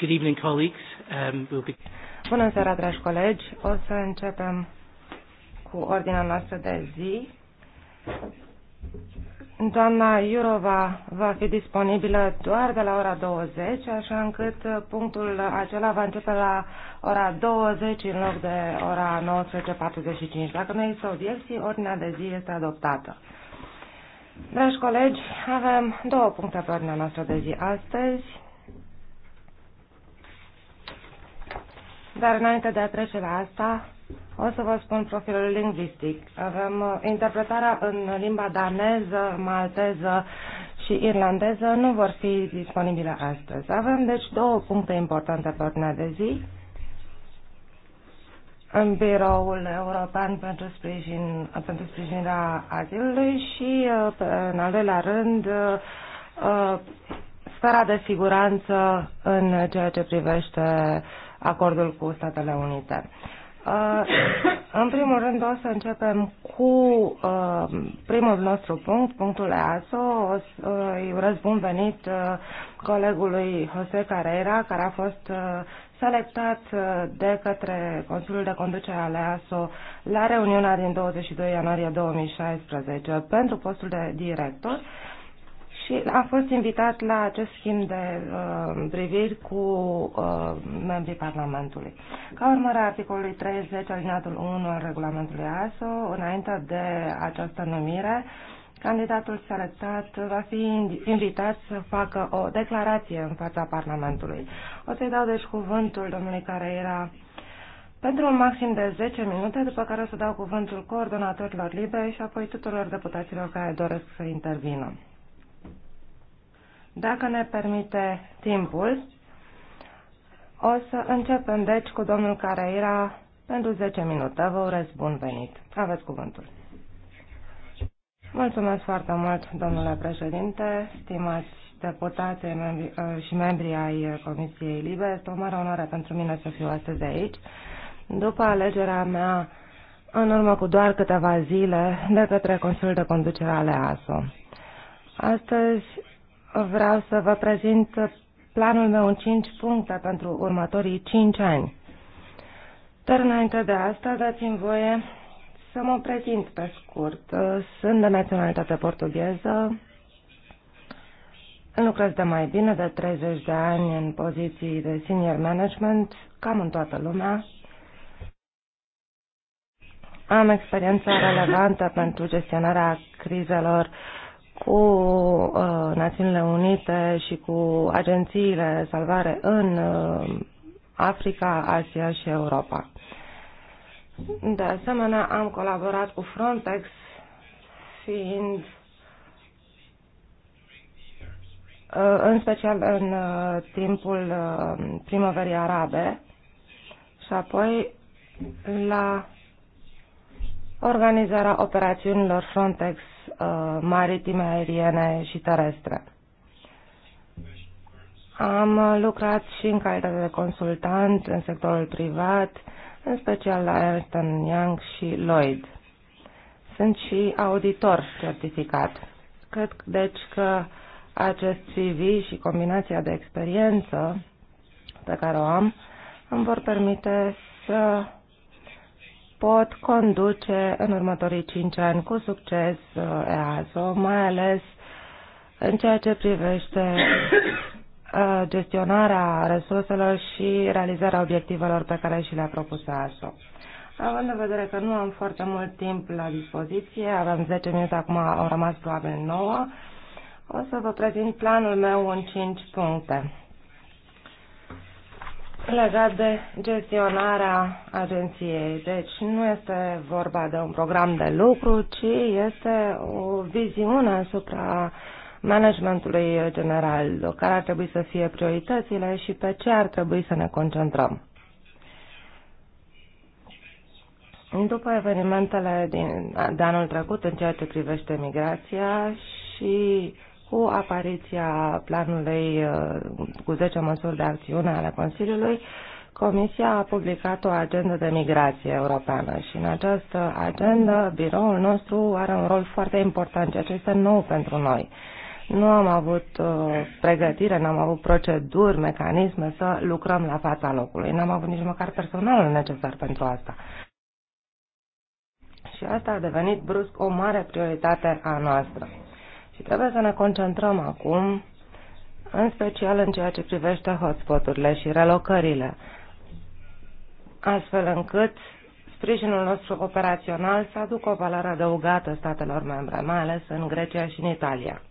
Good evening, colleagues. Um, we'll be... Bună seara, dragi colegi. O să începem cu ordinea noastră de zi. Doamna Iurova va fi disponibilă doar de la ora 20, așa încât punctul acela va începe la ora 20 în loc de ora 19.45. Dacă nu există obiecții, ordinea de zi este adoptată. Dragi colegi, avem două puncte pe ordinea noastră de zi astăzi. Dar înainte de a trece la asta, o să vă spun profilul lingvistic. Avem uh, interpretarea în limba daneză, malteză și irlandeză nu vor fi disponibile astăzi. Avem deci două puncte importante pe ordinea de zi. În biroul european pentru, sprijin, pentru sprijinirea azilului și, uh, în al doilea rând, uh, sfera de siguranță în ceea ce privește uh, acordul cu Statele Unite. Uh, în primul rând o să începem cu uh, primul nostru punct, punctul EASO. O să-i uh, urez bun venit colegului Jose Carrera, care a fost selectat de către Consiliul de Conducere al EASO la reuniunea din 22 ianuarie 2016 pentru postul de director și a fost invitat la acest schimb de uh, priviri cu uh, membrii Parlamentului. Ca urmare a articolului 30 alineatul 1 al regulamentului ASO, înainte de această numire, candidatul selectat va fi invitat să facă o declarație în fața Parlamentului. O să-i dau deci cuvântul domnului care era pentru un maxim de 10 minute, după care o să dau cuvântul coordonatorilor libere și apoi tuturor deputaților care doresc să intervină. Dacă ne permite timpul, o să începem deci cu domnul Careira pentru 10 minute. Vă urez bun venit. Aveți cuvântul. Mulțumesc foarte mult, domnule președinte, stimați deputați uh, și membri ai Comisiei Libe. Este o mare onoare pentru mine să fiu astăzi aici. După alegerea mea, în urmă cu doar câteva zile, de către Consiliul de Conducere ale ASO. Astăzi vreau să vă prezint planul meu în 5 puncte pentru următorii 5 ani. Dar înainte de asta, dați-mi voie să mă prezint pe scurt. Sunt de naționalitate portugheză, lucrez de mai bine de 30 de ani în poziții de senior management, cam în toată lumea. Am experiența relevantă pentru gestionarea crizelor uh, cu uh, Națiunile Unite și cu agențiile de salvare în uh, Africa, Asia și Europa. De asemenea, am colaborat cu Frontex, fiind uh, în special în uh, timpul uh, primăverii arabe și apoi la organizarea operațiunilor Frontex Uh, maritime, aeriene și terestre. Am lucrat și în calitate de consultant în sectorul privat, în special la Ernst Young și Lloyd. Sunt și auditor certificat. Cred deci că acest CV și combinația de experiență pe care o am îmi vor permite să pot conduce în următorii cinci ani cu succes uh, EASO, mai ales în ceea ce privește uh, gestionarea resurselor și realizarea obiectivelor pe care și le-a propus EASO. Având în vedere că nu am foarte mult timp la dispoziție, avem 10 minute, acum au rămas probabil 9, o să vă prezint planul meu în 5 puncte legat de gestionarea agenției. Deci nu este vorba de un program de lucru, ci este o viziune asupra managementului general, care ar trebui să fie prioritățile și pe ce ar trebui să ne concentrăm. După evenimentele din, de anul trecut în ceea ce privește migrația și cu apariția planului uh, cu 10 măsuri de acțiune ale Consiliului, Comisia a publicat o agendă de migrație europeană și în această agendă biroul nostru are un rol foarte important, ceea ce este nou pentru noi. Nu am avut uh, pregătire, n-am avut proceduri, mecanisme să lucrăm la fața locului. N-am avut nici măcar personalul necesar pentru asta. Și asta a devenit brusc o mare prioritate a noastră. Și trebuie să ne concentrăm acum, în special în ceea ce privește hotspoturile și relocările, astfel încât sprijinul nostru operațional să aducă o valoare adăugată statelor membre, mai ales în Grecia și în Italia.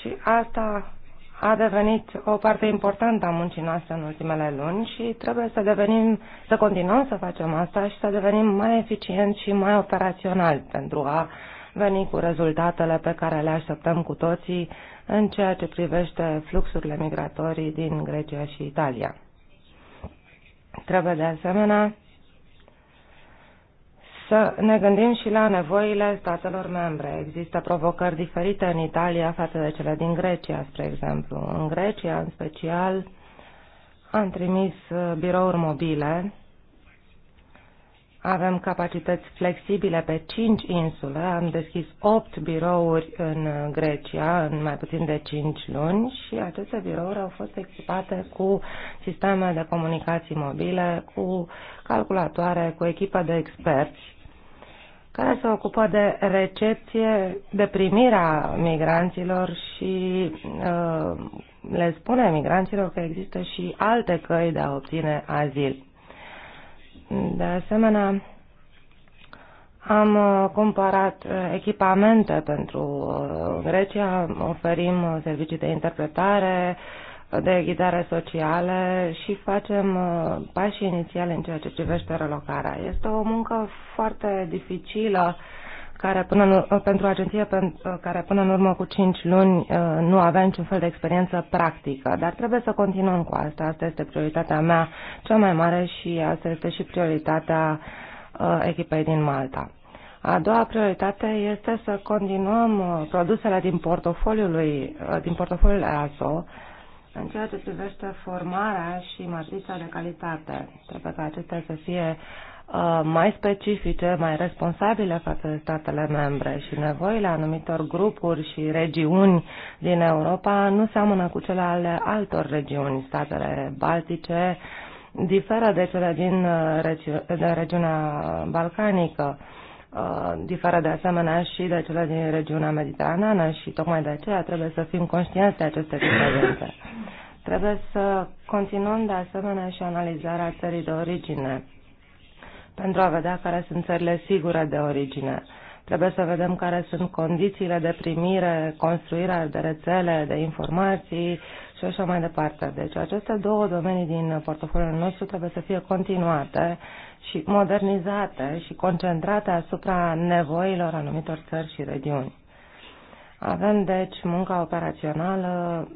Și asta a devenit o parte importantă a muncii noastre în ultimele luni și trebuie să devenim, să continuăm să facem asta și să devenim mai eficienți și mai operaționali pentru a veni cu rezultatele pe care le așteptăm cu toții în ceea ce privește fluxurile migratorii din Grecia și Italia. Trebuie de asemenea să ne gândim și la nevoile statelor membre. Există provocări diferite în Italia față de cele din Grecia, spre exemplu. În Grecia, în special, am trimis uh, birouri mobile. Avem capacități flexibile pe 5 insule. Am deschis 8 birouri în uh, Grecia în mai puțin de 5 luni și aceste birouri au fost echipate cu sisteme de comunicații mobile, cu calculatoare, cu echipă de experți care se ocupă de recepție, de primirea migranților și uh, le spune migranților că există și alte căi de a obține azil. De asemenea, am uh, comparat uh, echipamente pentru uh, Grecia, oferim servicii de interpretare, uh, de ghidare socială și facem uh, pași inițiali în ceea ce privește relocarea. Este o muncă foarte dificilă care până în, pentru agenție uh, care până în urmă cu 5 luni uh, nu avea niciun fel de experiență practică, dar trebuie să continuăm cu asta. Asta este prioritatea mea cea mai mare și asta este și prioritatea echipei din Malta. A doua prioritate este să continuăm produsele din portofoliul, din portofoliul EASO, în ceea ce privește formarea și matrița de calitate, trebuie ca acestea să fie uh, mai specifice, mai responsabile față de statele membre și nevoile anumitor grupuri și regiuni din Europa nu seamănă cu cele ale altor regiuni. Statele baltice diferă de cele din, uh, regi- de regiunea balcanică Uh, diferă de asemenea și de cele din regiunea mediteraneană și tocmai de aceea trebuie să fim conștienți de aceste diferențe. Trebuie să continuăm de asemenea și analizarea țării de origine pentru a vedea care sunt țările sigure de origine. Uh, Trebuie să vedem care sunt condițiile de primire, construirea de rețele, de informații și așa mai departe. Deci aceste două domenii din portofoliul nostru trebuie să fie continuate și modernizate și concentrate asupra nevoilor anumitor țări și regiuni. Avem, deci, munca operațională,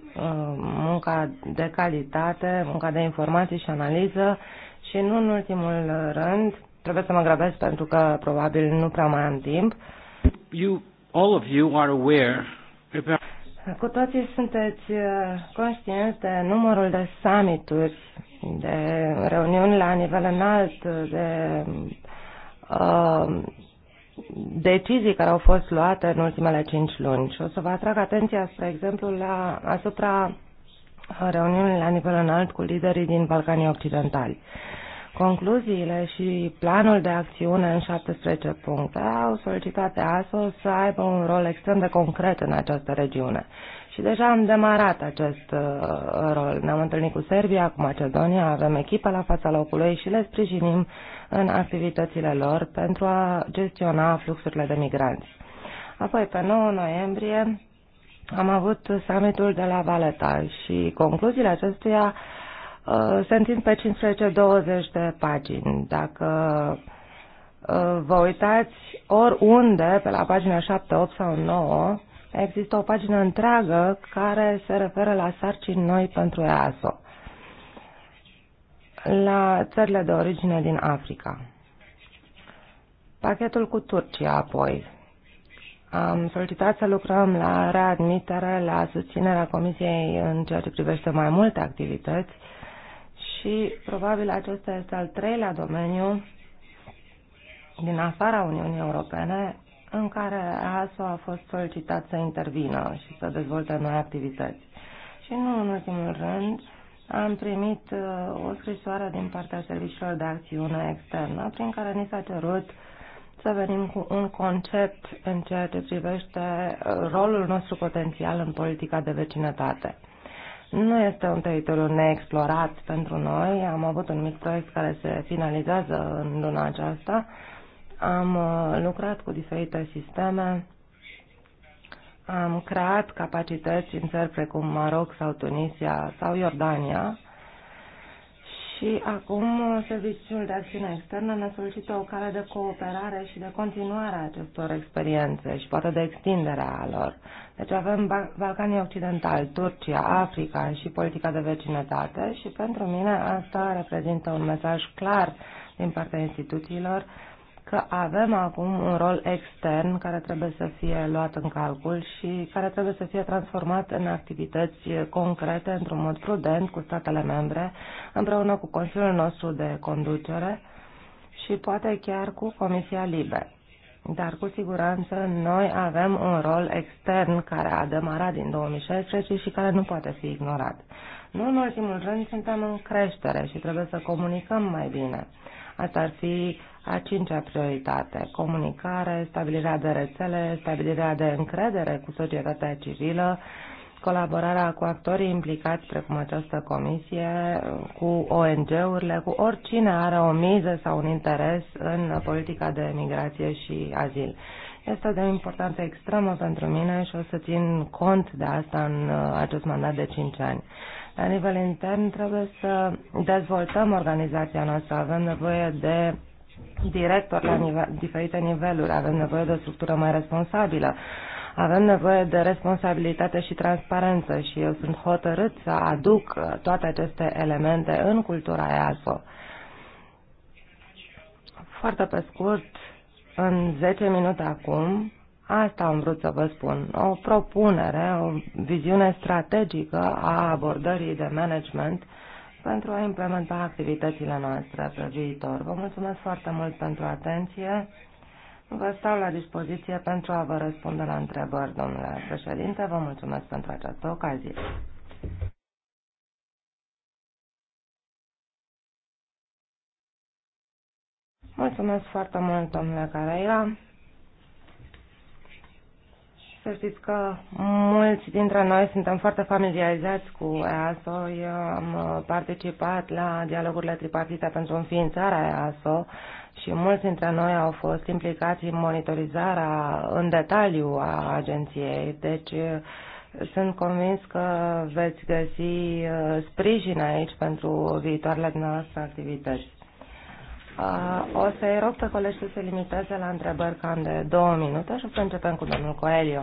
munca de calitate, munca de informații și analiză și, nu în ultimul rând, trebuie să mă grăbesc pentru că probabil nu prea mai am timp. You, all of you are aware about... Cu toții sunteți uh, conștienți de numărul de summituri, de reuniuni la nivel înalt, de uh, decizii care au fost luate în ultimele cinci luni. Și o să vă atrag atenția, spre exemplu, la, asupra reuniunii la nivel înalt cu liderii din Balcanii Occidentali. Uh, Concluziile și planul de acțiune în 17 puncte au solicitat EASO să aibă un rol extrem de concret în această regiune. Și deja am demarat acest uh, rol. Ne-am întâlnit cu Serbia, cu Macedonia, avem echipa la fața locului și le sprijinim în activitățile lor pentru a gestiona fluxurile de migranți. Apoi, pe 9 noiembrie, am avut summitul de la Valeta și concluziile acestuia uh, Uh, se întind pe 15-20 de pagini. Dacă uh, vă uitați oriunde, pe la pagina 7, 8 sau 9, există o pagină întreagă care se referă la sarcini noi pentru EASO, la țările de origine din Africa. Pachetul cu Turcia apoi. Am solicitat să lucrăm la readmitere, la susținerea Comisiei în ceea ce privește mai multe activități și probabil acesta este al treilea domeniu din afara Uniunii Europene în care ASO a fost solicitat să intervină și să dezvolte noi activități. Și nu în ultimul rând, am primit uh, o scrisoare din partea serviciilor de acțiune externă prin care ni s-a cerut să venim cu un concept în ceea ce privește uh, rolul nostru potențial în politica de vecinătate. Nu este un teritoriu neexplorat pentru noi. Am avut un mic proiect care se finalizează în luna aceasta. Am uh, lucrat cu diferite sisteme. Am creat capacități în țări precum Maroc sau Tunisia sau Iordania și acum Serviciul de Acțiune Externă ne solicită o cale de cooperare și de continuare a acestor experiențe și poate de extindere a lor. Deci avem Balcanii Occidentali, Turcia, Africa și politica de vecinătate și pentru mine asta reprezintă un mesaj clar din partea instituțiilor că avem acum un rol extern care trebuie să fie luat în calcul și care trebuie să fie transformat în activități concrete, într-un mod prudent, cu statele membre, împreună cu Consiliul nostru de conducere și poate chiar cu Comisia Libe. Dar cu siguranță noi avem un rol extern care a demarat din 2016 și care nu poate fi ignorat. Nu în ultimul rând suntem în creștere și trebuie să comunicăm mai bine. Asta ar fi a cincea prioritate, comunicare, stabilirea de rețele, stabilirea de încredere cu societatea civilă, colaborarea cu actorii implicați, precum această comisie, cu ONG-urile, cu oricine are o miză sau un interes în politica de migrație și azil. Este de importanță extremă pentru mine și o să țin cont de asta în uh, acest mandat de 5 ani. La nivel intern trebuie să dezvoltăm organizația noastră. Avem nevoie de directori la nive diferite niveluri, avem nevoie de o structură mai responsabilă, avem nevoie de responsabilitate și transparență și eu sunt hotărât să aduc toate aceste elemente în cultura EASO. Foarte pe scurt, în 10 minute acum, asta am vrut să vă spun, o propunere, o viziune strategică a abordării de management uh, pentru a implementa activitățile noastre pe viitor. Vă mulțumesc foarte mult pentru atenție. Vă stau la dispoziție pentru a vă răspunde la întrebări, domnule președinte. Vă mulțumesc pentru această ocazie. Mulțumesc foarte mult, domnule Careira. Să știți că mulți dintre noi suntem foarte familiarizați cu EASO. Eu am participat la dialogurile tripartite pentru înființarea EASO și mulți dintre noi au fost implicați în monitorizarea în detaliu a agenției. Deci sunt convins că veți găsi uh, sprijin aici pentru viitoarele noastre activități. Uh, o să-i rog pe colegi să se limiteze la întrebări cam de două minute și o să începem cu domnul Coelio.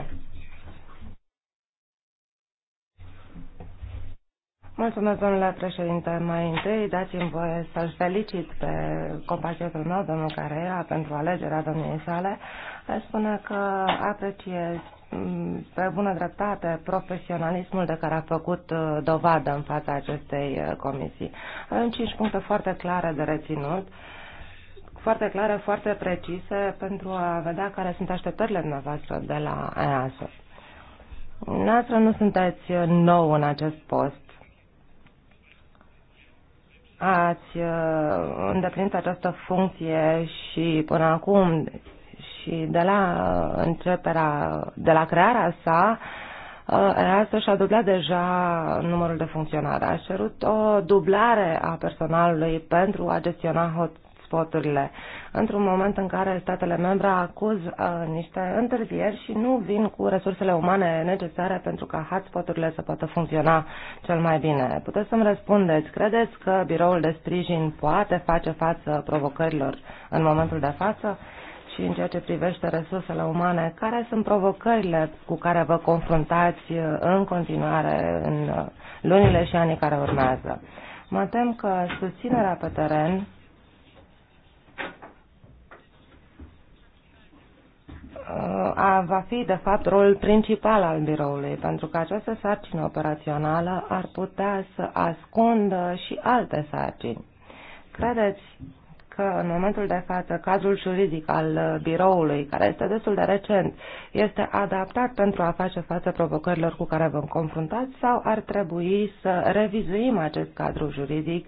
Mulțumesc, domnule președinte. Mai întâi dați-mi voie să-l felicit pe compatriotul meu, domnul Carea, pentru alegerea domniei sale. Aș spune că apreciez mm, pe bună dreptate profesionalismul de care a făcut uh, dovadă în fața acestei uh, comisii. Avem cinci puncte foarte clare de reținut foarte clare, foarte precise pentru a vedea care sunt așteptările dumneavoastră de la EASO. Noastră nu sunteți nou în acest post. Ați uh, îndeplinit această funcție și până acum și de la uh, începerea, de la crearea sa, uh, EASO și-a dublat deja numărul de funcționare. A cerut o dublare a personalului pentru a gestiona hot spoturile, într-un moment în care statele membre acuz uh, niște întârzieri și nu vin cu resursele umane necesare pentru ca hotspoturile să poată funcționa cel mai bine. Puteți să-mi răspundeți, credeți că biroul de sprijin poate face față provocărilor în momentul de față? și în ceea ce privește resursele umane, care sunt provocările cu care vă confruntați uh, în continuare în uh, lunile și anii care urmează. Mă tem că susținerea pe teren a, va fi, de fapt, rolul principal al biroului, pentru că această sarcină operațională ar putea să ascundă și alte sarcini. Credeți că în momentul de față cadrul juridic al uh, biroului, care este destul de recent, este adaptat pentru a face față provocărilor cu care vom confruntați sau ar trebui să revizuim acest cadru juridic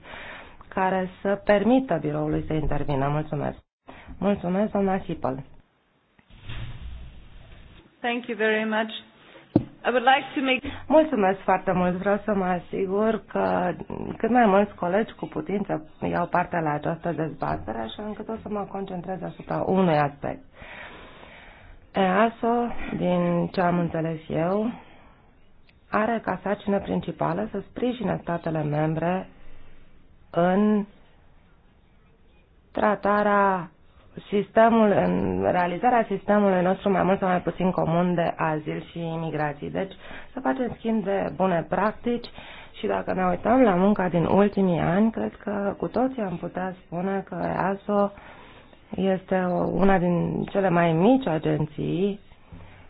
care să permită biroului să intervină? Mulțumesc! Mulțumesc, doamna Sipăl! Thank you very much. I would like to make... Mulțumesc foarte mult. Vreau să mă asigur că cât mai mulți colegi cu putință iau parte la această dezbatere, așa încât o să mă concentrez asupra unui aspect. EASO, din ce am înțeles eu, are ca sarcină principală să sprijine statele membre în tratarea sistemul, în realizarea sistemului nostru mai mult sau mai puțin comun de azil și imigrații. Deci să facem schimb de bune practici și dacă ne uităm la munca din ultimii ani, cred că cu toții am putea spune că EASO este una din cele mai mici agenții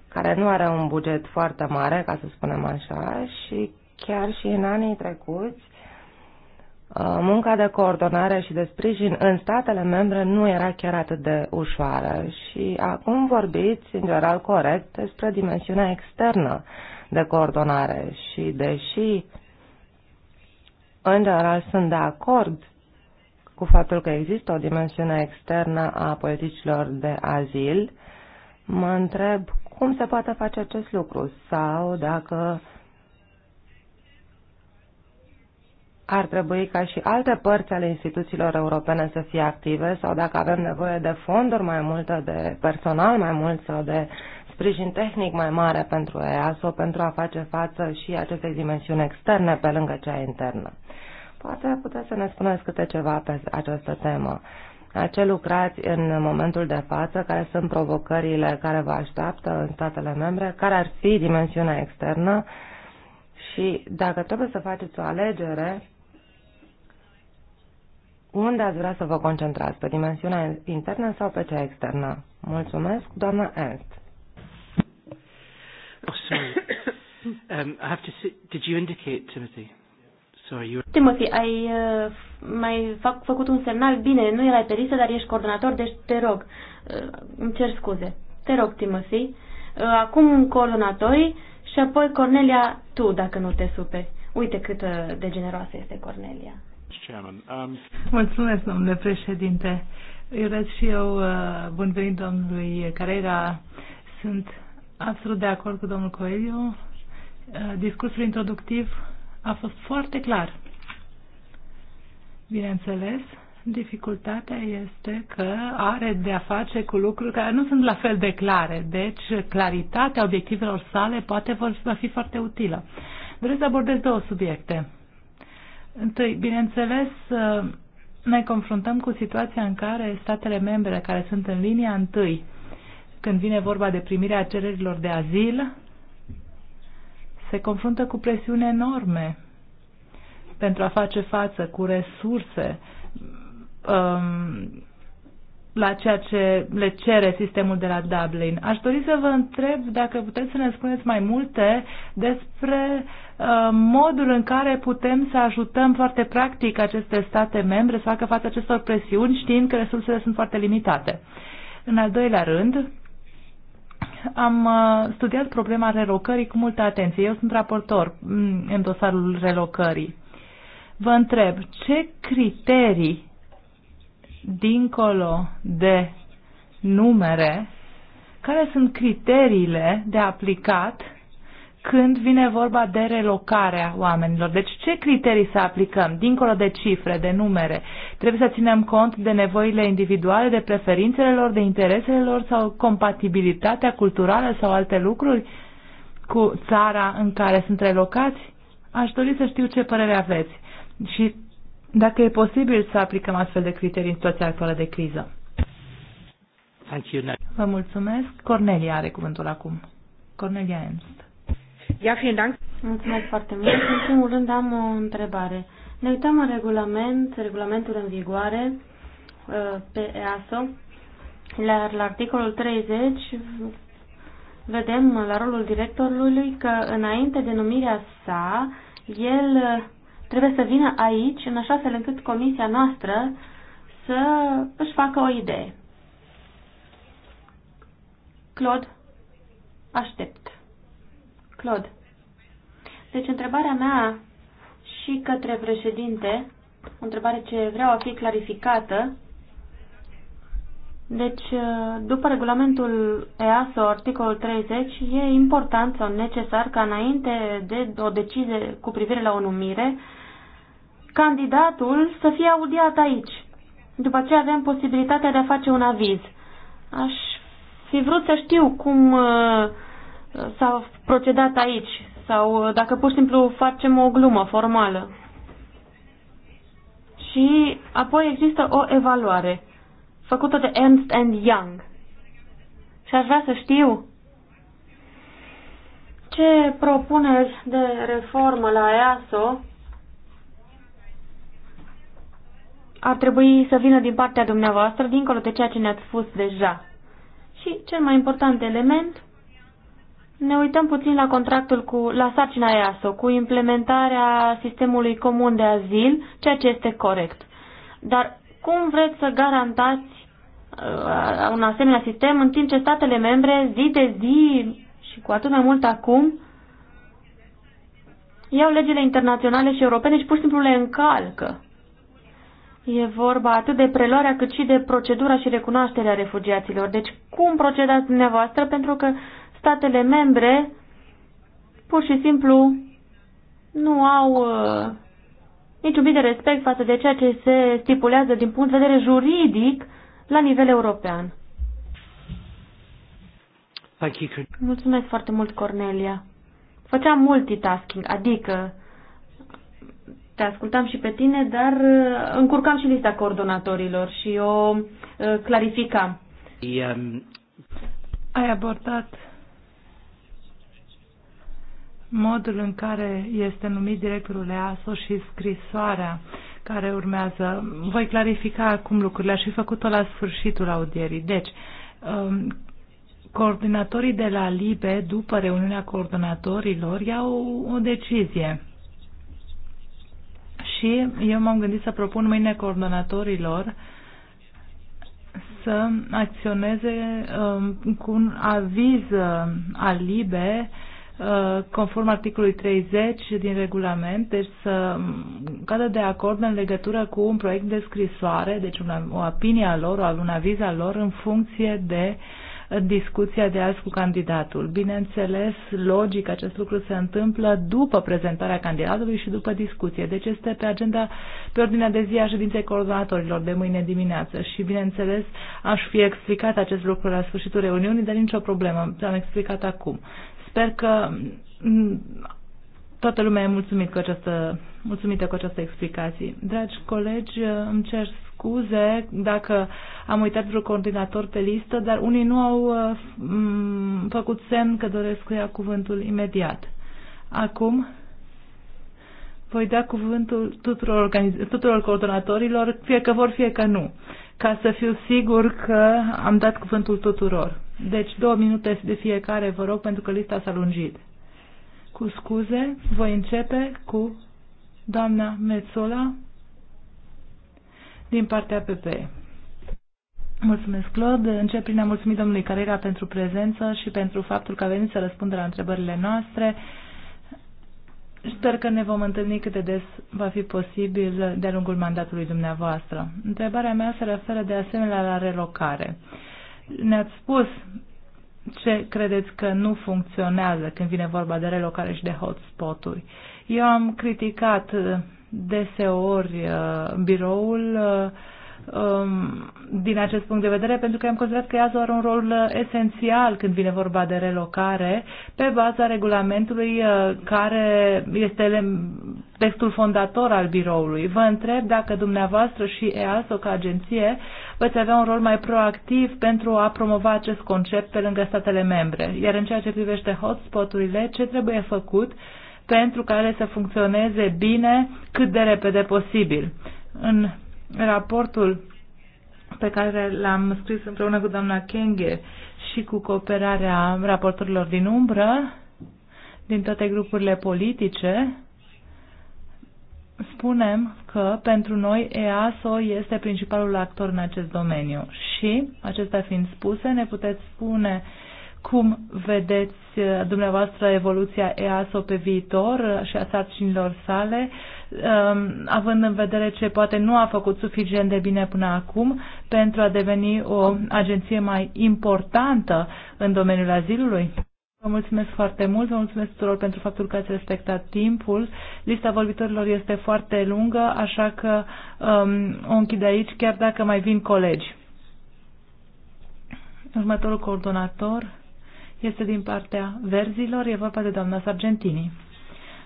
care nu are un buget foarte mare, ca să spunem așa, și chiar și în anii trecuți Uh, munca de coordonare și de sprijin în statele membre nu era chiar atât de ușoară și acum vorbiți, în general corect, despre dimensiunea externă de coordonare și deși în general sunt de acord cu faptul că există o dimensiune externă a politicilor de azil, mă întreb cum se poate face acest lucru sau dacă uh, ar trebui ca și alte părți ale instituțiilor europene să fie active sau dacă avem nevoie de fonduri mai multe, de personal mai mult sau de sprijin tehnic mai mare pentru EASO pentru a face față și acestei dimensiuni externe pe lângă cea internă. Poate puteți să ne spuneți câte ceva pe această temă. A ce lucrați în momentul de față, care sunt provocările care vă așteaptă în statele membre, care ar fi dimensiunea externă și dacă trebuie să faceți o alegere unde ați vrea să vă concentrați? Pe dimensiunea internă sau pe cea externă? Mulțumesc, doamna Ernst. Oh, sorry. um, I have to see, did you indicate, Timothy? Sorry, you... Timothy, ai uh, mai fac, făcut un semnal bine, nu erai pe listă, dar ești coordonator, deci te rog, uh, îmi cer scuze. Te rog, Timothy. Uh, acum coordonatorii și apoi Cornelia tu, dacă nu te superi. Uite cât uh, de generoasă este Cornelia. Chairman. Um... Mulțumesc, domnule președinte. Îi urez și eu uh, bun venit domnului Carrera. Sunt absolut de acord cu domnul Coelho. Uh, discursul introductiv a fost foarte clar. Bineînțeles, dificultatea este că are de a face cu lucruri care nu sunt la fel de clare, deci claritatea obiectivelor sale poate va fi foarte utilă. Vreau să abordez două subiecte. Întâi, bineînțeles, ne confruntăm cu situația în care statele membre care sunt în linia întâi, când vine vorba de primirea cererilor de azil, se confruntă cu presiuni enorme pentru a face față cu resurse um, la ceea ce le cere sistemul de la Dublin. Aș dori să vă întreb dacă puteți să ne spuneți mai multe despre uh, Uh, modul în care putem să ajutăm foarte practic aceste state membre să facă față acestor presiuni, știind că resursele sunt foarte limitate. În al doilea rând, am uh, studiat problema relocării cu multă atenție. Eu sunt raportor mm, în dosarul relocării. Vă întreb, ce criterii dincolo de numere, care sunt criteriile de aplicat când vine vorba de relocarea oamenilor. Deci ce criterii să aplicăm, dincolo de cifre, de numere? Trebuie să ținem cont de nevoile individuale, de preferințele lor, de interesele lor sau compatibilitatea culturală sau alte lucruri cu țara în care sunt relocați? Aș dori să știu ce părere aveți și dacă e posibil să aplicăm astfel de criterii în situația actuală de criză. Thank you. Vă mulțumesc. Cornelia are cuvântul acum. Cornelia Ems. Ia, vielen Dank. Mulțumesc foarte mult. În primul rând am o întrebare. Ne uităm în regulament, regulamentul în vigoare uh, pe EASO, la, la articolul 30 vedem la rolul directorului că înainte de numirea sa, el uh, trebuie să vină aici în așa fel încât comisia noastră să își facă o idee. Claude, aștept. Claude. Deci întrebarea mea și către președinte, o întrebare ce vreau a fi clarificată. Deci, după regulamentul EASO, articolul 30, e important sau necesar ca înainte de o decizie cu privire la o numire, candidatul să fie audiat aici. După aceea avem posibilitatea de a face un aviz. Aș fi vrut să știu cum uh, s-a procedat aici sau dacă pur și simplu facem o glumă formală. Și apoi există o evaluare făcută de Ernst and Young. Și aș vrea să știu ce propuneri de reformă la EASO ar trebui să vină din partea dumneavoastră, dincolo de ceea ce ne-ați spus deja. Și cel mai important element ne uităm puțin la contractul cu, la sarcina EASO, cu implementarea sistemului comun de azil, ceea ce este corect. Dar cum vreți să garantați uh, un asemenea sistem în timp ce statele membre zi de zi și cu atât mai mult acum iau legile internaționale și europene și pur și simplu le încalcă? E vorba atât de preluarea cât și de procedura și recunoașterea refugiaților. Deci cum procedați dumneavoastră? Pentru că statele membre pur și simplu nu au uh, niciun bit de respect față de ceea ce se stipulează din punct de vedere juridic la nivel european. Mulțumesc foarte mult, Cornelia. Făceam multitasking, adică te ascultam și pe tine, dar uh, încurcam și lista coordonatorilor și o uh, clarificam. I, um... Ai abordat modul în care este numit directorul EASO și scrisoarea care urmează. Voi clarifica acum lucrurile. Aș fi făcut-o la sfârșitul audierii. Deci, um, coordonatorii de la LIBE, după reuniunea coordonatorilor, iau o decizie. Și eu m-am gândit să propun mâine coordonatorilor să acționeze um, cu un aviz uh, al LIBE uh, Uh, conform articolului 30 din regulament, deci să cadă de acord în legătură cu un proiect de scrisoare, deci una, o opinie a lor, o, un aviz al lor în funcție de discuția de azi cu candidatul. Bineînțeles, logic, acest lucru se întâmplă după prezentarea candidatului și după discuție. Deci este pe agenda, pe ordinea de zi a ședinței coordonatorilor de mâine dimineață și, bineînțeles, aș fi explicat acest lucru la sfârșitul reuniunii, dar nicio problemă, am explicat acum. Sper că mm, toată lumea e mulțumită cu această, mulțumită cu această explicație. Dragi colegi, îmi cer scuze dacă am uitat vreo coordinator pe listă, dar unii nu au uh, mm, făcut semn că doresc să ia cuvântul imediat. Acum voi da cuvântul tuturor, tuturor coordonatorilor, fie că vor, fie că nu, ca să fiu sigur că am dat cuvântul tuturor. Deci două minute de fiecare, vă rog, pentru că lista s-a lungit. Cu scuze, voi începe cu doamna Metzola din partea PP. Mulțumesc, Claude. Încep prin a mulțumi domnului Carrera pentru prezență și pentru faptul că a venit să răspundă la întrebările noastre. Sper că ne vom întâlni cât de des va fi posibil de-a lungul mandatului dumneavoastră. Întrebarea mea se referă de asemenea la relocare ne-ați spus ce credeți că nu funcționează când vine vorba de relocare și de hotspot-uri. Eu am criticat uh, deseori uh, biroul uh, Um, din acest punct de vedere, pentru că am considerat că EASO are un rol uh, esențial când vine vorba de relocare, pe baza regulamentului uh, care este textul fondator al biroului. Vă întreb dacă dumneavoastră și EASO ca agenție veți avea un rol mai proactiv pentru a promova acest concept pe lângă statele membre. Iar în ceea ce privește hotspoturile, ce trebuie făcut pentru ca ele să funcționeze bine cât de repede posibil? În Raportul pe care l-am scris împreună cu doamna Kenge și cu cooperarea raportorilor din umbră, din toate grupurile politice, spunem că pentru noi EASO este principalul actor în acest domeniu și, acestea fiind spuse, ne puteți spune cum vedeți dumneavoastră evoluția EASO pe viitor și a sarcinilor sale, uh, Um, având în vedere ce poate nu a făcut suficient de bine până acum pentru a deveni o agenție mai importantă în domeniul azilului? Vă mulțumesc foarte mult, vă mulțumesc tuturor pentru faptul că ați respectat timpul. Lista vorbitorilor este foarte lungă, așa că um, o închid aici, chiar dacă mai vin colegi. Următorul coordonator este din partea verzilor, e vorba de doamna Sargentini.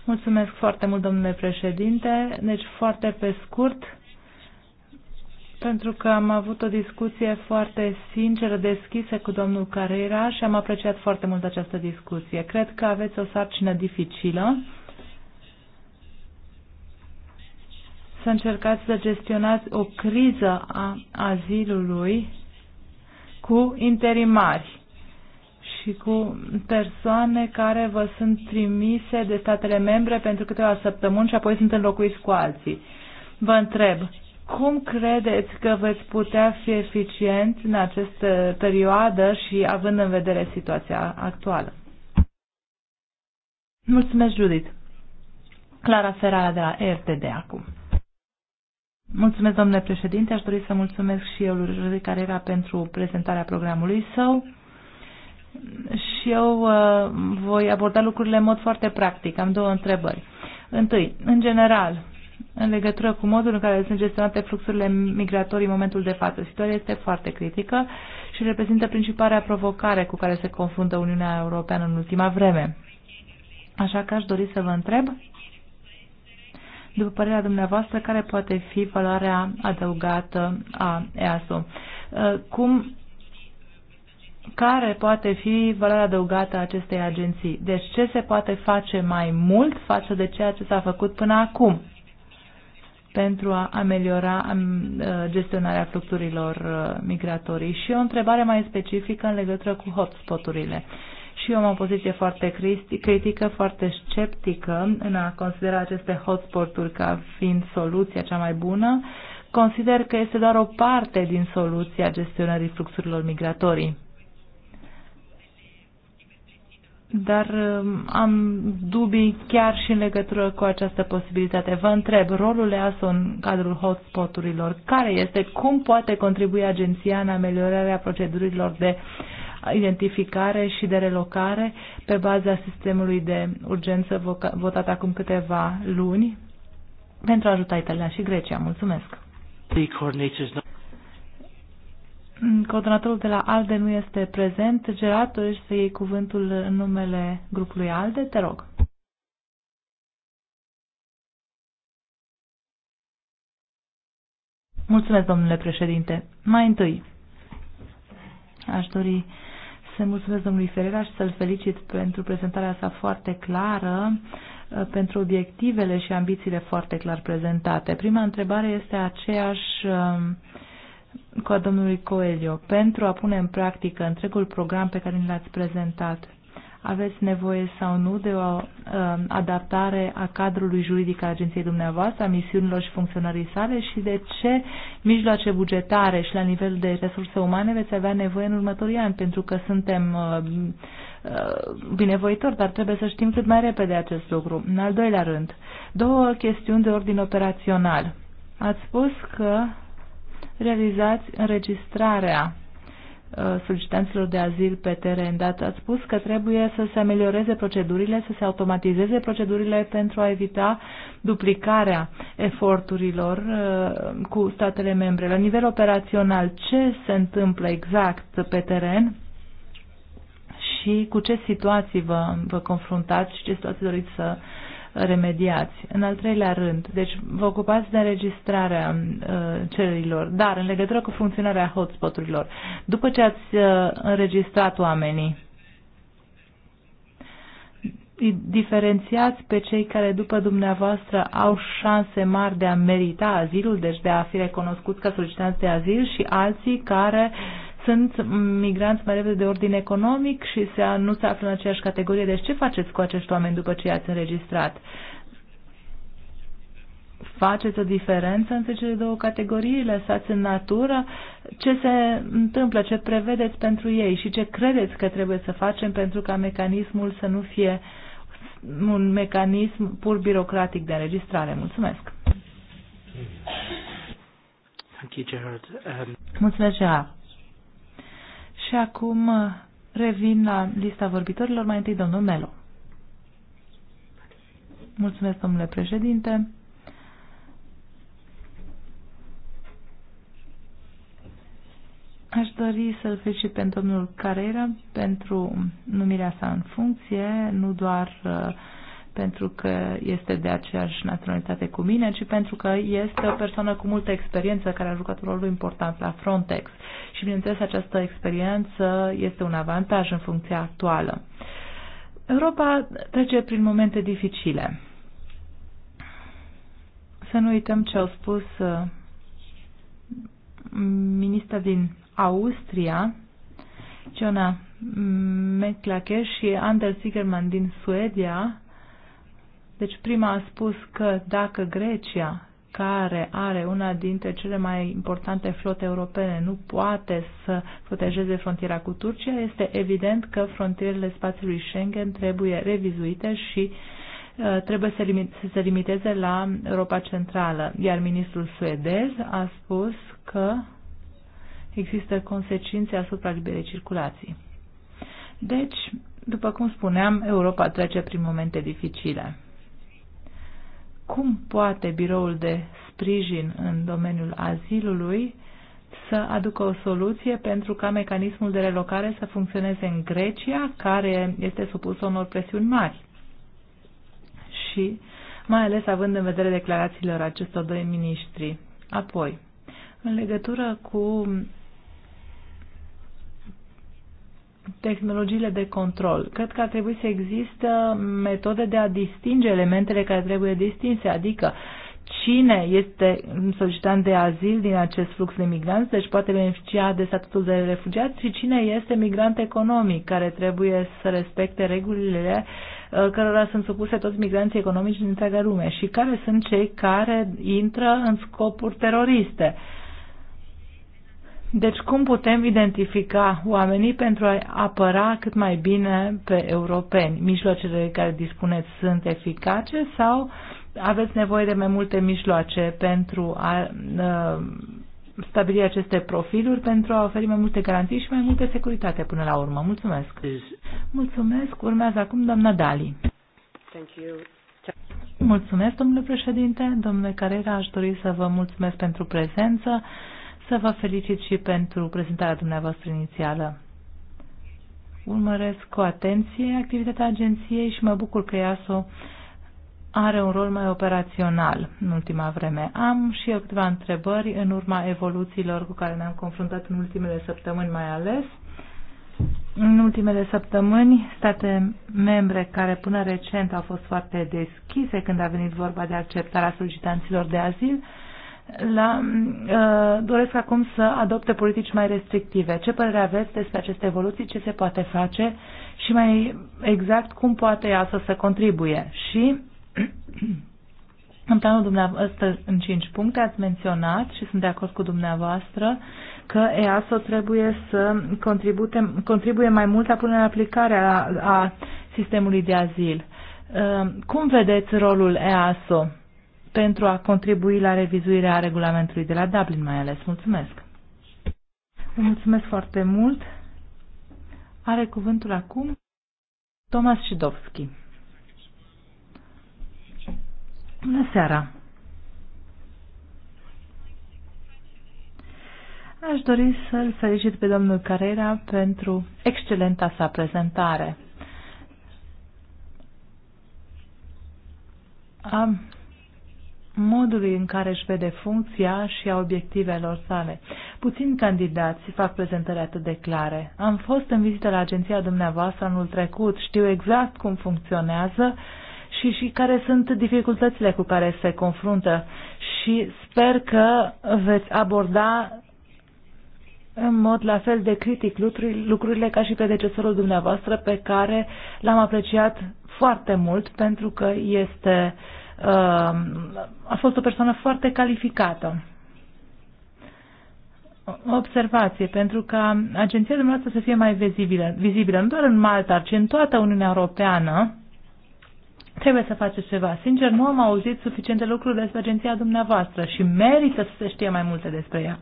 Mulțumesc foarte mult, domnule președinte. Deci, foarte pe scurt, pentru că am avut o discuție foarte sinceră, deschisă cu domnul Carrera și am apreciat foarte mult această discuție. Cred că aveți o sarcină dificilă să încercați să gestionați o criză a azilului cu interimari și cu persoane care vă sunt trimise de statele membre pentru câteva săptămâni și apoi sunt înlocuiți cu alții. Vă întreb, cum credeți că veți putea fi eficient în această perioadă și având în vedere situația actuală? Mulțumesc, Judith. Clara Ferrara de la RTD acum. Mulțumesc, domnule președinte. Aș dori să mulțumesc și eu lui Judith Carrera pentru prezentarea programului său și eu uh, voi aborda lucrurile în mod foarte practic. Am două întrebări. Întâi, în general, în legătură cu modul în care sunt gestionate fluxurile migratorii în momentul de față. Situația este foarte critică și reprezintă principarea provocare cu care se confruntă Uniunea Europeană în ultima vreme. Așa că aș dori să vă întreb, după părerea dumneavoastră, care poate fi valoarea adăugată a EASO? Uh, cum care poate fi valoarea adăugată a acestei agenții. Deci ce se poate face mai mult față de ceea ce s-a făcut până acum pentru a ameliora uh, gestionarea fluxurilor uh, migratorii. Și o întrebare mai specifică în legătură cu hotspoturile. Și eu am o poziție foarte critică, foarte sceptică în a considera aceste hotspoturi ca fiind soluția cea mai bună. Consider că este doar o parte din soluția gestionării fluxurilor migratorii dar um, am dubii chiar și în legătură cu această posibilitate. Vă întreb, rolul EASO în cadrul hotspoturilor, care este, cum poate contribui agenția în ameliorarea procedurilor de identificare și de relocare pe baza sistemului de urgență votat acum câteva luni pentru a ajuta Italia și Grecia. Mulțumesc! Coordonatorul de la ALDE nu este prezent. Gerard, dorești să iei cuvântul în numele grupului ALDE? Te rog. Mulțumesc, domnule președinte. Mai întâi, aș dori să mulțumesc domnului Ferreira și să-l felicit pentru prezentarea sa foarte clară, pentru obiectivele și ambițiile foarte clar prezentate. Prima întrebare este aceeași um, cu a domnului Coelio pentru a pune în practică întregul program pe care ni l-ați prezentat. Aveți nevoie sau nu de o uh, adaptare a cadrului juridic al agenției dumneavoastră, a misiunilor și funcționării sale și de ce mijloace bugetare și la nivel de resurse umane veți avea nevoie în următorii ani, pentru că suntem uh, uh binevoitor, dar trebuie să știm cât mai repede acest lucru. În al doilea rând, două chestiuni de ordin operațional. Ați spus că realizați înregistrarea uh, solicitanților de azil pe teren, dar ați spus că trebuie să se amelioreze procedurile, să se automatizeze procedurile pentru a evita duplicarea eforturilor uh, cu statele membre. La nivel operațional, ce se întâmplă exact pe teren și cu ce situații vă, vă confruntați și ce situații doriți să remediați. În al treilea rând, deci vă ocupați de înregistrarea uh, cererilor, dar în legătură cu funcționarea hotspoturilor, după ce ați uh, înregistrat oamenii, diferențiați pe cei care după dumneavoastră au șanse mari de a merita azilul, deci de a fi recunoscuți ca solicitanți de azil și alții care uh, sunt migranți mai repede de ordin economic și se, nu se află în aceeași categorie. Deci ce faceți cu acești oameni după ce i-ați înregistrat? Faceți o diferență între cele două categorii? Lăsați în natură? Ce se întâmplă? Ce prevedeți pentru ei? Și ce credeți că trebuie să facem pentru ca mecanismul să nu fie un mecanism pur birocratic de înregistrare? Mulțumesc! Thank you, Gerard. Um... Mulțumesc, Gerard. Și acum uh, revin la lista vorbitorilor. Mai întâi domnul Melo. Mulțumesc, domnule președinte. Aș dori să-l felicit pentru domnul Carrera pentru numirea sa în funcție, nu doar uh, pentru că este de aceeași naționalitate cu mine, ci pentru că este o persoană cu multă experiență care a jucat un rol important la Frontex. Și, bineînțeles, această experiență este un avantaj în funcția actuală. Europa trece prin momente dificile. Să nu uităm ce au spus uh, ministra din Austria, Ciona Meklake și Anders Sigerman din Suedia deci prima a spus că dacă Grecia, care are una dintre cele mai importante flote europene, nu poate să protejeze frontiera cu Turcia, este evident că frontierele spațiului Schengen trebuie revizuite și uh, trebuie să, se limiteze la Europa Centrală. Iar ministrul suedez a spus că există consecințe asupra liberei circulații. Deci, după cum spuneam, Europa trece prin momente dificile cum poate biroul de sprijin în domeniul azilului să aducă o soluție pentru ca mecanismul de relocare să funcționeze în Grecia, care este supus unor presiuni mari. Și mai ales având în vedere declarațiile acestor doi miniștri. Apoi, în legătură cu tehnologiile de control. Cred că ar trebui să există metode de a distinge elementele care trebuie distinse, adică cine este solicitant de azil din acest flux de migranți, deci poate beneficia de statutul de refugiat, și cine este migrant economic, care trebuie să respecte regulile uh, cărora sunt supuse toți migranții economici din întreaga lume și care sunt cei care intră în scopuri teroriste. Uh, deci cum putem identifica oamenii pentru a apăra cât mai bine pe europeni? Mijloacele de care dispuneți sunt eficace sau aveți nevoie de mai multe mijloace pentru a uh, stabili aceste profiluri, pentru a oferi mai multe garanții și mai multe securitate până la urmă? Mulțumesc! Mulțumesc! Urmează acum doamna Dali. Thank you. Mulțumesc, domnule președinte. Domnule Carera, aș dori să vă mulțumesc pentru prezență să vă felicit și pentru prezentarea dumneavoastră inițială. Urmăresc cu atenție activitatea agenției și mă bucur că IASO are un rol mai operațional în ultima vreme. Am și eu câteva întrebări în urma evoluțiilor cu care ne-am confruntat în ultimele săptămâni mai ales. În ultimele săptămâni, state membre care până recent au fost foarte deschise când a venit vorba de acceptarea solicitanților de azil, la, uh, doresc acum să adopte politici mai restrictive. Ce părere aveți despre aceste evoluții, ce se poate face și mai exact cum poate ea să se contribuie? Și în planul dumneavoastră, în cinci puncte, ați menționat și sunt de acord cu dumneavoastră că EASO trebuie să contribute, contribuie mai mult la punerea în aplicare a, a sistemului de azil. Uh, cum vedeți rolul EASO? pentru a contribui la revizuirea regulamentului de la Dublin, mai ales. Mulțumesc! Vă mulțumesc foarte mult! Are cuvântul acum Tomas Șidovski. Bună seara! Aș dori să-l felicit pe domnul Carrera pentru excelenta sa prezentare. Am modului în care își vede funcția și a obiectivelor sale. Puțin candidați fac prezentări atât de clare. Am fost în vizită la agenția dumneavoastră anul trecut, știu exact cum funcționează și, și care sunt dificultățile cu care se confruntă și sper că veți aborda în mod la fel de critic lucrurile ca și predecesorul dumneavoastră pe care l-am apreciat foarte mult pentru că este uh, Um, a fost o persoană foarte calificată. O observație, pentru ca agenția dumneavoastră să fie mai vizibilă, vizibilă, nu doar în Malta, ci în toată Uniunea Europeană, trebuie să faceți ceva. Sincer, nu am auzit suficiente lucruri despre agenția dumneavoastră și merită să se știe mai multe despre ea.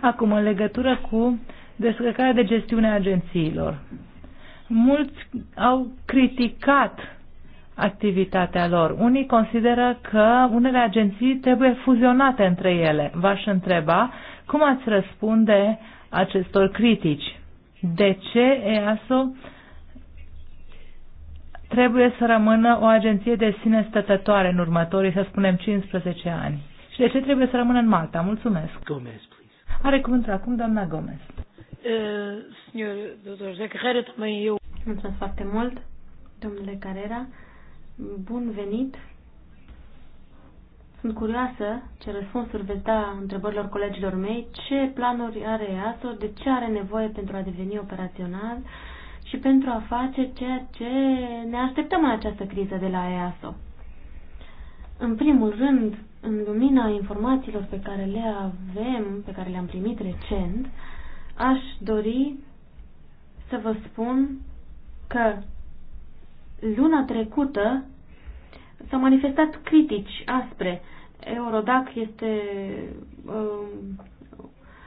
Acum, în legătură cu descărcarea de gestiune a agențiilor. Mulți au criticat activitatea lor. Unii consideră că unele agenții trebuie fuzionate între ele. V-aș întreba cum ați răspunde acestor critici. De ce EASO trebuie să rămână o agenție de sine stătătoare în următorii, să spunem, 15 ani? Și de ce trebuie să rămână în Malta? Mulțumesc. Gomez, please. Are cuvântul acum doamna Gomez. Uh, Mulțumesc foarte mult, domnule Carrera. Bun venit! Sunt curioasă ce răspunsuri veți da întrebărilor colegilor mei, ce planuri are EASO, de ce are nevoie pentru a deveni operațional și pentru a face ceea ce ne așteptăm în această criză de la EASO. În primul rând, în lumina informațiilor pe care le avem, pe care le-am primit recent, aș dori să vă spun că luna trecută s-au manifestat critici aspre. Eurodac este, um,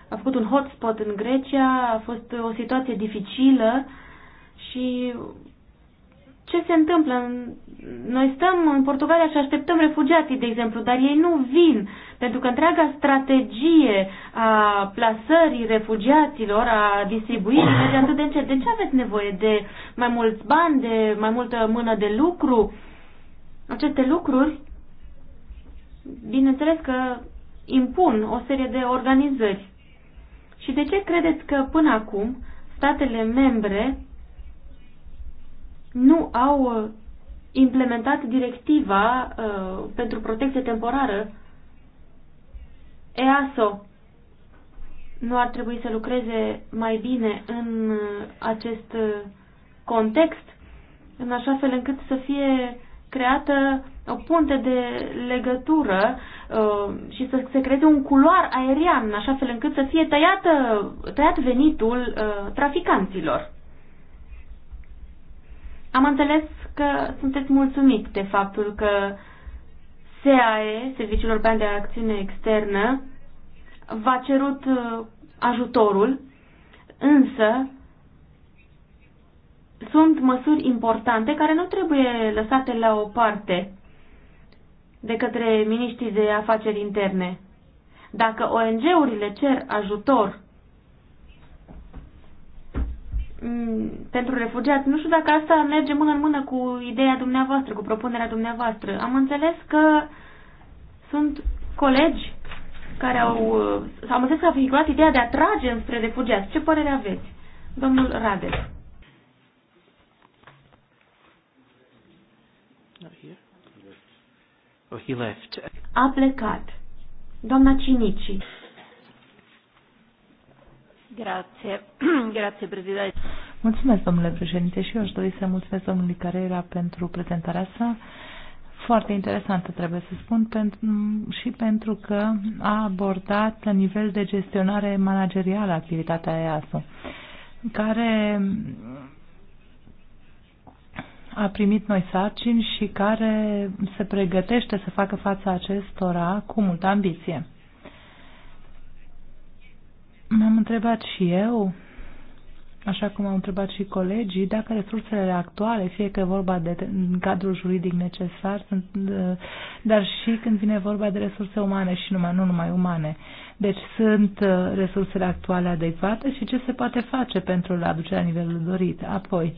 a făcut un hotspot în Grecia, a fost o situație dificilă și ce se întâmplă? Noi stăm în Portugalia și așteptăm refugiații, de exemplu, dar ei nu vin, pentru că întreaga strategie a plasării refugiaților, a distribuirii, merge atât de încet. De ce aveți nevoie de mai mulți bani, de mai multă mână de lucru? Aceste lucruri, bineînțeles că impun o serie de organizări. Și de ce credeți că până acum statele membre nu au uh, implementat directiva uh, pentru protecție temporară EASO nu ar trebui să lucreze mai bine în uh, acest uh, context, în așa fel încât să fie creată o punte de legătură uh, și să se creeze un culoar aerian, în așa fel încât să fie tăiat, tăiat venitul uh, traficanților. Am înțeles că sunteți mulțumit de faptul că SAE, Serviciul European de Acțiune Externă, v-a cerut uh, ajutorul, însă sunt măsuri importante care nu trebuie lăsate la o parte de către miniștrii de afaceri interne. Dacă ONG-urile cer ajutor Mm, pentru refugiați. Nu știu dacă asta merge mână în mână cu ideea dumneavoastră, cu propunerea dumneavoastră. Am înțeles că sunt colegi care au... Uh, am înțeles că a vehiculat ideea de a trage înspre refugiați. Ce părere aveți, domnul Radev? Oh, a plecat. Doamna Cinici. Mulțumesc, domnule președinte, și eu aș dori să mulțumesc domnului Carera pentru prezentarea sa. Foarte interesantă, trebuie să spun, pentru, și pentru că a abordat la nivel de gestionare managerială activitatea EASO, care a primit noi sarcini și care se pregătește să facă fața acestora cu multă ambiție. M-am întrebat și eu, așa cum au întrebat și colegii, dacă resursele actuale, fie că vorba de cadrul juridic necesar, sunt, uh, dar și când vine vorba de resurse umane și numai, nu numai umane. Deci sunt uh, resursele actuale adecvate și ce se poate face pentru a aduce la nivelul dorit. Apoi,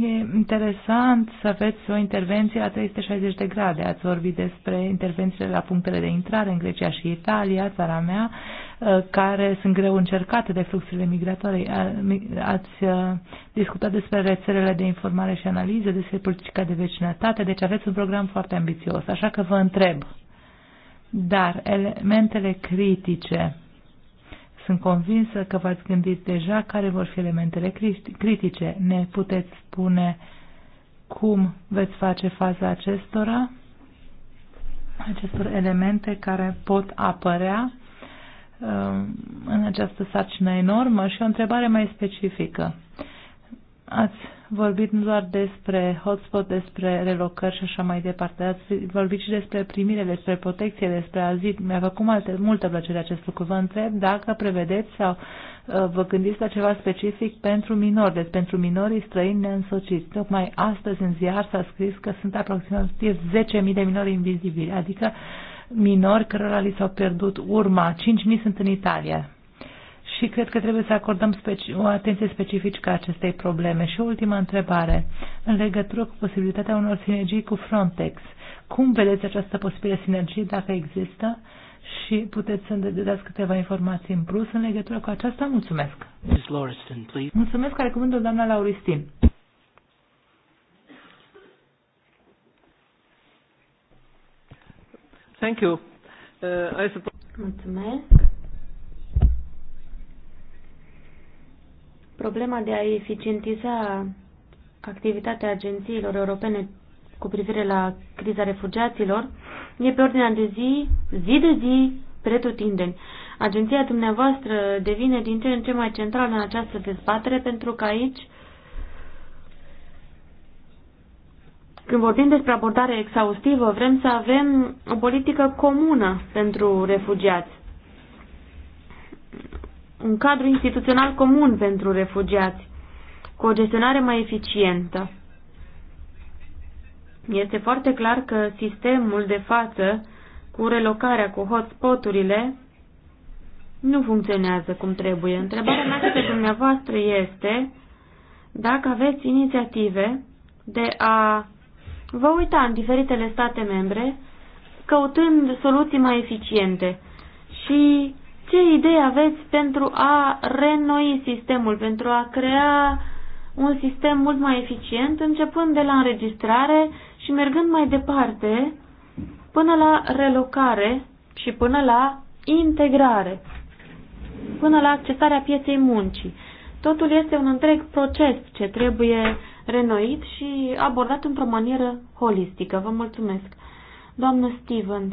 E interesant să aveți o intervenție la 360 de grade. Ați vorbit despre intervențiile la punctele de intrare în Grecia și Italia, țara mea, uh, care sunt greu încercate de fluxurile migratoare. Ați uh, discutat despre rețelele de informare și analiză, despre politica de vecinătate, deci aveți un program foarte ambițios. Așa că vă întreb, dar elementele critice sunt convinsă că v-ați gândit deja care vor fi elementele critice. Ne puteți spune cum veți face faza acestora, acestor elemente care pot apărea uh, în această sarcină enormă și o întrebare mai specifică. Ați vorbit nu doar despre hotspot, despre relocări și așa mai departe, ați vorbit și despre primire, despre protecție, despre azil. Mi-a făcut multe, multă plăcere acest lucru. Vă întreb dacă prevedeți sau uh, vă gândiți la ceva specific pentru minori, deci pentru minorii străini neînsociți. Tocmai astăzi în ziar s-a scris că sunt aproximativ 10.000 de minori invizibili, adică minori cărora li s-au pierdut urma, 5.000 sunt în Italia, și cred că trebuie să acordăm speci o atenție specifică acestei probleme. Și ultima întrebare, în legătură cu posibilitatea unor sinergii cu Frontex. Cum vedeți această posibilă sinergie, dacă există? Și puteți să ne dați câteva informații în plus în legătură cu aceasta? Mulțumesc! Mulțumesc, are cuvântul doamna Lauristin. Thank you. Uh, I suppose... Mulțumesc. Problema de a eficientiza activitatea agențiilor europene cu privire la criza refugiaților e pe ordinea de zi, zi de zi, pretutindeni. Agenția dumneavoastră devine din ce în ce mai centrală în această dezbatere pentru că aici, când vorbim despre abordare exhaustivă, vrem să avem o politică comună pentru refugiați un cadru instituțional comun pentru refugiați, cu o gestionare mai eficientă. Este foarte clar că sistemul de față cu relocarea cu hotspoturile nu funcționează cum trebuie. Întrebarea mea pe dumneavoastră este dacă aveți inițiative de a vă uita în diferitele state membre căutând soluții mai eficiente și ce idei aveți pentru a renoi sistemul, pentru a crea un sistem mult mai eficient, începând de la înregistrare și mergând mai departe până la relocare și până la integrare, până la accesarea pieței muncii. Totul este un întreg proces ce trebuie renoit și abordat într-o manieră holistică. Vă mulțumesc. Doamnă Stevens,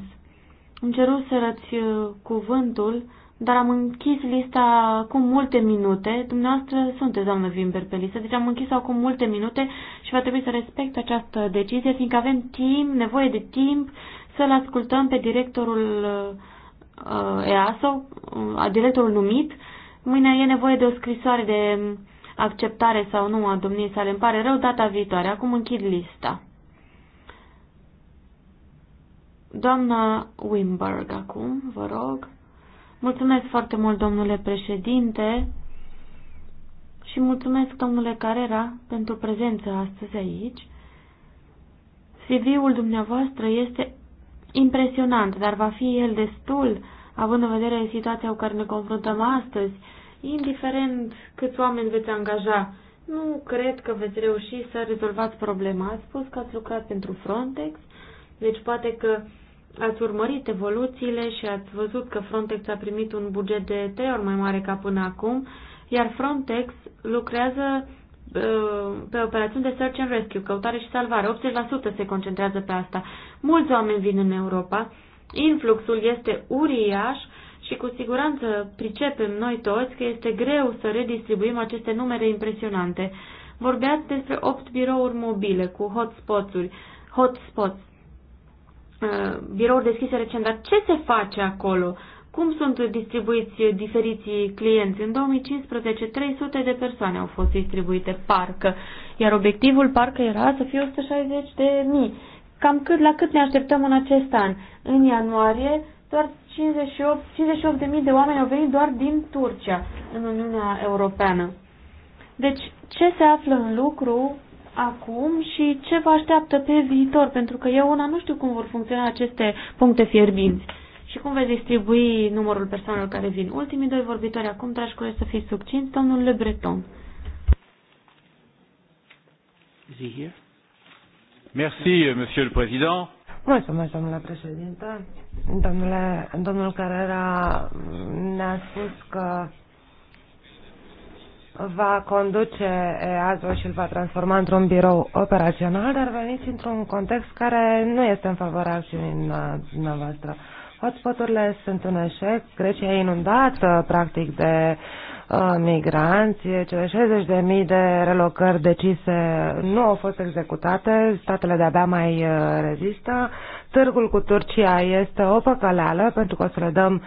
îmi răți uh, cuvântul dar am închis lista cu multe minute. Dumneavoastră sunteți, doamnă Vimber, pe listă, deci am închis acum multe minute și va trebui să respect această decizie, fiindcă avem timp, nevoie de timp să-l ascultăm pe directorul uh, EASO, uh, directorul numit. Mâine e nevoie de o scrisoare de acceptare sau nu a domniei sale. Îmi pare rău data viitoare. Acum închid lista. Doamna Wimberg, acum, vă rog. Mulțumesc foarte mult, domnule președinte, și mulțumesc, domnule Carera, pentru prezența astăzi aici. CV-ul dumneavoastră este impresionant, dar va fi el destul, având în vedere situația cu care ne confruntăm astăzi, indiferent câți oameni veți angaja. Nu cred că veți reuși să rezolvați problema. Ați spus că ați lucrat pentru Frontex, deci poate că ați urmărit evoluțiile și ați văzut că Frontex a primit un buget de trei ori mai mare ca până acum, iar Frontex lucrează uh, pe operațiuni de search and rescue, căutare și salvare. 80% se concentrează pe asta. Mulți oameni vin în Europa, influxul este uriaș și cu siguranță pricepem noi toți că este greu să redistribuim aceste numere impresionante. Vorbeați despre 8 birouri mobile cu hotspots-uri, hotspots. Uh, birouri deschise recent, dar ce se face acolo? Cum sunt distribuiți diferiții clienți? În 2015, 300 de persoane au fost distribuite parcă, iar obiectivul parcă era să fie 160 de mii. Cam cât, la cât ne așteptăm în acest an? În ianuarie, doar 58, 58 de mii de oameni au venit doar din Turcia în Uniunea Europeană. Deci, ce se află în lucru acum și ce vă așteaptă pe viitor, pentru că eu una nu știu cum vor funcționa aceste puncte fierbinți și cum veți distribui numărul persoanelor care vin. Ultimii doi vorbitori acum, dragi colegi, să fiți succinți, domnul Le Breton. Merci, Monsieur le Président. Mulțumesc, domnule președinte. Domnule, domnul Carrera ne-a spus că va conduce EASO și îl va transforma într-un birou operațional, dar veniți într-un context care nu este în favoarea acțiunii dumneavoastră. Hotspoturile sunt un eșec, Grecia e inundată practic de uh, migranți, cele 60.000 de relocări decise nu au fost executate, statele de-abia mai uh, rezistă, târgul cu Turcia este o păcăleală pentru că o să le dăm uh,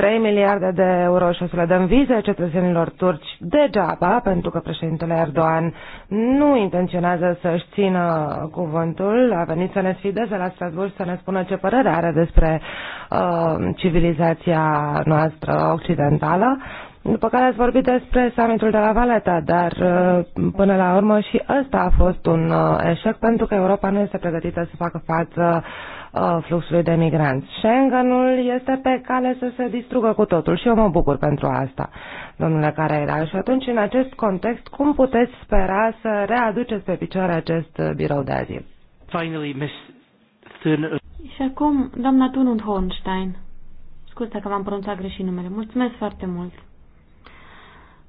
3 miliarde de euro și o să le dăm vize cetățenilor turci degeaba, pentru că președintele Erdogan nu intenționează să-și țină cuvântul. A venit să ne sfideze la Strasburg să ne spună ce părere are despre uh, civilizația noastră occidentală. După care ați vorbit despre summitul de la Valeta, dar uh, până la urmă și ăsta a fost un uh, eșec pentru că Europa nu este pregătită să facă față uh, Uh, fluxului de migranți. Schengenul este pe cale să se distrugă cu totul și eu mă bucur pentru asta, domnule Careira. Și atunci, în acest context, cum puteți spera să readuceți pe picioare acest uh, birou de azil? Finally, Miss Thun... Și acum, doamna Tunund Hornstein. Scuze că v-am pronunțat greșit numele. Mulțumesc foarte mult.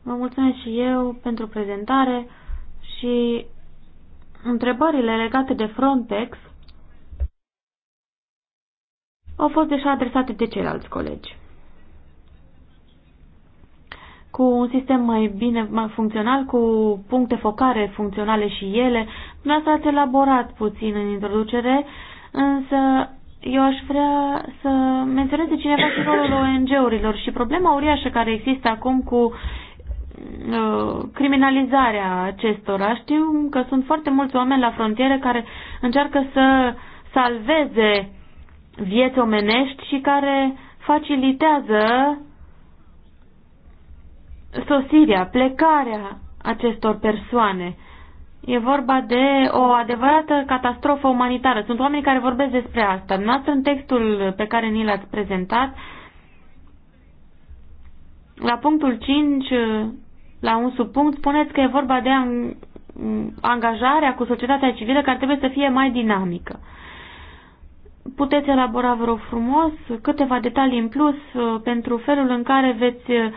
Vă mulțumesc și eu pentru prezentare și întrebările legate de Frontex au fost deja adresate de ceilalți colegi. Cu un sistem mai bine mai funcțional, cu puncte focare funcționale și ele, dumneavoastră ați elaborat puțin în introducere, însă eu aș vrea să menționez cineva și rolul ONG-urilor și problema uriașă care există acum cu uh, criminalizarea acestora. Știu că sunt foarte mulți oameni la frontiere care încearcă să salveze vieți omenești și care facilitează sosirea, plecarea acestor persoane. E vorba de o adevărată catastrofă umanitară. Sunt oameni care vorbesc despre asta. Noastră în textul pe care ni l-ați prezentat, la punctul 5, la un subpunct, spuneți că e vorba de angajarea cu societatea civilă care trebuie să fie mai dinamică puteți elabora, vă rog frumos, câteva detalii în plus uh, pentru felul în care veți uh,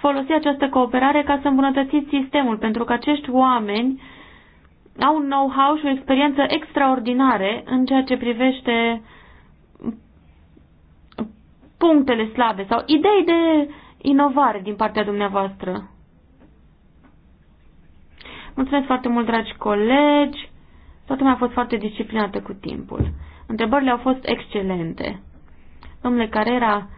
folosi această cooperare ca să îmbunătățiți sistemul, pentru că acești oameni au un know-how și o experiență extraordinare în ceea ce privește punctele slabe sau idei de inovare din partea dumneavoastră. Mulțumesc foarte mult, dragi colegi. Toată lumea a fost foarte disciplinată cu timpul. Întrebările au fost excelente. Domnule Carrera,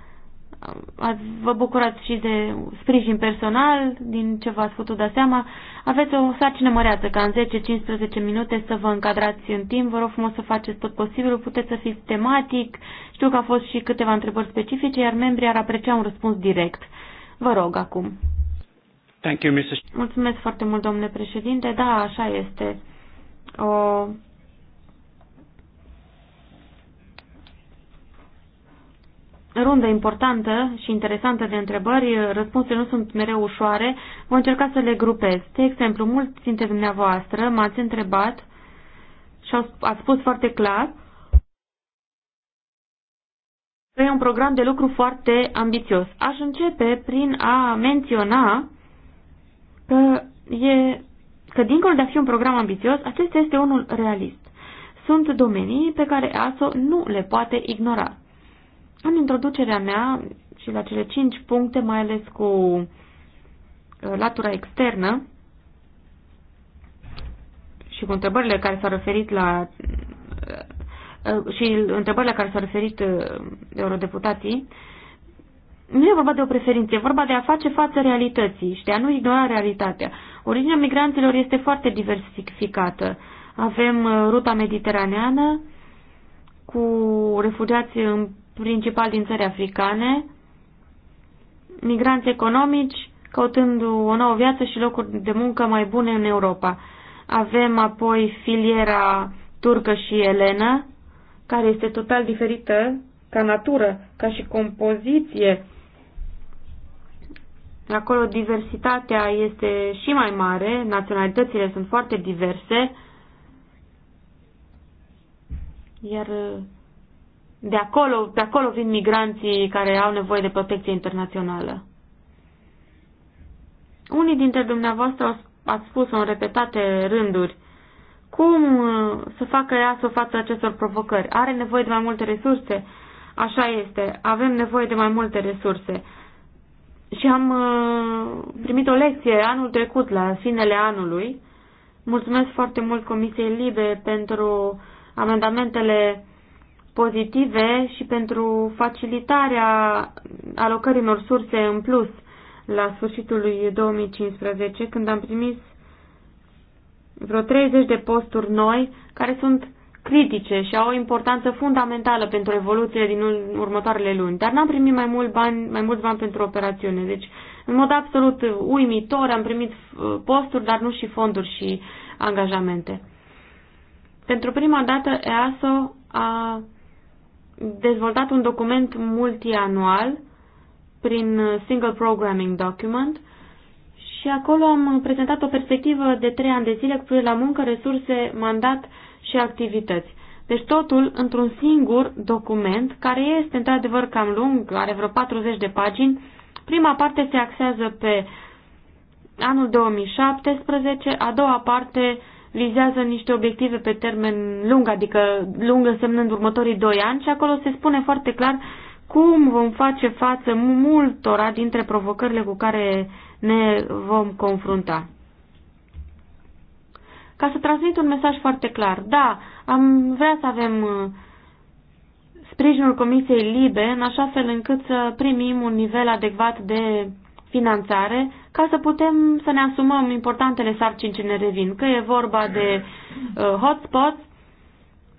vă bucurați și de sprijin personal, din ce v-ați putut da seama. Aveți o sarcină măreață, ca în 10-15 minute să vă încadrați în timp. Vă rog frumos să faceți tot posibilul, puteți să fiți tematic. Știu că au fost și câteva întrebări specifice, iar membrii ar aprecia un răspuns direct. Vă rog acum. Thank you, Mr. Mulțumesc foarte mult, domnule președinte. Da, așa este. O rundă importantă și interesantă de întrebări. Răspunsurile nu sunt mereu ușoare. Voi încerca să le grupez. De exemplu, mulți dintre dumneavoastră m-ați întrebat și ați spus foarte clar că e un program de lucru foarte ambițios. Aș începe prin a menționa că, e, că dincolo de a fi un program ambițios, acesta este unul realist. Sunt domenii pe care ASO nu le poate ignora. În introducerea mea și la cele cinci puncte, mai ales cu uh, latura externă și cu întrebările care s-au referit la uh, uh, și întrebările care s-au referit eurodeputații, nu e vorba de o preferință, e vorba de a face față realității și de a nu ignora realitatea. Originea migranților este foarte diversificată. Avem ruta mediteraneană cu refugiați în principal din țări africane, migranți economici căutând o nouă viață și locuri de muncă mai bune în Europa. Avem apoi filiera turcă și elenă, care este total diferită ca natură, ca și compoziție. Acolo diversitatea este și mai mare, naționalitățile sunt foarte diverse, iar de acolo, de acolo vin migranții care au nevoie de protecție internațională. Unii dintre dumneavoastră ați spus-o în repetate rânduri. Cum uh, să facă ea să față acestor provocări? Are nevoie de mai multe resurse? Așa este, avem nevoie de mai multe resurse. Și am uh, primit o lecție anul trecut, la finele anului. Mulțumesc foarte mult Comisiei Libe pentru amendamentele pozitive și pentru facilitarea alocării unor surse în plus la sfârșitul lui 2015, când am primit vreo 30 de posturi noi care sunt critice și au o importanță fundamentală pentru evoluție din următoarele luni, dar n-am primit mai, mult bani, mai mulți bani pentru operațiune. Deci, în mod absolut uimitor, am primit uh, posturi, dar nu și fonduri și angajamente. Pentru prima dată, EASO a dezvoltat un document multianual prin Single Programming Document și acolo am prezentat o perspectivă de trei ani de zile cu privire la muncă, resurse, mandat și activități. Deci totul într-un singur document, care este într-adevăr cam lung, are vreo 40 de pagini. Prima parte se axează pe anul 2017, a doua parte vizează niște obiective pe termen lung, adică lung însemnând următorii doi ani și acolo se spune foarte clar cum vom face față multora dintre provocările cu care ne vom confrunta. Ca să transmit un mesaj foarte clar, da, am vrea să avem uh, sprijinul Comisiei Libe în așa fel încât să primim un nivel adecvat de finanțare ca să putem să ne asumăm importantele sarcini ce ne revin, că e vorba de uh, hotspots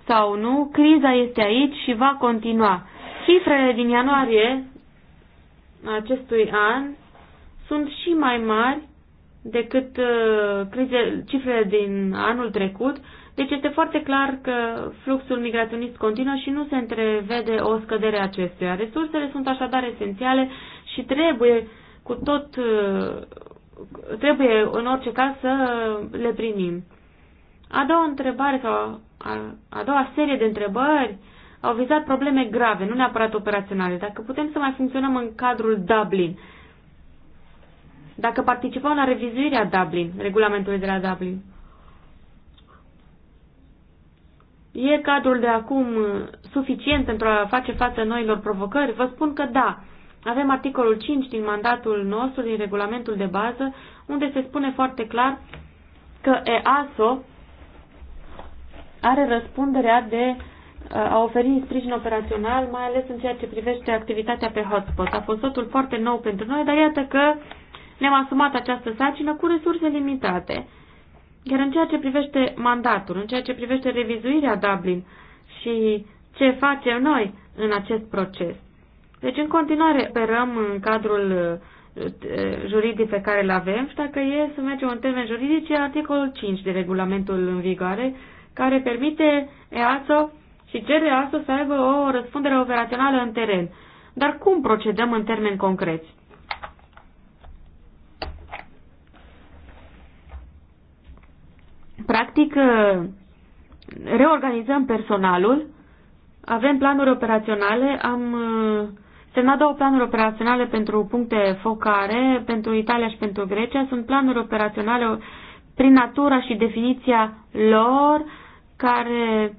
sau nu, criza este aici și va continua. Cifrele din ianuarie acestui an sunt și mai mari decât uh, crize, cifrele din anul trecut, deci este foarte clar că fluxul migraționist continuă și nu se întrevede o scădere acestuia. Resursele sunt așadar esențiale și trebuie cu tot uh, trebuie în orice caz să le primim. A doua întrebare sau a, a doua serie de întrebări au vizat probleme grave, nu neapărat operaționale. Dacă putem să mai funcționăm în cadrul Dublin, dacă participăm la revizuirea Dublin, regulamentului de la Dublin, e cadrul de acum suficient pentru a face față noilor provocări? Vă spun că da. Avem articolul 5 din mandatul nostru, din regulamentul de bază, unde se spune foarte clar că EASO are răspunderea de uh, a oferi sprijin operațional, mai ales în ceea ce privește activitatea pe hotspot. A fost totul foarte nou pentru noi, dar iată că ne-am asumat această sarcină cu resurse limitate. Iar în ceea ce privește mandatul, în ceea ce privește revizuirea Dublin și ce facem noi în acest proces, deci, în continuare, operăm în cadrul eh, juridic pe care îl avem și dacă e să mergem în juridic, e articolul 5 de regulamentul în vigoare, care permite EASO și cere EASO să aibă o răspundere operațională în teren. Dar cum procedăm în termeni concreți? Practic, eh, reorganizăm personalul, avem planuri operaționale, am uh, semnat două planuri operaționale pentru puncte focare, pentru Italia și pentru Grecia. Sunt planuri operaționale prin natura și definiția lor care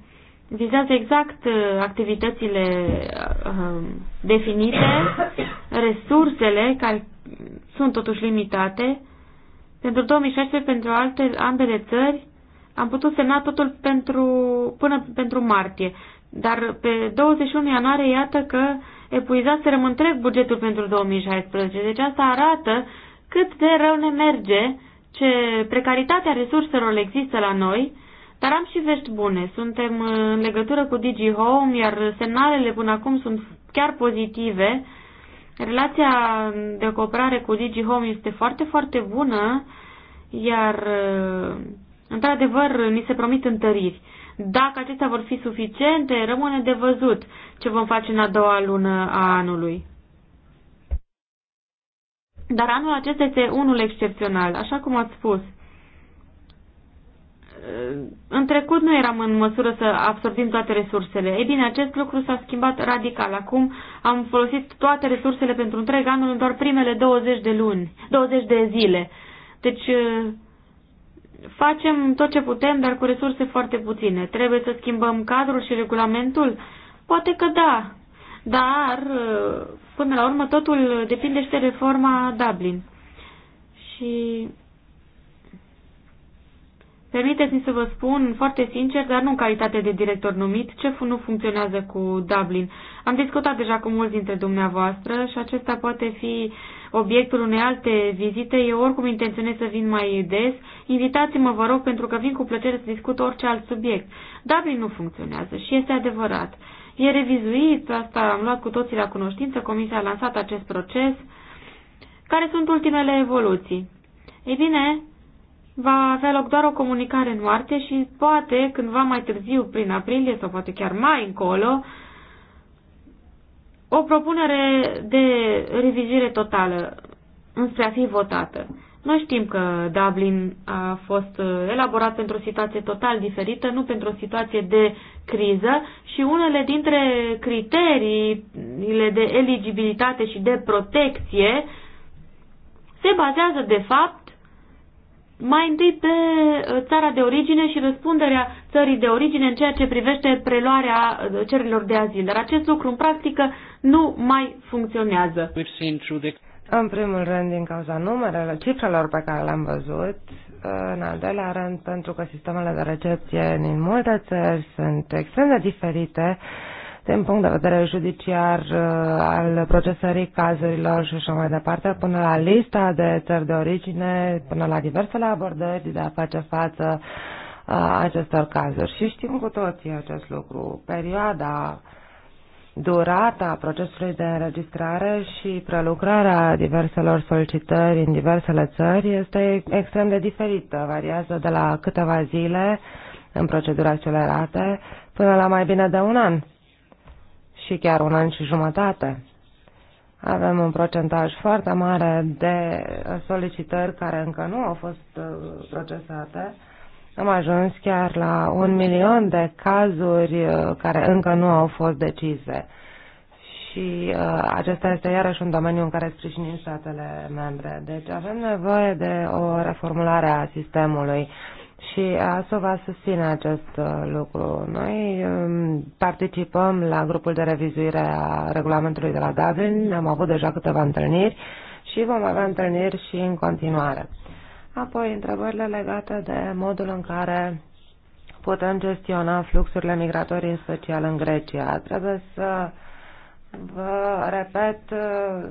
vizează exact uh, activitățile uh, definite, resursele care sunt totuși limitate. Pentru 2016, pentru alte, ambele țări, am putut semna totul pentru, până pentru martie. Dar pe 21 ianuarie, iată că uh, epuizaserăm întreg bugetul pentru 2016. Deci asta arată cât de rău ne merge, ce precaritatea resurselor există la noi, dar am și vești bune. Suntem uh, în legătură cu Digi Home, iar semnalele până acum sunt chiar pozitive. Relația de cooperare cu Digi Home este foarte, foarte bună, iar, uh, într-adevăr, ni se promit întăriri. Dacă acestea vor fi suficiente, rămâne de văzut ce vom face în a doua lună a anului. Dar anul acesta este unul excepțional, așa cum ați spus. În trecut nu eram în măsură să absorbim toate resursele. Ei bine, acest lucru s-a schimbat radical. Acum am folosit toate resursele pentru întreg anul în doar primele 20 de luni, 20 de zile. Deci facem tot ce putem, dar cu resurse foarte puține. Trebuie să schimbăm cadrul și regulamentul? Poate că da, dar până la urmă totul depinde și de reforma Dublin. Și permiteți-mi să vă spun foarte sincer, dar nu în calitate de director numit, ce nu funcționează cu Dublin. Am discutat deja cu mulți dintre dumneavoastră și acesta poate fi uh, obiectul unei alte vizite. Eu oricum intenționez să vin mai des. Invitați-mă, vă rog, pentru că vin cu plăcere să discut orice alt subiect. Dublin nu funcționează și este adevărat. E revizuit, asta am luat cu toții la cunoștință, Comisia a lansat acest proces. Care sunt ultimele evoluții? Ei bine, va avea loc doar o comunicare în moarte și poate cândva mai târziu, prin aprilie sau poate chiar mai încolo, o propunere de revizire totală înspre a fi votată. Noi știm că Dublin a fost uh, elaborat pentru o situație total diferită, nu pentru o situație de criză și unele dintre criteriile de eligibilitate și de protecție se bazează, de fapt, mai întâi pe uh, țara de origine și răspunderea țării de origine în ceea ce privește preluarea uh, cererilor de azil. Dar acest lucru în practică nu mai funcționează. În primul rând, din cauza numerelor, cifrelor pe care le-am văzut, uh, în al doilea rând, pentru că sistemele de recepție din multe țări sunt extrem de diferite, din punct de vedere judiciar, uh, al procesării cazurilor și așa mai departe, până la lista de țări de origine, până la diversele abordări de a face față uh, acestor cazuri. Și știm cu toții acest lucru. Perioada durata procesului de înregistrare și prelucrarea diverselor solicitări în diversele țări este extrem de diferită. Variază de la câteva zile în proceduri accelerate până la mai bine de un an și chiar un an și jumătate. Avem un procentaj foarte mare de solicitări care încă nu au fost uh, procesate. Am ajuns chiar la un milion de cazuri uh, care încă nu au fost decise. Și uh, acesta este iarăși un domeniu în care sprijinim statele membre. Deci avem nevoie de o reformulare a sistemului și ASO va susține acest uh, lucru. Noi um, participăm la grupul de revizuire a regulamentului de la Dublin, am avut deja câteva întâlniri și vom avea întâlniri și în continuare. Apoi, întrebările legate de modul în care putem gestiona fluxurile migratorii, în special în Grecia. Trebuie să vă repet uh,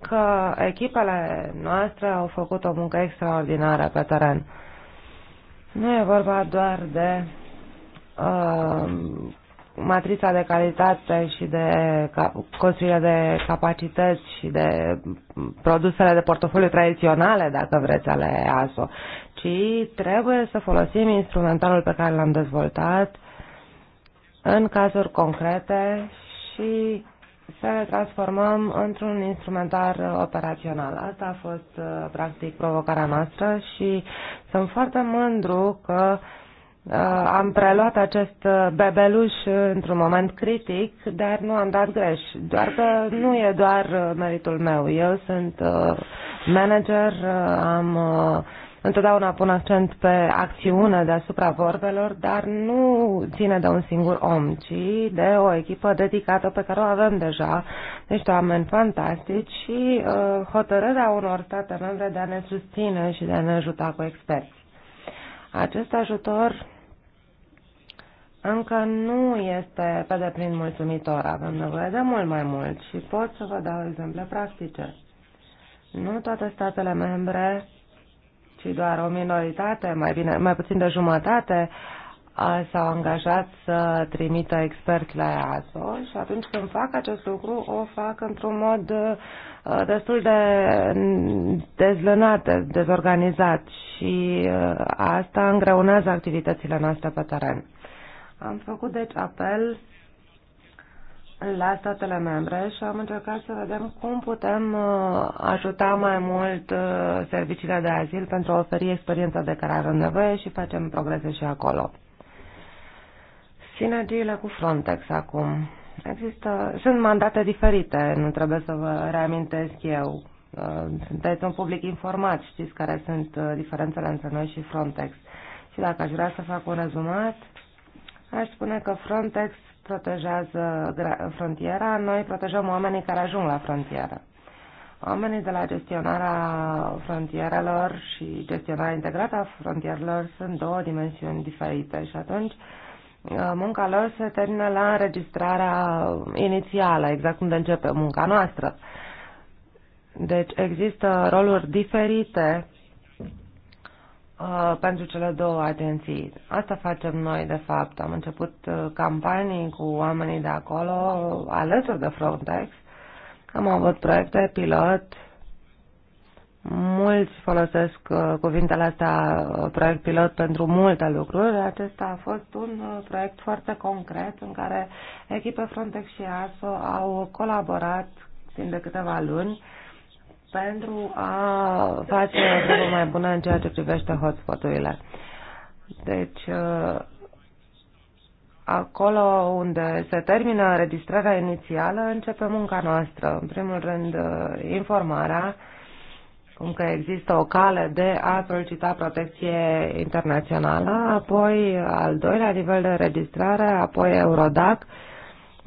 că echipele noastre au făcut o muncă extraordinară pe teren nu e vorba doar de uh, matrița de calitate și de construirea de capacități și de produsele de portofoliu tradiționale, dacă vreți, ale ASO, ci trebuie să folosim instrumentarul pe care l-am dezvoltat în cazuri concrete și să le transformăm într-un instrumentar uh, operațional. Asta a fost, uh, practic, provocarea noastră și sunt foarte mândru că uh, am preluat acest bebeluș într-un moment critic, dar nu am dat greș. Doar că nu e doar meritul meu. Eu sunt manager, am Întotdeauna pun accent pe acțiune deasupra vorbelor, dar nu ține de un singur om, ci de o echipă dedicată pe care o avem deja, niște oameni fantastici și uh, hotărârea unor state membre de a ne susține și de a ne ajuta cu experți. Acest ajutor încă nu este pe deplin mulțumitor. Avem nevoie de mult mai mult și pot să vă dau exemple practice. Nu toate statele membre ci doar o minoritate, mai, bine, mai puțin de jumătate, s-au angajat să trimită experți la EASO și atunci când fac acest lucru, o fac într-un mod destul de dezlănat, dezorganizat și asta îngreunează activitățile noastre pe teren. Am făcut deci apel la statele membre și am încercat să vedem cum putem uh, ajuta mai mult uh, serviciile de azil pentru a oferi experiența de care avem nevoie și facem progrese și acolo. Sinergiile cu Frontex acum. Există, sunt mandate diferite, nu trebuie să vă reamintesc eu. Uh, sunteți un public informat, știți care sunt diferențele între noi și Frontex. Și dacă aș vrea să fac un rezumat, aș spune că Frontex protejează frontiera, noi protejăm oamenii care ajung la frontieră. Oamenii de la gestionarea frontierelor și gestionarea integrată a frontierelor sunt două dimensiuni diferite și atunci uh, munca lor se termină la înregistrarea inițială, exact unde începe munca noastră. Deci există roluri diferite uh, pentru cele două agenții. Asta facem noi, de fapt. Am început uh, campanii cu oamenii de acolo, alături de Frontex. Am avut proiecte pilot. Mulți folosesc uh, cuvintele astea, uh, proiect pilot, pentru multe lucruri. Acesta a fost un uh, proiect foarte concret în care echipe Frontex și ASO au colaborat timp de câteva luni pentru a face o treabă mai bună în ceea ce privește hotspot-urile. Deci, uh, acolo unde se termină registrarea inițială, începe munca noastră. În primul rând, uh, informarea, cum că există o cale de a solicita protecție internațională, apoi al doilea nivel de registrare, apoi Eurodac,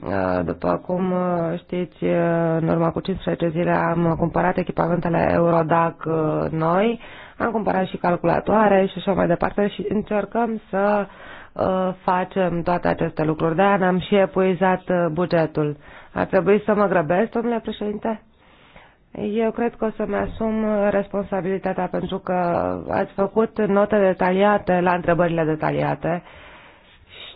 Uh, după cum uh, știți, uh, în urmă cu 15 zile am cumpărat echipamentele Eurodac noi, am cumpărat și calculatoare și așa mai departe și încercăm să facem toate aceste lucruri. De-aia ne-am și epuizat bugetul. Ar trebui să mă grăbesc, domnule președinte? Eu cred că o să-mi asum responsabilitatea pentru că ați făcut note detaliate la întrebările detaliate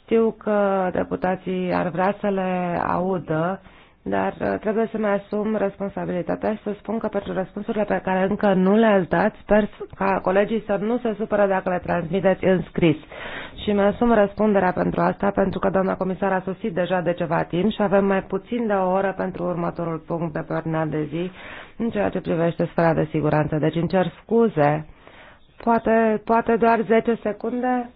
știu că deputații ar vrea să le audă, dar uh, trebuie să-mi asum responsabilitatea și să spun că pentru răspunsurile pe care încă nu le-ați dat, sper ca colegii să nu se supără dacă le transmiteți în scris. Și mi-asum răspunderea pentru asta, pentru că doamna comisar a sosit deja de ceva timp și avem mai puțin de o oră pentru următorul punct de pe ordinea de zi în ceea ce privește sfera de siguranță. Deci îmi cer scuze. Poate, poate doar 10 secunde?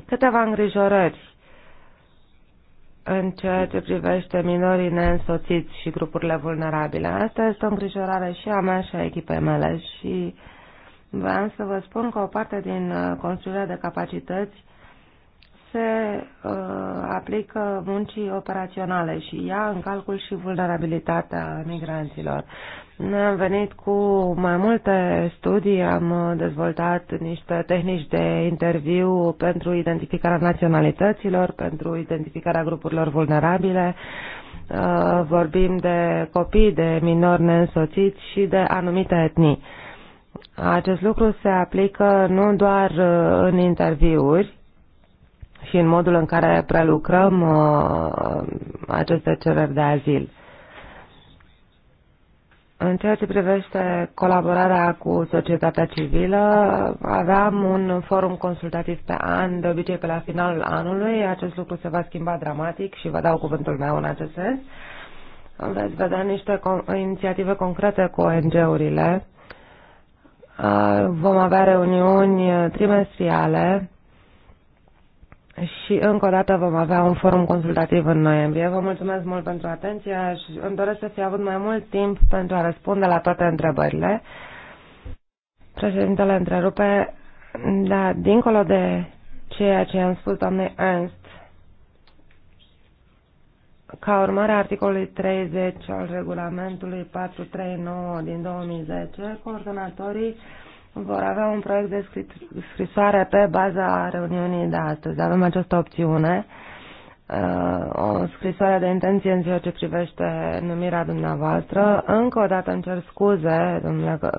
câteva îngrijorări în ceea ce privește minorii neînsoțiți și grupurile vulnerabile. Asta este o îngrijorare și a mea și a echipei mele și vreau să vă spun că o parte din uh, construirea de capacități se uh, aplică muncii operaționale și ia în calcul și vulnerabilitatea migranților ne am venit cu mai multe studii, am dezvoltat niște tehnici de interviu pentru identificarea naționalităților, pentru identificarea grupurilor vulnerabile, uh, vorbim de copii, de minori neînsoțiți și de anumite etnii. Acest lucru se aplică nu doar uh, în interviuri și în modul în care prelucrăm uh, aceste cereri de azil în ceea ce privește colaborarea cu societatea civilă, aveam un forum consultativ pe an, de obicei pe la finalul anului. Acest lucru se va schimba dramatic și vă dau cuvântul meu în acest sens. Veți vedea niște inițiative concrete cu ONG-urile. Uh, vom avea reuniuni trimestriale și încă o dată vom avea un forum consultativ în noiembrie. Vă mulțumesc mult pentru atenție și îmi doresc să fi avut mai mult timp pentru a răspunde la toate întrebările. Președintele întrerupe, da, dincolo de ceea ce am spus doamnei Ernst, ca urmare a articolului 30 al regulamentului 439 din 2010, coordonatorii vor avea un proiect de scrisoare pe baza reuniunii de astăzi. Avem această opțiune, uh, o scrisoare de intenție în ceea ce privește numirea dumneavoastră. Încă o dată îmi cer scuze, domnule uh,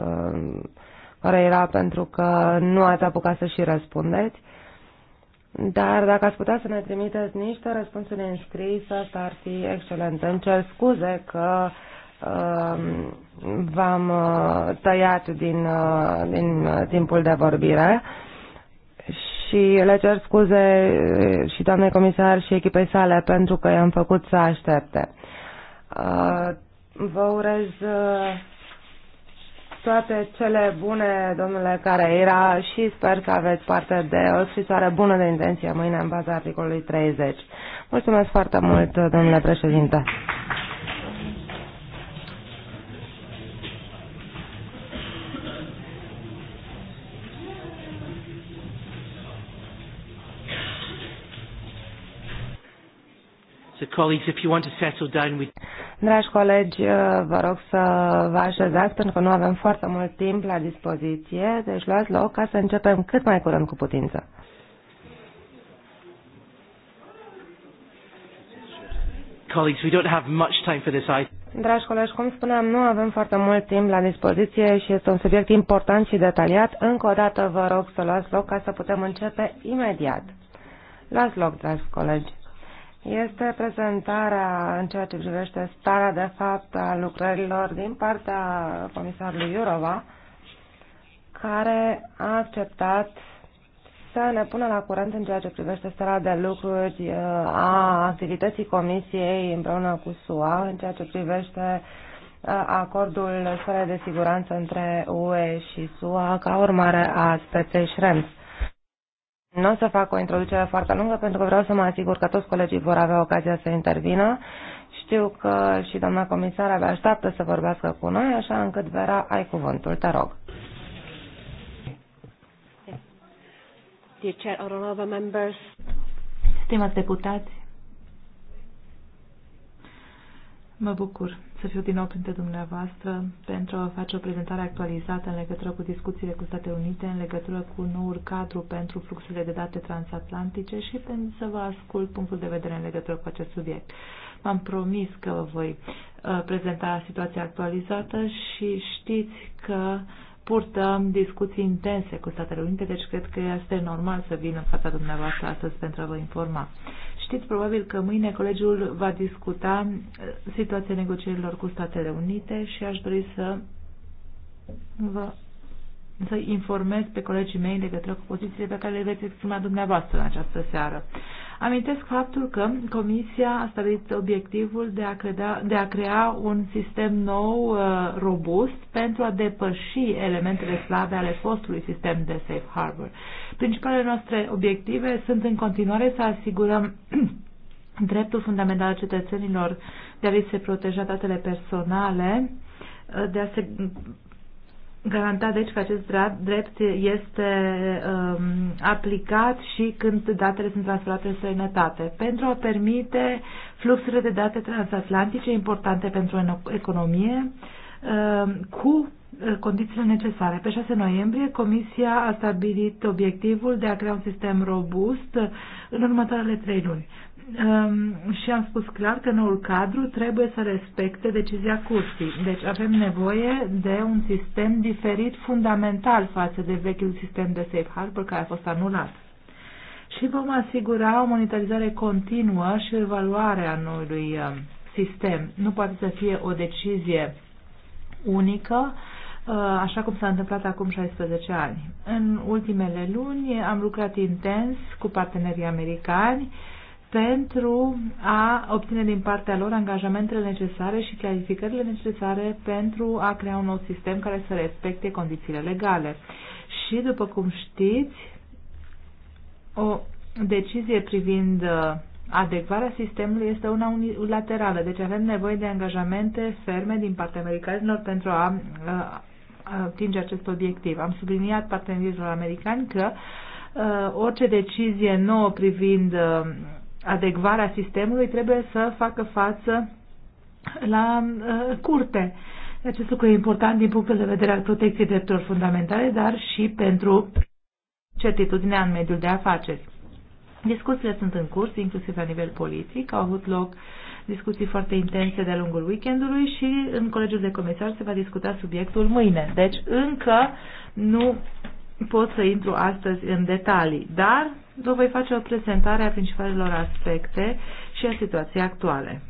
care era pentru că nu ați apucat să și răspundeți. Dar dacă ați putea să ne trimiteți niște răspunsuri înscrise, asta ar fi excelent. Îmi cer scuze că uh, Um, v-am uh, tăiat din, uh, din uh, timpul de vorbire și le cer scuze și doamnei comisar și echipei sale pentru că i-am făcut să aștepte. Vă urez toate cele bune, domnule care era și sper că aveți parte de o scrisoare bună de intenție mâine în baza articolului 30. Mulțumesc foarte mult, domnule președinte. colleagues, if you want to settle down with... Dragi colegi, uh, vă rog să vă așezați pentru că nu avem foarte mult timp la dispoziție, deci luați loc ca să începem cât mai curând cu putință. Colleagues, we don't have much time for this item. Dragi colegi, cum spuneam, nu avem foarte mult timp la dispoziție și este un subiect important și detaliat. Încă o dată vă rog să luați loc ca să putem începe imediat. Luați loc, dragi colegi este prezentarea în ceea ce privește starea de fapt a lucrărilor din partea comisarului Iurova, care a acceptat să ne pună la curent în ceea ce privește starea de lucruri uh, a activității comisiei împreună cu SUA, în ceea ce privește uh, acordul sferei de siguranță între UE și SUA ca urmare a speței Schrems. Nu o să fac o introducere foarte lungă pentru că vreau să mă asigur că toți colegii vor avea ocazia să intervină. Știu că și doamna comisar avea așteaptă să vorbească cu noi, așa încât, Vera, ai cuvântul, te rog. Dear Chair, Honorable Members, Stimați deputați, Mă bucur să fiu din nou printre dumneavoastră pentru a face o prezentare actualizată în legătură cu discuțiile cu Statele Unite, în legătură cu noul cadru pentru fluxurile de date transatlantice și pentru să vă ascult punctul de vedere în legătură cu acest subiect. m am promis că vă voi ă, prezenta situația actualizată și știți că purtăm discuții intense cu Statele Unite, deci cred că este normal să vin în fața dumneavoastră astăzi pentru a vă informa. Știți probabil că mâine colegiul va discuta uh, situația negocierilor cu Statele Unite și aș dori să vă să informez pe colegii mei în legătură cu pozițiile pe care le veți exprima dumneavoastră în această seară. Amintesc faptul că Comisia a stabilit obiectivul de a, credea, de a crea un sistem nou uh, robust pentru a depăși elementele slabe ale fostului sistem de safe harbor. Principalele noastre obiective sunt în continuare să asigurăm dreptul fundamental al cetățenilor de a li se proteja datele personale, uh, de a se Garantat, deci că acest drept este um, aplicat și când datele sunt transferate în străinătate, pentru a permite fluxurile de date transatlantice importante pentru economie um, cu uh, condițiile necesare. Pe 6 noiembrie, Comisia a stabilit obiectivul de a crea un sistem robust în următoarele trei luni. Um, și am spus clar că noul cadru trebuie să respecte decizia curții. Deci avem nevoie de un sistem diferit fundamental față de vechiul sistem de safe harbor care a fost anulat. Și vom asigura o monitorizare continuă și o evaluare a noului um, sistem. Nu poate să fie o decizie unică, uh, așa cum s-a întâmplat acum 16 ani. În ultimele luni am lucrat intens cu partenerii americani, pentru a obține din partea lor angajamentele necesare și clarificările necesare pentru a crea un nou sistem care să respecte condițiile legale. Și, după cum știți, o decizie privind uh, adecvarea sistemului este una unilaterală, deci avem nevoie de angajamente ferme din partea americanilor pentru a uh, atinge acest obiectiv. Am subliniat partenerilor americani că uh, orice decizie nouă privind uh, adecvarea sistemului trebuie să facă față la uh, curte. Acest lucru e important din punctul de vedere al protecției drepturilor fundamentale, dar și pentru certitudinea în mediul de afaceri. Discuțiile sunt în curs, inclusiv la nivel politic. Au avut loc discuții foarte intense de-a lungul weekendului și în Colegiul de Comisar se va discuta subiectul mâine. Deci încă nu pot să intru astăzi în detalii, dar vă voi face o prezentare a principalelor aspecte și a situației actuale.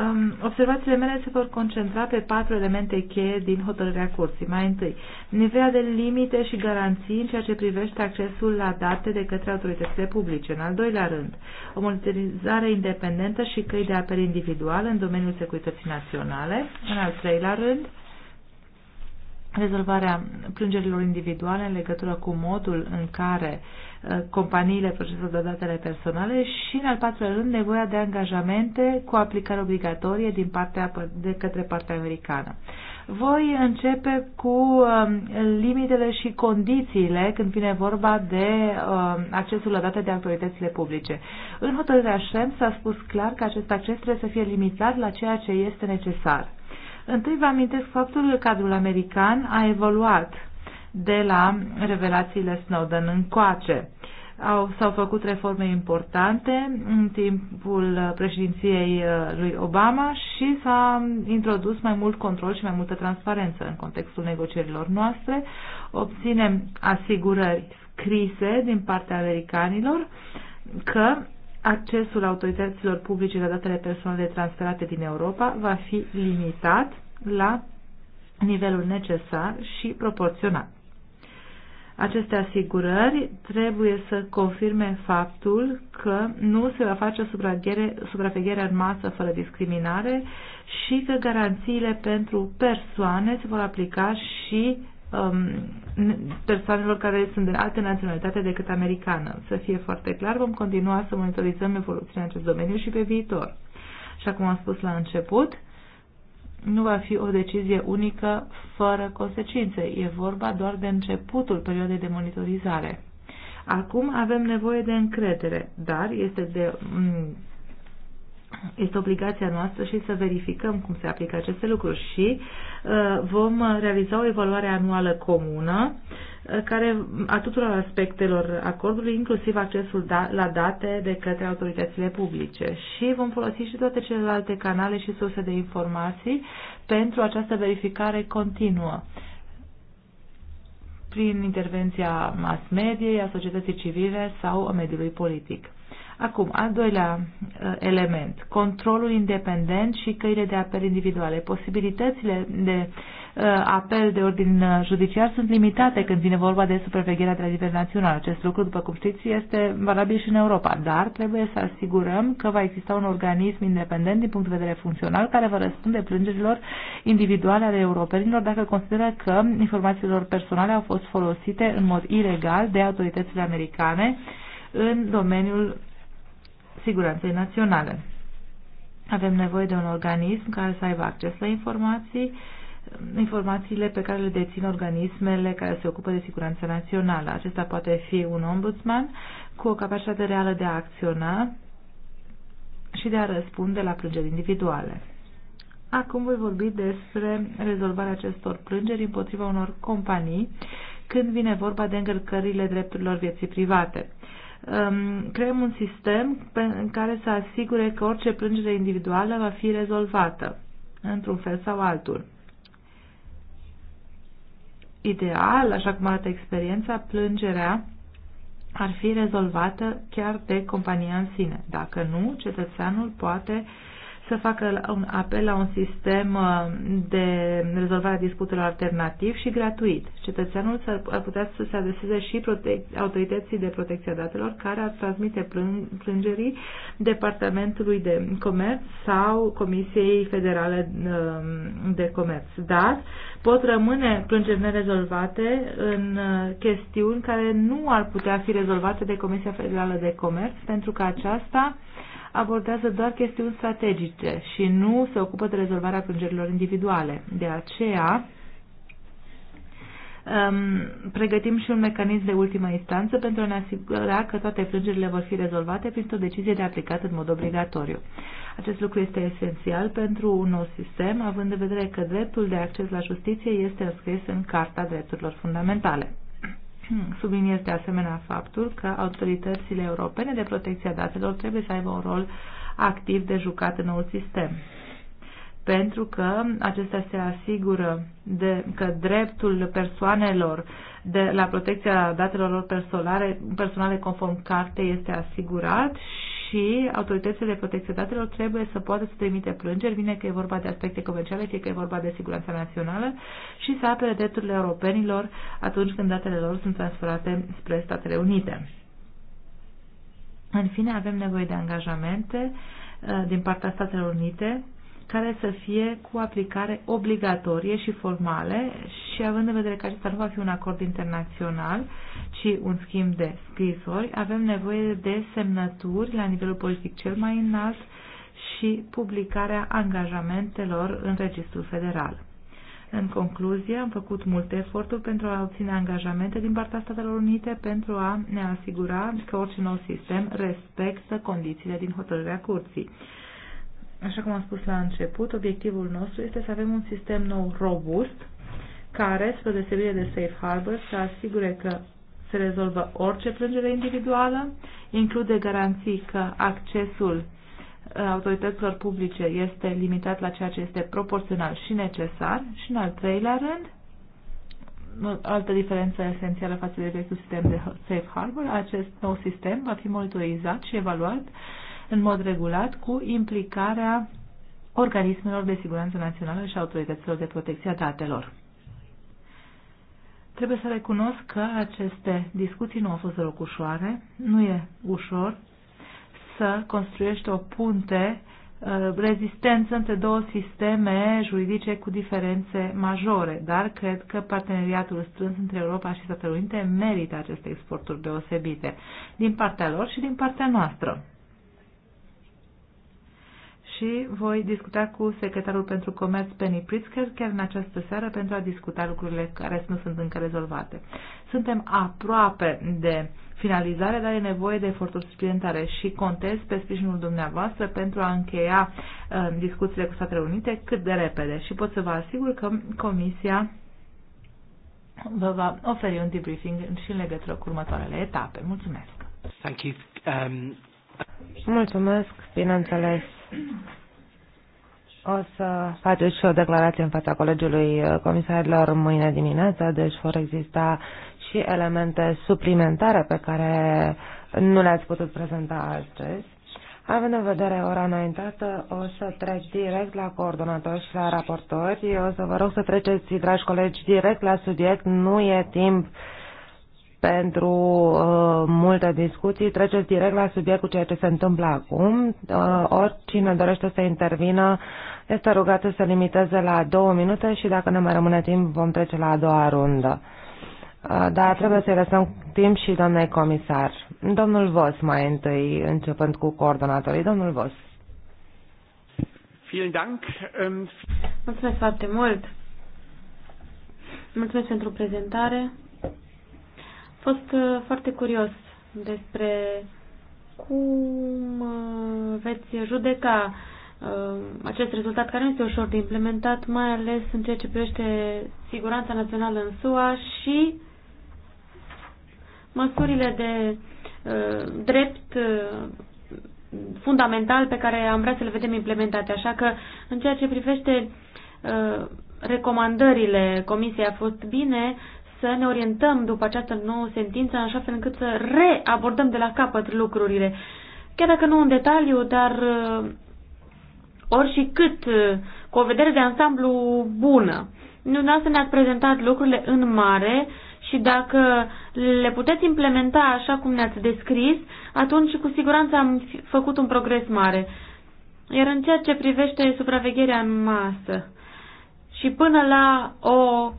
Um, observațiile mele se vor concentra pe patru elemente cheie din hotărârea curții. Mai întâi, nivelul de limite și garanții în ceea ce privește accesul la date de către autoritățile publice. În al doilea rând, o monitorizare independentă și căi de apel individual în domeniul securității naționale. În al treilea rând, rezolvarea plângerilor individuale în legătură cu modul în care uh, companiile procesează datele personale și, în al patrulea rând, nevoia de angajamente cu aplicare obligatorie din partea, de către partea americană. Voi începe cu um, limitele și condițiile când vine vorba de um, accesul la date de autoritățile publice. În hotărârea Schem s-a spus clar că acest acces trebuie să fie limitat la ceea ce este necesar Întâi vă amintesc faptul că cadrul american a evoluat de la revelațiile Snowden încoace. Au, s-au făcut reforme importante în timpul președinției uh, lui Obama și s-a introdus mai mult control și mai multă transparență în contextul negocierilor noastre. Obținem asigurări scrise din partea americanilor că accesul autorităților publice la datele persoanelor transferate din Europa va fi limitat la nivelul necesar și proporțional. Aceste asigurări trebuie să confirme faptul că nu se va face supraveghere, supraveghere în masă fără discriminare și că garanțiile pentru persoane se vor aplica și Um, persoanelor care sunt de altă naționalitate decât americană. Să fie foarte clar, vom continua să monitorizăm evoluția în acest domeniu și pe viitor. Și cum am spus la început, nu va fi o decizie unică fără consecințe. E vorba doar de începutul perioadei de monitorizare. Acum avem nevoie de încredere, dar este de este obligația noastră și să verificăm cum se aplică aceste lucruri și uh, vom realiza o evaluare anuală comună uh, care a tuturor aspectelor acordului, inclusiv accesul da, la date de către autoritățile publice. Și vom folosi și toate celelalte canale și surse de informații pentru această verificare continuă prin intervenția mass mediei, a societății civile sau a mediului politic. Acum, al doilea uh, element, controlul independent și căile de apel individuale. Posibilitățile de uh, apel de ordin uh, judiciar sunt limitate când vine vorba de supravegherea de la nivel național. Acest lucru, după cum știți, este valabil și în Europa, dar trebuie să asigurăm că va exista un organism independent din punct de vedere funcțional care va răspunde plângerilor individuale ale europenilor dacă consideră că informațiile lor personale au fost folosite în mod ilegal de autoritățile americane în domeniul siguranței naționale. Avem nevoie de un organism care să aibă acces la informații, informațiile pe care le dețin organismele care se ocupă de siguranța națională. Acesta poate fi un ombudsman cu o capacitate reală de a acționa și de a răspunde la plângeri individuale. Acum voi vorbi despre rezolvarea acestor plângeri împotriva unor companii când vine vorba de încălcările drepturilor vieții private um, creăm un sistem pe, în care să asigure că orice plângere individuală va fi rezolvată, într-un fel sau altul. Ideal, așa cum arată experiența, plângerea ar fi rezolvată chiar de compania în sine. Dacă nu, cetățeanul poate uh, să facă un apel la un sistem uh, de rezolvare a disputelor alternativ și gratuit. Cetățeanul ar putea să se adreseze și autorității de protecție a datelor care ar transmite plângerii Departamentului de Comerț sau Comisiei Federale uh, de Comerț. Dar pot rămâne plângeri nerezolvate în uh, chestiuni care nu ar putea fi rezolvate de Comisia Federală de Comerț pentru că aceasta abordează doar chestiuni strategice și nu se ocupă de rezolvarea plângerilor individuale. De aceea, um, pregătim și un mecanism de ultimă instanță pentru a ne asigura că toate plângerile vor fi rezolvate printr-o decizie de aplicat în mod obligatoriu. Acest lucru este esențial pentru un nou sistem, având în vedere că dreptul de acces la justiție este înscris în Carta Drepturilor Fundamentale. Subliniez de asemenea faptul că autoritățile europene de protecție a datelor trebuie să aibă un rol activ de jucat în noul sistem. Pentru că acestea se asigură de, că dreptul persoanelor de la protecția datelor lor personale, personale conform carte este asigurat și autoritățile de protecție datelor trebuie să poată să trimite plângeri, bine că e vorba de aspecte comerciale, fie că e vorba de siguranța națională, și să apere drepturile europenilor atunci când datele lor sunt transferate spre Statele Unite. În fine, avem nevoie de angajamente uh, din partea Statelor Unite care să fie cu aplicare obligatorie și formale și având în vedere că acesta nu va fi un acord internațional, ci un schimb de scrisori, avem nevoie de semnături la nivelul politic cel mai înalt și publicarea angajamentelor în Registrul Federal. În concluzie, am făcut multe eforturi pentru a obține angajamente din partea Statelor Unite pentru a ne asigura că orice nou sistem respectă condițiile din hotărârea curții. Așa cum am spus la început, obiectivul nostru este să avem un sistem nou robust care, spre deosebire de Safe Harbor, să asigure că se rezolvă orice plângere individuală, include garanții că accesul uh, autorităților publice este limitat la ceea ce este proporțional și necesar și, în al treilea rând, o altă diferență esențială față de vechiul sistem de Safe Harbor, acest nou sistem va fi monitorizat și evaluat în mod regulat cu implicarea organismelor de siguranță națională și autorităților de protecție a datelor. Trebuie să recunosc că aceste discuții nu au fost deloc ușoare. Nu e ușor să construiești o punte uh, rezistență între două sisteme juridice cu diferențe majore, dar cred că parteneriatul strâns între Europa și Statele Unite merită aceste exporturi deosebite, din partea lor și din partea noastră și voi discuta cu secretarul pentru comerț Penny Pritzker chiar în această seară pentru a discuta lucrurile care nu sunt încă rezolvate. Suntem aproape de finalizare, dar e nevoie de eforturi suplimentare și contez pe sprijinul dumneavoastră pentru a încheia uh, discuțiile cu Statele Unite cât de repede și pot să vă asigur că Comisia vă va oferi un debriefing și în legătură cu următoarele etape. Mulțumesc! Thank you. Um... Mulțumesc, bineînțeles. O să faceți și o declarație în fața colegiului comisarilor mâine dimineață, deci vor exista și elemente suplimentare pe care nu le-ați putut prezenta astăzi. Având în vedere ora înaintată, o să trec direct la coordonatori și la raportori. o să vă rog să treceți, dragi colegi, direct la subiect. Nu e timp uh, pentru uh, multe discuții. Treceți direct la subiect cu ceea ce se întâmplă acum. Uh, oricine dorește să intervină este rugat să se limiteze la două minute și dacă ne mai rămâne timp vom trece la a doua rundă. Uh, dar trebuie să-i lăsăm timp și doamnei comisar. Domnul Vos mai întâi, începând cu coordonatorii. Domnul Vos. Ähm, Mulțumesc foarte mult. Mulțumesc pentru prezentare fost uh, foarte curios despre cum uh, veți judeca uh, acest rezultat care nu este ușor de implementat, mai ales în ceea ce privește siguranța națională în SUA și măsurile de drept fundamental pe care am vrea să le vedem implementate. Așa că, în ceea ce privește recomandările Comisiei a fost bine să ne orientăm după această nouă sentință, în așa fel încât să reabordăm de la capăt lucrurile. Chiar dacă nu în detaliu, dar uh, oricât și uh, cât, cu o vedere de ansamblu bună. Dumneavoastră ne-ați prezentat lucrurile în mare și dacă le puteți implementa așa cum ne-ați descris, atunci cu siguranță am făcut un progres mare. Iar în ceea ce privește supravegherea în masă și până la o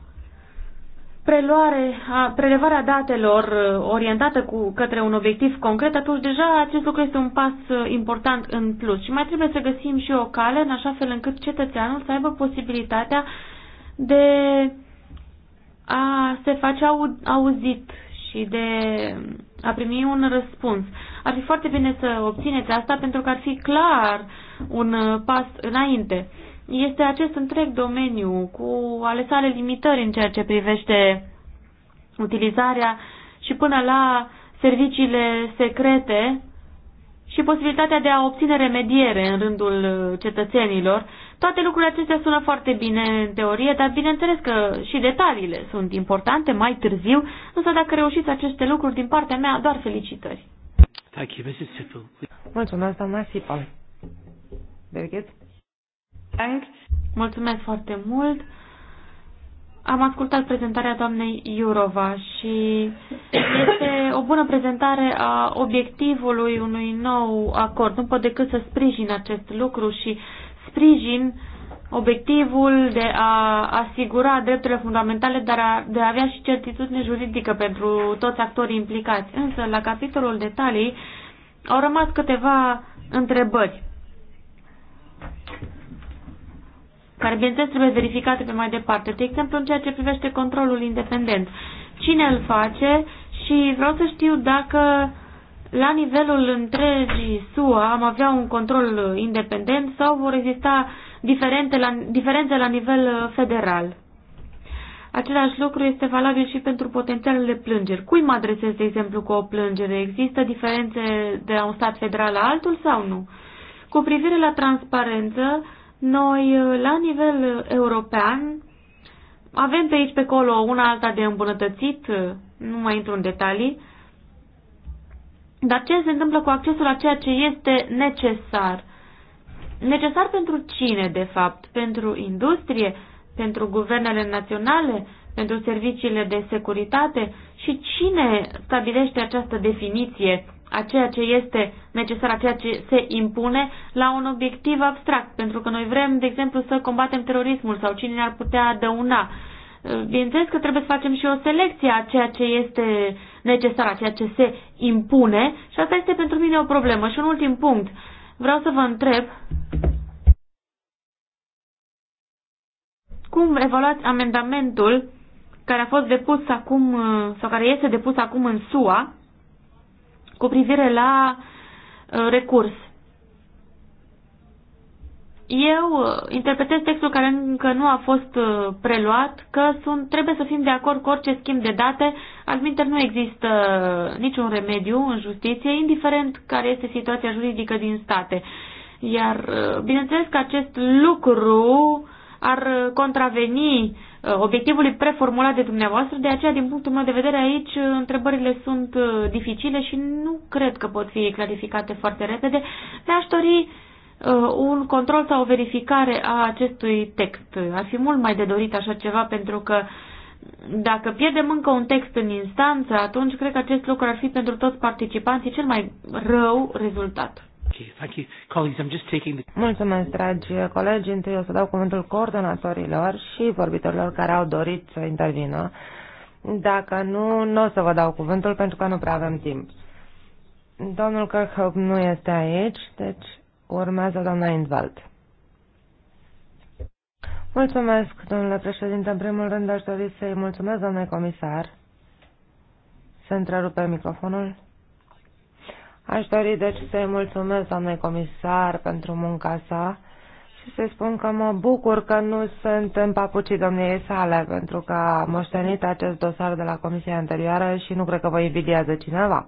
preluare, a, prelevarea datelor uh, orientată cu, către un obiectiv concret, atunci deja acest lucru este un pas uh, important în plus. Și mai trebuie să găsim și o cale în așa fel încât cetățeanul să aibă posibilitatea de a se face au, auzit și de a primi un răspuns. Ar fi foarte bine să obțineți asta pentru că ar fi clar un uh, pas înainte este acest întreg domeniu cu ale sale limitări în ceea ce privește utilizarea și până la serviciile secrete și posibilitatea de a obține remediere în rândul cetățenilor. Toate lucrurile acestea sună foarte bine în teorie, dar bineînțeles că și detaliile sunt importante mai târziu, însă dacă reușiți aceste lucruri din partea mea, doar felicitări. Thank you, Mrs. Mulțumesc, doamna Sipal. Birgit? Mulțumesc foarte mult. Am ascultat prezentarea doamnei Iurova și este o bună prezentare a obiectivului unui nou acord. Nu pot decât să sprijin acest lucru și sprijin obiectivul de a asigura drepturile fundamentale, dar a, de a avea și certitudine juridică pentru toți actorii implicați. Însă, la capitolul detalii, au rămas câteva întrebări. care, bineînțeles, trebuie verificate pe mai departe. De exemplu, în ceea ce privește controlul independent. Cine îl face și vreau să știu dacă la nivelul întregii SUA am avea un control independent sau vor exista diferente la, diferențe la nivel federal. Același lucru este valabil și pentru potențialele plângeri. Cui mă adresez, de exemplu, cu o plângere? Există diferențe de la un stat federal la altul sau nu? Cu privire la transparență, noi, uh, la nivel uh, european, avem pe aici, pe acolo, una alta de îmbunătățit, uh, nu mai intru în detalii, dar ce se întâmplă cu accesul la ceea ce este necesar? Necesar pentru cine, de fapt? Pentru industrie? Pentru guvernele naționale? Pentru serviciile de securitate? Și cine stabilește această definiție a ceea ce este necesar, a ceea ce se impune, la un obiectiv abstract, pentru că noi vrem, de exemplu, să combatem terorismul sau cine ar putea dăuna. Bineînțeles că trebuie să facem și o selecție a ceea ce este necesar, a ceea ce se impune și asta este pentru mine o problemă. Și un ultim punct. Vreau să vă întreb cum evaluați amendamentul care a fost depus acum sau care este depus acum în SUA cu privire la uh, recurs. Eu uh, interpretez textul care încă nu a fost uh, preluat că sunt, trebuie să fim de acord cu orice schimb de date, altminteri nu există niciun remediu în justiție, indiferent care este situația juridică din state. Iar bineînțeles că acest lucru ar contraveni uh, Uh, obiectivului preformulat de dumneavoastră, de aceea, din punctul meu de vedere, aici uh, întrebările sunt uh, dificile și nu cred că pot fi clarificate foarte repede. Mi-aș dori un control sau o verificare a acestui text. Ar fi mult mai de dorit așa ceva pentru că dacă pierdem încă un text în instanță, atunci cred că acest lucru ar fi pentru toți participanții cel mai rău rezultat. Mulțumesc, dragi colegi. Întâi o să dau cuvântul coordonatorilor și vorbitorilor care au dorit să intervină. Dacă nu, nu o să vă dau cuvântul pentru că nu prea avem timp. Domnul Kirchhoff nu este aici, deci urmează doamna Indvald. Mulțumesc, domnule președinte. În primul rând aș dori să-i mulțumesc, domnule comisar. Să întrerupe microfonul. Aș dori deci să-i mulțumesc, doamne comisar, pentru munca sa și să spun că mă bucur că nu sunt în papucii domniei sale, pentru că am moștenit acest dosar de la comisia anterioară și nu cred că vă invidiază cineva.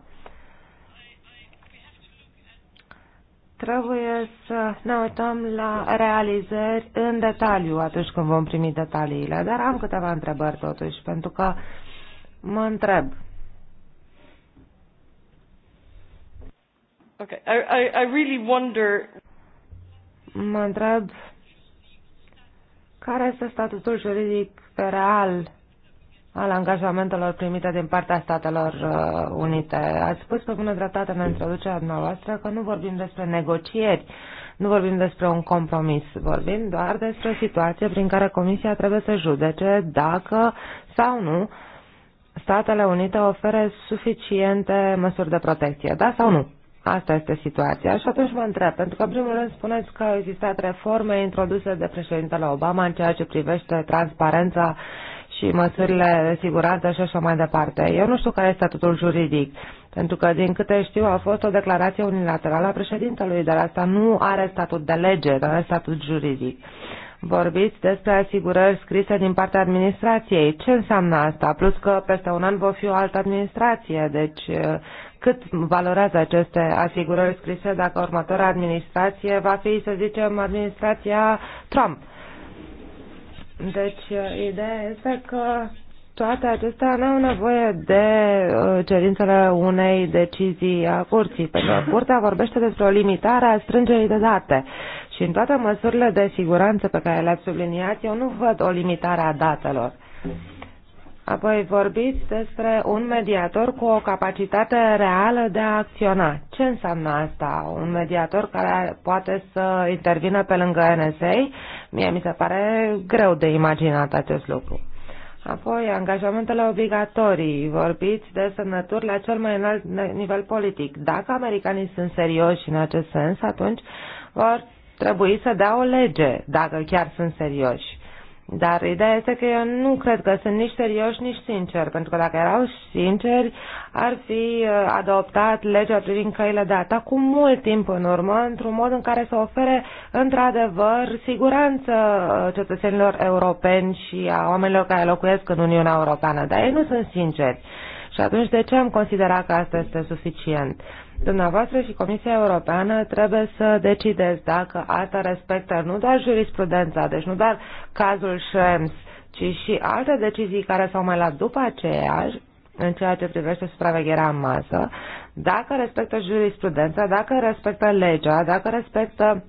Trebuie să ne uităm la realizări în detaliu atunci când vom primi detaliile, dar am câteva întrebări totuși, pentru că mă întreb Okay. I, I, I really wonder... Mă întreb care este statutul juridic real al angajamentelor primite din partea Statelor uh, Unite. Ați spus pe bună dreptate în introducerea noastră că nu vorbim despre negocieri, nu vorbim despre un compromis, vorbim doar despre o situație prin care Comisia trebuie să judece dacă sau nu Statele Unite oferă suficiente măsuri de protecție, da sau nu? Asta este situația și atunci mă întreb, pentru că în primul rând spuneți că au existat reforme introduse de președintele Obama în ceea ce privește transparența și măsurile de siguranță și așa mai departe. Eu nu știu care este statutul juridic, pentru că, din câte știu, a fost o declarație unilaterală a președintelui, dar asta nu are statut de lege, dar are statut juridic. Vorbiți despre asigurări scrise din partea administrației. Ce înseamnă asta? Plus că peste un an va fi o altă administrație, deci cât valorează aceste asigurări scrise dacă următoarea administrație va fi, să zicem, administrația Trump. Deci, uh, ideea este că toate acestea nu au nevoie de uh, cerințele unei decizii a curții, pentru că curtea vorbește despre o limitare a strângerii de date. Și în toate măsurile de siguranță pe care le-ați subliniat, eu nu văd o limitare a datelor. Apoi vorbiți despre un mediator cu o capacitate reală de a acționa. Ce înseamnă asta? Un mediator care poate să intervină pe lângă NSA? Mie mi se pare greu de imaginat acest lucru. Apoi, angajamentele obligatorii. Vorbiți de semnături la cel mai înalt nivel politic. Dacă americanii sunt serioși în acest sens, atunci vor trebui să dea o lege, dacă chiar sunt serioși dar ideea este că eu nu cred că sunt nici serioși, nici sinceri, pentru că dacă erau sinceri, ar fi uh, adoptat legea privind căile de atac cu mult timp în urmă, într-un mod în care să ofere într-adevăr siguranță uh, cetățenilor europeni și a oamenilor care locuiesc în Uniunea Europeană. Dar ei nu sunt sinceri. Și atunci de ce am considerat că asta este suficient? Uh, Dumneavoastră și Comisia Europeană trebuie să decideți dacă ATA respectă nu doar jurisprudența, deci nu doar cazul Schrems, ci și alte decizii care s-au mai luat după aceea în ceea ce privește supravegherea în masă, dacă respectă jurisprudența, dacă respectă legea, dacă respectă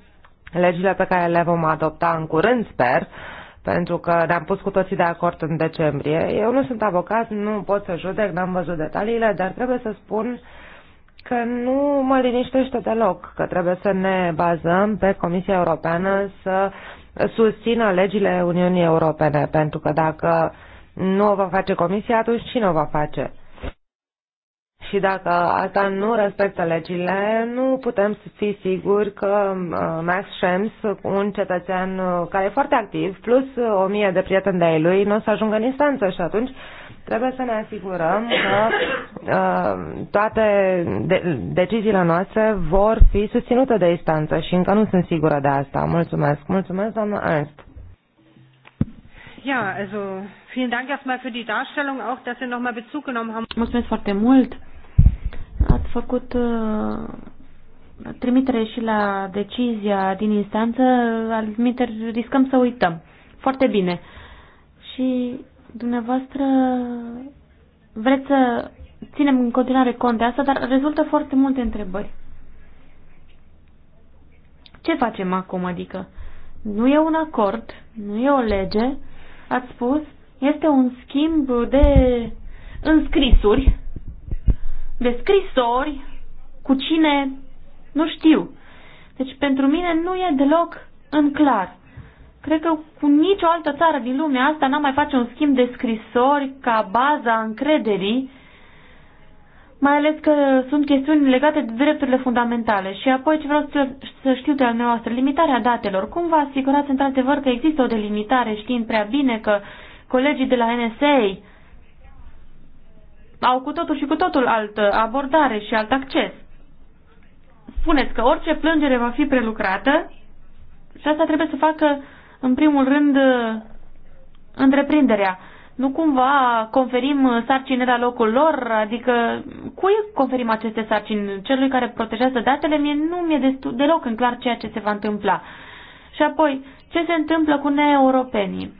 legile pe care le vom adopta în curând, sper, pentru că ne-am pus cu toții de acord în decembrie. Eu nu sunt avocat, nu pot să judec, n-am văzut detaliile, dar trebuie să spun uh, că nu mă liniștește deloc, că trebuie să ne bazăm pe Comisia Europeană să susțină legile Uniunii Europene, pentru că dacă nu o va face Comisia, atunci cine o va face? Și dacă asta nu respectă legile, nu putem fi siguri că uh, Max Schems, un cetățean uh, care e foarte activ, plus o mie de prieteni de-ai lui, nu o să ajungă în instanță și atunci Trebuie să ne asigurăm că uh, toate de- deciziile noastre vor fi susținute de instanță și încă nu sunt sigură de asta. Mulțumesc. Mulțumesc, doamnă Ernst. Ja, also vielen Dank erstmal für die Darstellung, auch dass Sie nochmal Bezug genommen haben. Mulțumesc foarte mult. Ați făcut uh, trimitere și la decizia din instanță, al riscăm să uităm. Foarte bine. Și Dumneavoastră vreți să ținem în continuare cont de asta, dar rezultă foarte multe întrebări. Ce facem acum? Adică nu e un acord, nu e o lege, ați spus, este un schimb de înscrisuri, de scrisori cu cine nu știu. Deci pentru mine nu e deloc în clar. Cred că cu nicio altă țară din lume asta n-am mai face un schimb de scrisori ca baza încrederii, mai ales că sunt chestiuni legate de drepturile fundamentale. Și apoi ce vreau să știu de al noastră, limitarea datelor. Cum vă asigurați într-adevăr că există o delimitare știind prea bine că colegii de la NSA au cu totul și cu totul altă abordare și alt acces. Spuneți că orice plângere va fi prelucrată și asta trebuie să facă în primul rând, uh, întreprinderea. Nu cumva conferim uh, sarcini la locul lor? Adică cui conferim aceste sarcini? Celui care protejează datele? Mie nu mi-e destul, deloc în clar ceea ce se va întâmpla. Și apoi, ce se întâmplă cu neeuropenii?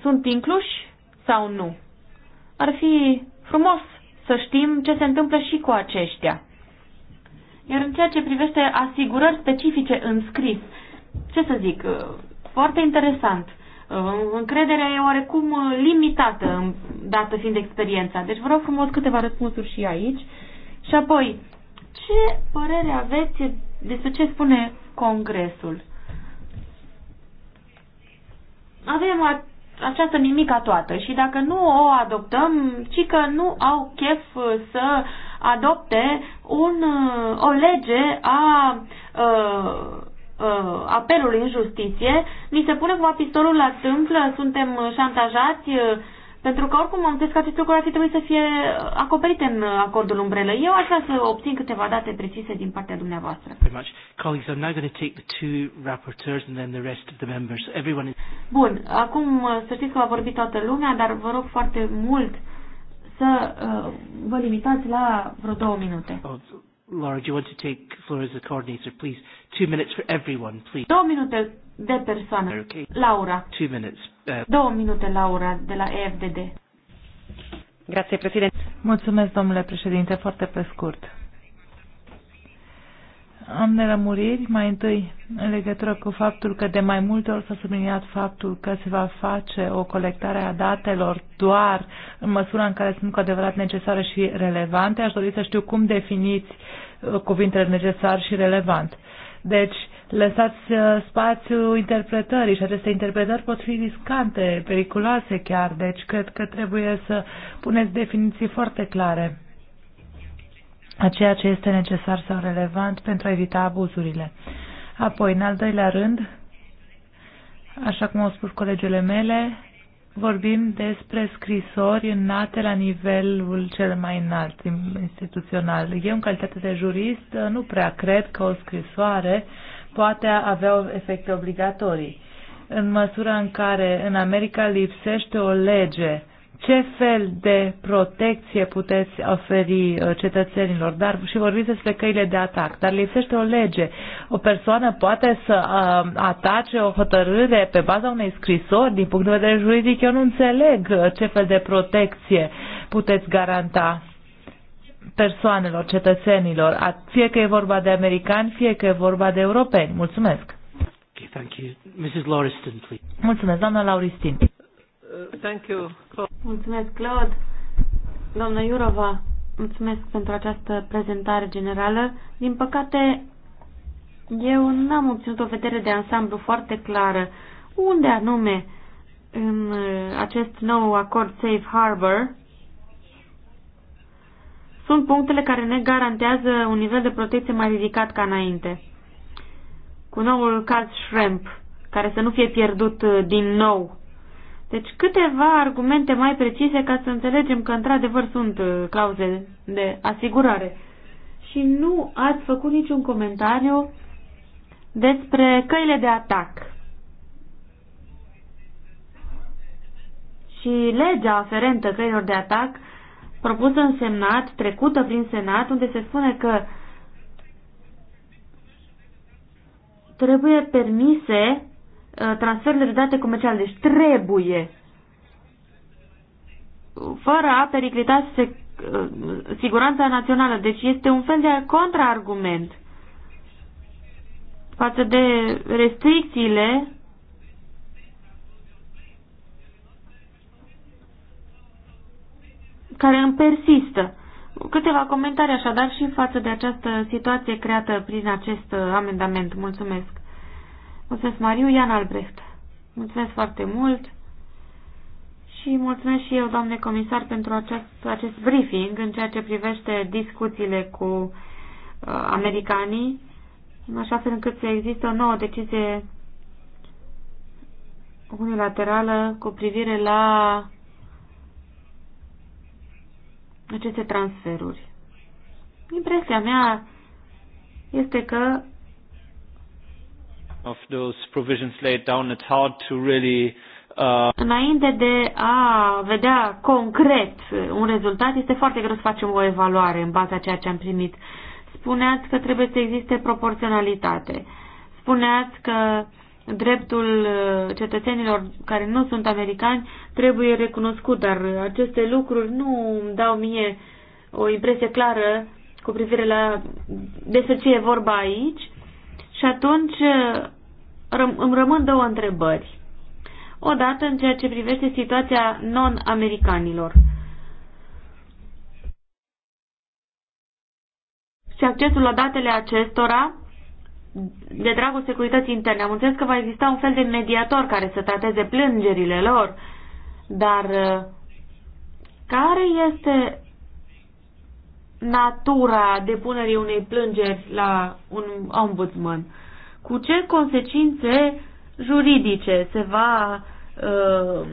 Sunt incluși sau nu? Ar fi frumos să știm ce se întâmplă și cu aceștia. Iar în ceea ce privește asigurări specifice în scris, ce să zic, uh, foarte interesant. Uh, încrederea e oarecum uh, limitată, dată fiind experiența. Deci vreau frumos câteva răspunsuri și aici. Și apoi, ce părere aveți despre ce spune Congresul? Avem această nimica toată și dacă nu o adoptăm, ci că nu au chef să adopte un, o lege a uh, uh, apelul în justiție, ni se pune cumva pistolul la tâmplă, suntem uh, șantajați, uh, pentru că oricum am înțeles că aceste lucruri ar fi trebuit să fie uh, acoperite în uh, acordul umbrelă. Eu aș vrea să obțin câteva date precise din partea dumneavoastră. Bun, acum să știți că va vorbi toată lumea, dar vă rog foarte mult să uh, vă limitați la vreo două minute. Oh, Laura, do you want to take floor as the coordinator, please? Two minutes for everyone, please. Două minute de persoană. Okay. Laura. Two minutes. Uh... Două minute, Laura, de la EFDD. Grazie, președinte. Mulțumesc, domnule președinte, foarte pe scurt. Am nelămuriri mai întâi în legătură cu faptul că de mai multe ori s-a subliniat faptul că se va face o colectare a datelor doar în măsura în care sunt cu adevărat necesare și relevante. Aș dori să știu cum definiți uh, cuvintele necesar și relevant. Deci, lăsați uh, spațiu interpretării și aceste interpretări pot fi riscante, periculoase chiar, deci cred că trebuie să puneți definiții foarte clare a ceea ce este necesar sau relevant pentru a evita abuzurile. Apoi, în al doilea rând, așa cum au spus colegele mele, vorbim despre scrisori înnate la nivelul cel mai înalt instituțional. Eu, în calitate de jurist, nu prea cred că o scrisoare poate avea efecte obligatorii. În măsura în care în America lipsește o lege ce fel de protecție puteți oferi uh, cetățenilor, dar și vorbiți despre căile de atac, dar lipsește o lege. O persoană poate să uh, atace o hotărâre pe baza unei scrisori, din punct de vedere juridic, eu nu înțeleg uh, ce fel de protecție puteți garanta persoanelor, cetățenilor, fie că e vorba de americani, fie că e vorba de europeni. Mulțumesc! Okay, thank you. Mrs. Lauriston, please. Mulțumesc, doamna Lauristin. Thank you, Claude. Mulțumesc, Claude. Doamna Iurova, mulțumesc pentru această prezentare generală. Din păcate, eu n-am obținut o vedere de ansamblu foarte clară. Unde anume în uh, acest nou acord Safe Harbor sunt punctele care ne garantează un nivel de protecție mai ridicat ca înainte. Cu noul caz Shrimp, care să nu fie pierdut uh, din nou deci câteva argumente mai precise ca să înțelegem că într-adevăr sunt uh, clauze de asigurare. Și nu ați făcut niciun comentariu despre căile de atac. Și legea aferentă căilor de atac propusă în Senat, trecută prin Senat, unde se spune că trebuie permise Uh, transferurile de date comerciale. Deci trebuie, fără a periclita uh, siguranța națională. Deci este un fel de contraargument față de restricțiile care îmi persistă. Câteva comentarii așadar și față de această situație creată prin acest amendament. Mulțumesc. Mulțumesc, Mariu. Ian Albrecht. Mulțumesc foarte mult și mulțumesc și eu, doamne comisar, pentru acest, acest briefing în ceea ce privește discuțiile cu uh, americanii, în așa fel încât să există o nouă decizie unilaterală cu privire la aceste transferuri. Impresia mea este că of those provisions laid down, it's hard to really Uh, Înainte de a vedea concret un rezultat, este foarte greu să facem o evaluare în baza ceea ce am primit. Spuneați că trebuie să existe proporționalitate. Spuneați că dreptul uh, cetățenilor care nu sunt americani trebuie recunoscut, dar aceste lucruri nu îmi dau mie o impresie clară cu privire la despre ce e vorba aici. Și atunci uh, răm- îmi rămân două întrebări. Odată în ceea ce privește situația non-americanilor. Și accesul la datele acestora de dragul securității interne. Am înțeles că va exista un fel de mediator care să trateze plângerile lor, dar care este natura depunerii unei plângeri la un ombudsman? cu ce consecințe juridice se va uh,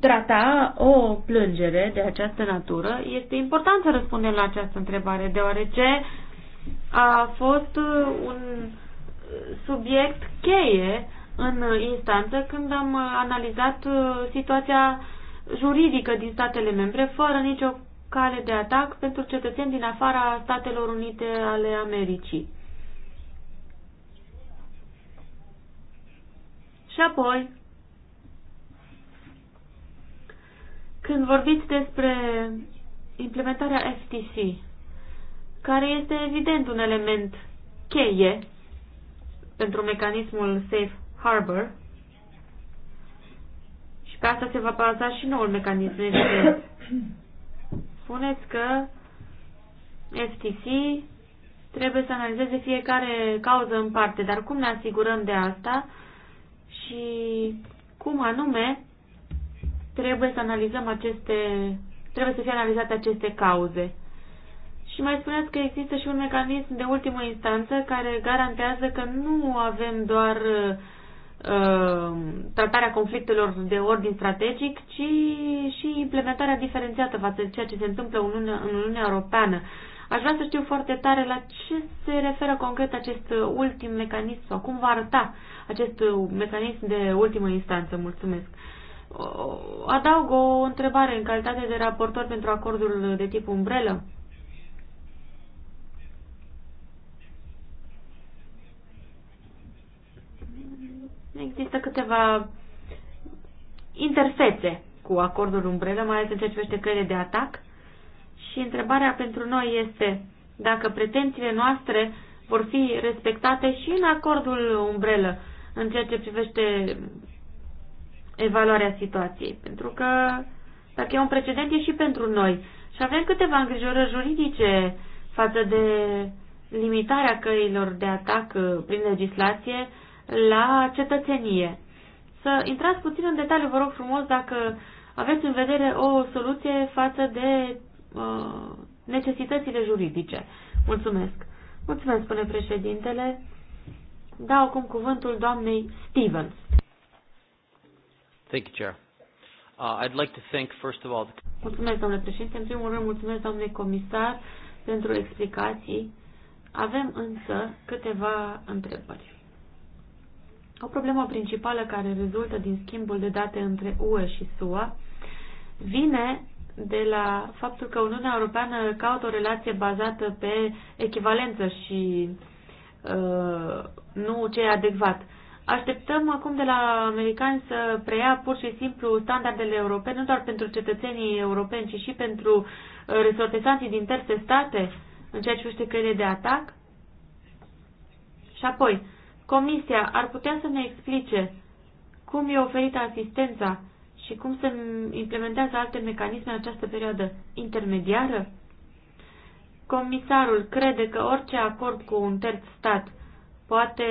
trata o plângere de această natură, este important să răspundem la această întrebare, deoarece a fost uh, un subiect cheie în instanță când am analizat uh, situația juridică din statele membre fără nicio cale de atac pentru cetățeni din afara Statelor Unite ale Americii. Și apoi, când vorbiți despre implementarea FTC, care este evident un element cheie pentru mecanismul Safe Harbor, și pe asta se va baza și noul mecanism este, Spuneți că FTC trebuie să analizeze fiecare cauză în parte, dar cum ne asigurăm de asta? și cum anume trebuie să analizăm aceste, trebuie să fie analizate aceste cauze. Și mai spuneți că există și un mecanism de ultimă instanță care garantează că nu avem doar uh, tratarea conflictelor de ordin strategic, ci și implementarea diferențiată față de ceea ce se întâmplă în Uniunea, în Uniunea Europeană. Aș vrea să știu foarte tare la ce se referă concret acest ultim mecanism sau cum va arăta acest mecanism de ultimă instanță. Mulțumesc. Adaug o întrebare în calitate de raportor pentru acordul de tip umbrelă. Există câteva interfețe cu acordul umbrelă, mai ales în ceea ce privește căile de atac și întrebarea pentru noi este dacă pretențiile noastre vor fi respectate și în acordul umbrelă în ceea ce privește evaluarea situației. Pentru că dacă e un precedent, e și pentru noi. Și avem câteva îngrijorări juridice față de limitarea căilor de atac uh, prin legislație la cetățenie. Să intrați puțin în detaliu, vă rog frumos, dacă aveți în vedere o soluție față de Uh, necesitățile juridice. Mulțumesc. Mulțumesc, spune președintele. Dau acum cuvântul doamnei Stevens. Thank you, Chair. Uh, I'd like to thank, first of all, the... Mulțumesc, domnule președinte. În primul rând, mulțumesc, domnule comisar, pentru explicații. Avem însă câteva întrebări. O problemă principală care rezultă din schimbul de date între UE și SUA vine de la faptul că Uniunea Europeană caută o relație bazată pe echivalență și uh, nu ce e adecvat. Așteptăm acum de la americani să preia pur și simplu standardele europene, nu doar pentru cetățenii europeni, ci și pentru uh, resortesanții din terțe state, în ceea ce privește căile de atac? Și apoi, Comisia ar putea să ne explice cum e oferită asistența și cum se implementează alte mecanisme în această perioadă intermediară? Comisarul crede că orice acord cu un terț stat poate,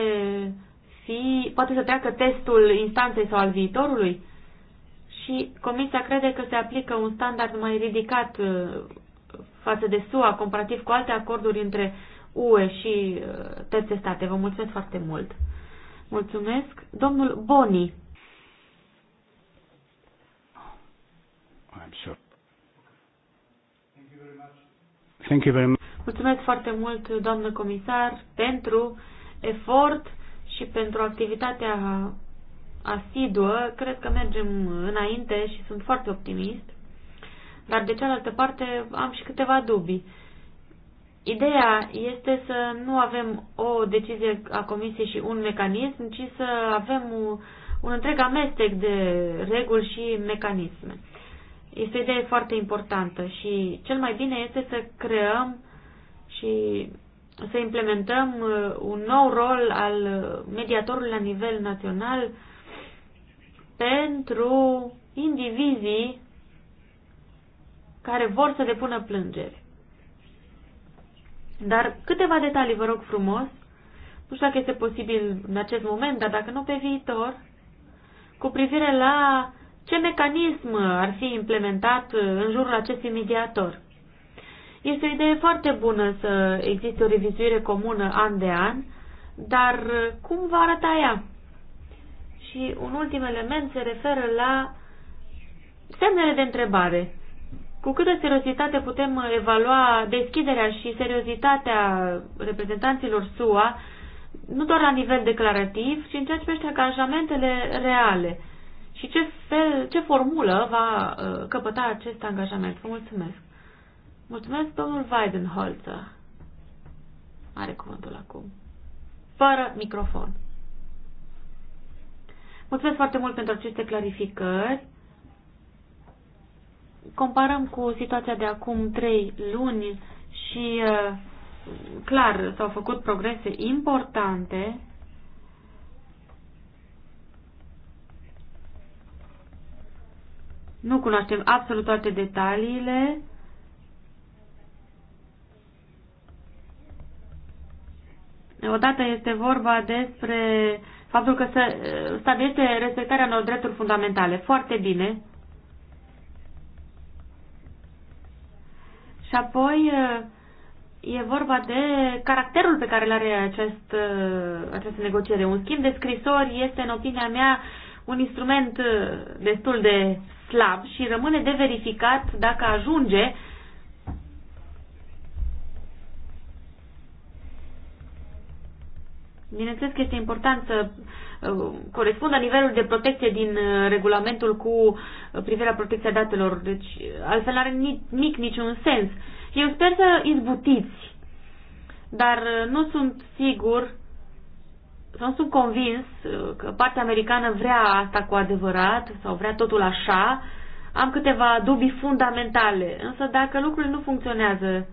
fi, poate să treacă testul instanței sau al viitorului? Și Comisia crede că se aplică un standard mai ridicat uh, față de SUA, comparativ cu alte acorduri între UE și uh, terțe state. Vă mulțumesc foarte mult! Mulțumesc! Domnul Boni Thank you very much. Mulțumesc foarte mult, doamnă comisar, pentru efort și pentru activitatea asiduă. Cred că mergem înainte și sunt foarte optimist. Dar de cealaltă parte am și câteva dubii. Ideea este să nu avem o decizie a Comisiei și un mecanism, ci să avem un întreg amestec de reguli și mecanisme. Este o idee foarte importantă și cel mai bine este să creăm și să implementăm uh, un nou rol al mediatorului la nivel național pentru indivizii care vor să depună plângeri. Dar câteva detalii, vă rog frumos. Nu știu dacă este posibil în acest moment, dar dacă nu, pe viitor, cu privire la ce mecanism ar fi implementat uh, în jurul acestui mediator? Este o idee foarte bună să existe o revizuire comună an de an, dar uh, cum va arăta ea? Și un ultim element se referă la semnele de întrebare. Cu câtă seriozitate putem uh, evalua deschiderea și seriozitatea reprezentanților SUA, nu doar la nivel declarativ, ci în ceea ce privește angajamentele reale și ce fel, ce formulă va uh, căpăta acest angajament. Vă mulțumesc. Mulțumesc, domnul Weidenholzer. Are cuvântul acum. Fără microfon. Mulțumesc foarte mult pentru aceste clarificări. Comparăm cu situația de acum trei luni și uh, clar s-au făcut progrese importante Nu cunoaștem absolut toate detaliile. Odată este vorba despre faptul că se stabilește respectarea unor drepturi fundamentale. Foarte bine. Și apoi e vorba de caracterul pe care îl are acest, această negociere. Un schimb de scrisori este, în opinia mea, un instrument uh, destul de slab și rămâne de verificat dacă ajunge Bineînțeles că este important să uh, corespundă nivelul de protecție din uh, regulamentul cu uh, privire la protecția datelor. Deci, altfel are nimic, niciun sens. Eu sper să izbutiți, dar nu sunt sigur sau sunt convins uh, că partea americană vrea asta cu adevărat sau vrea totul așa, am câteva dubii fundamentale. Însă dacă lucrurile nu funcționează,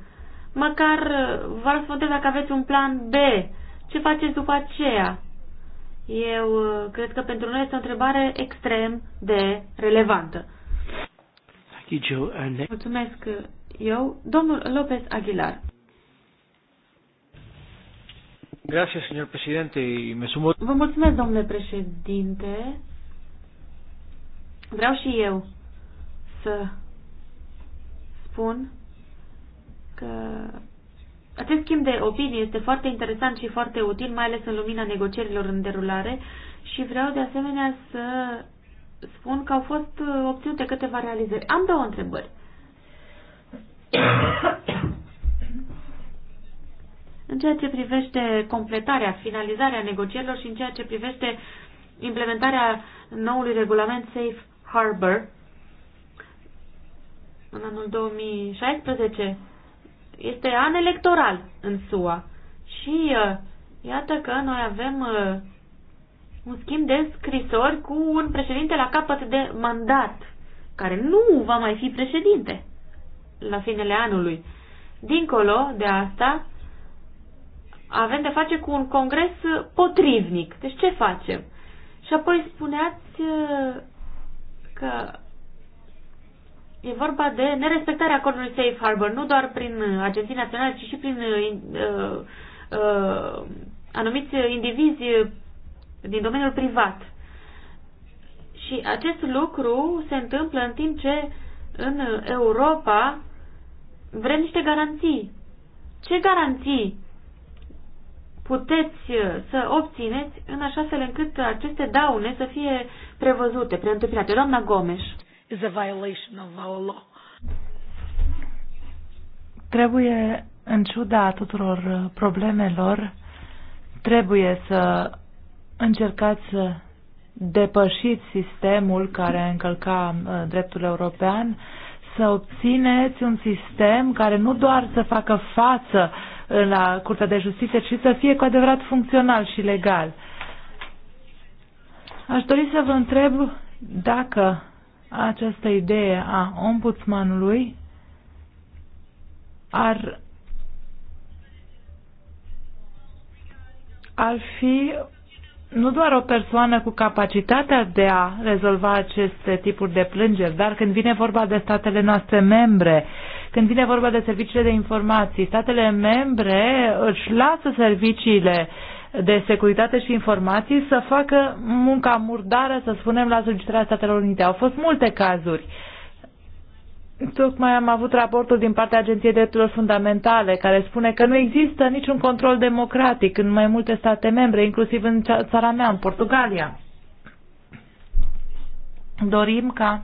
măcar uh, vă răspundeți dacă aveți un plan B. Ce faceți după aceea? Eu uh, cred că pentru noi este o întrebare extrem de relevantă. Mulțumesc eu, domnul Lopez Aguilar. Gracias, señor presidente, y me sumo... Vă mulțumesc, domnule președinte. Vreau și eu să spun că acest schimb de opinii este foarte interesant și foarte util, mai ales în lumina negocierilor în derulare și vreau de asemenea să spun că au fost obținute câteva realizări. Am două întrebări. în ceea ce privește completarea, finalizarea negocierilor și în ceea ce privește implementarea noului regulament Safe Harbor în anul 2016 este an electoral în SUA și uh, iată că noi avem uh, un schimb de scrisori cu un președinte la capăt de mandat care nu va mai fi președinte la finele anului. Dincolo de asta, avem de face cu un congres uh, potrivnic. Deci ce facem? Și apoi spuneați uh, că e vorba de nerespectarea acordului Safe Harbor, nu doar prin agenții naționale, ci și prin uh, uh, uh, anumiți indivizi din domeniul privat. Și acest lucru se întâmplă în timp ce în Europa vrem niște garanții. Ce garanții puteți uh, să obțineți în așa fel încât aceste daune să fie prevăzute, preîntâmpinate. Doamna Gomes. Trebuie, în ciuda tuturor uh, problemelor, trebuie să încercați să depășiți sistemul care încălca uh, dreptul european, să obțineți un sistem care nu doar să facă față uh, la Curtea de Justiție, ci să fie cu adevărat funcțional și legal. Aș dori să vă întreb dacă această idee a ombudsmanului ar, ar fi nu doar o persoană cu capacitatea de a rezolva aceste tipuri de plângeri, dar când vine vorba de statele noastre membre, când vine vorba de serviciile de informații, statele membre își lasă serviciile de securitate și informații să facă munca murdară, să spunem, la solicitarea Statelor Unite. Au fost multe cazuri. Tocmai am avut raportul din partea Agenției Drepturilor Fundamentale care spune că nu există niciun control democratic în mai multe state membre, inclusiv în țara mea, în Portugalia. Dorim ca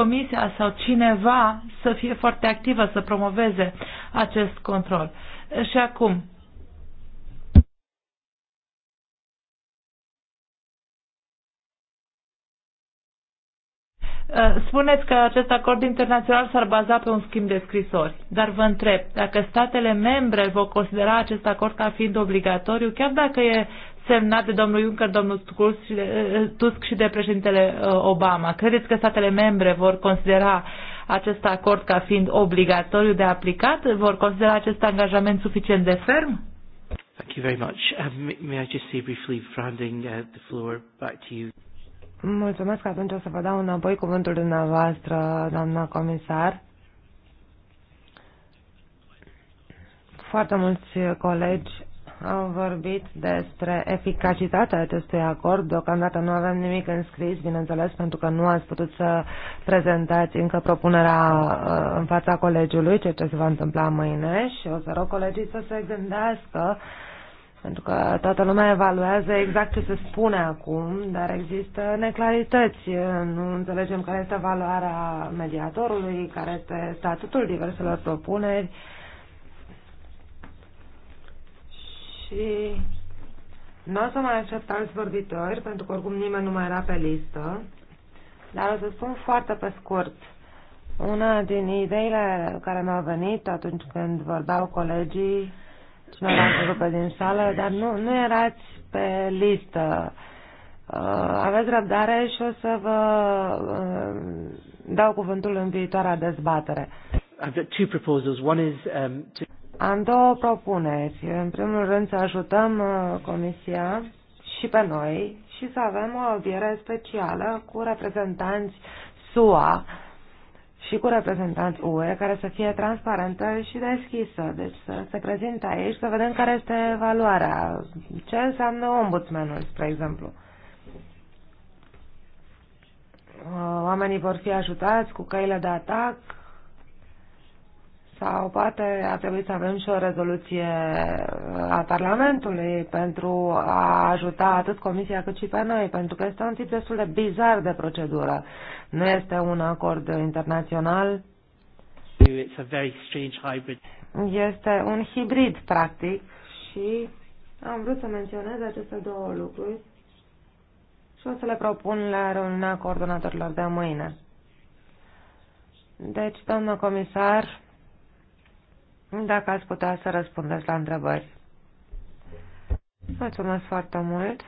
comisia sau cineva să fie foarte activă, să promoveze acest control. Și acum, eh, Spuneți că acest acord internațional s-ar baza pe un schimb de scrisori, dar vă întreb dacă statele membre vor considera acest acord ca fiind obligatoriu, chiar dacă e semnat de domnul Juncker, domnul Tusk și de eh, președintele eh, Obama. Credeți că statele membre vor considera acest acord ca fiind obligatoriu de aplicat? Vor considera acest angajament suficient de ferm? Thank you very much. Um, may I just say briefly, handing uh, the floor back to you. Mulțumesc, atunci o să vă dau înapoi cuvântul dumneavoastră, doamna comisar. Foarte mulți colegi am vorbit despre eficacitatea acestui acord. Deocamdată nu avem nimic înscris, bineînțeles, pentru că nu ați putut să prezentați încă propunerea uh, în fața colegiului, ceea ce se va întâmpla mâine și o să rog colegii să se gândească pentru că toată lumea evaluează exact ce se spune acum, dar există neclarități. Nu înțelegem care este valoarea mediatorului, care este statutul diverselor propuneri. și nu o să mai accept alți vorbitori, pentru că oricum nimeni nu mai era pe listă, dar o să spun foarte pe scurt. Una din ideile care mi-au venit atunci când vorbeau colegii, cineva pe din sală, dar nu, nu erați pe listă. Uh, aveți răbdare și o să vă uh, dau cuvântul în viitoarea dezbatere. I've got two proposals. One is um, to am două propuneri. În primul rând să ajutăm uh, Comisia și pe noi și să avem o audiere specială cu reprezentanți SUA și cu reprezentanți UE care să fie transparentă și deschisă. Deci să se prezintă aici, să vedem care este valoarea, ce înseamnă ombudsmanul, spre exemplu. Uh, oamenii vor fi ajutați cu căile de atac, sau poate ar trebui să avem și o rezoluție uh, a Parlamentului pentru a ajuta atât Comisia cât și pe noi, pentru că este un tip destul de bizar de procedură. Nu este un acord internațional. It's a very strange hybrid. Este un hibrid, practic, și am vrut să menționez aceste două lucruri și o să le propun la reuniunea coordonatorilor de mâine. Deci, doamnă comisar, dacă ați putea să răspundeți la întrebări. Mulțumesc foarte mult.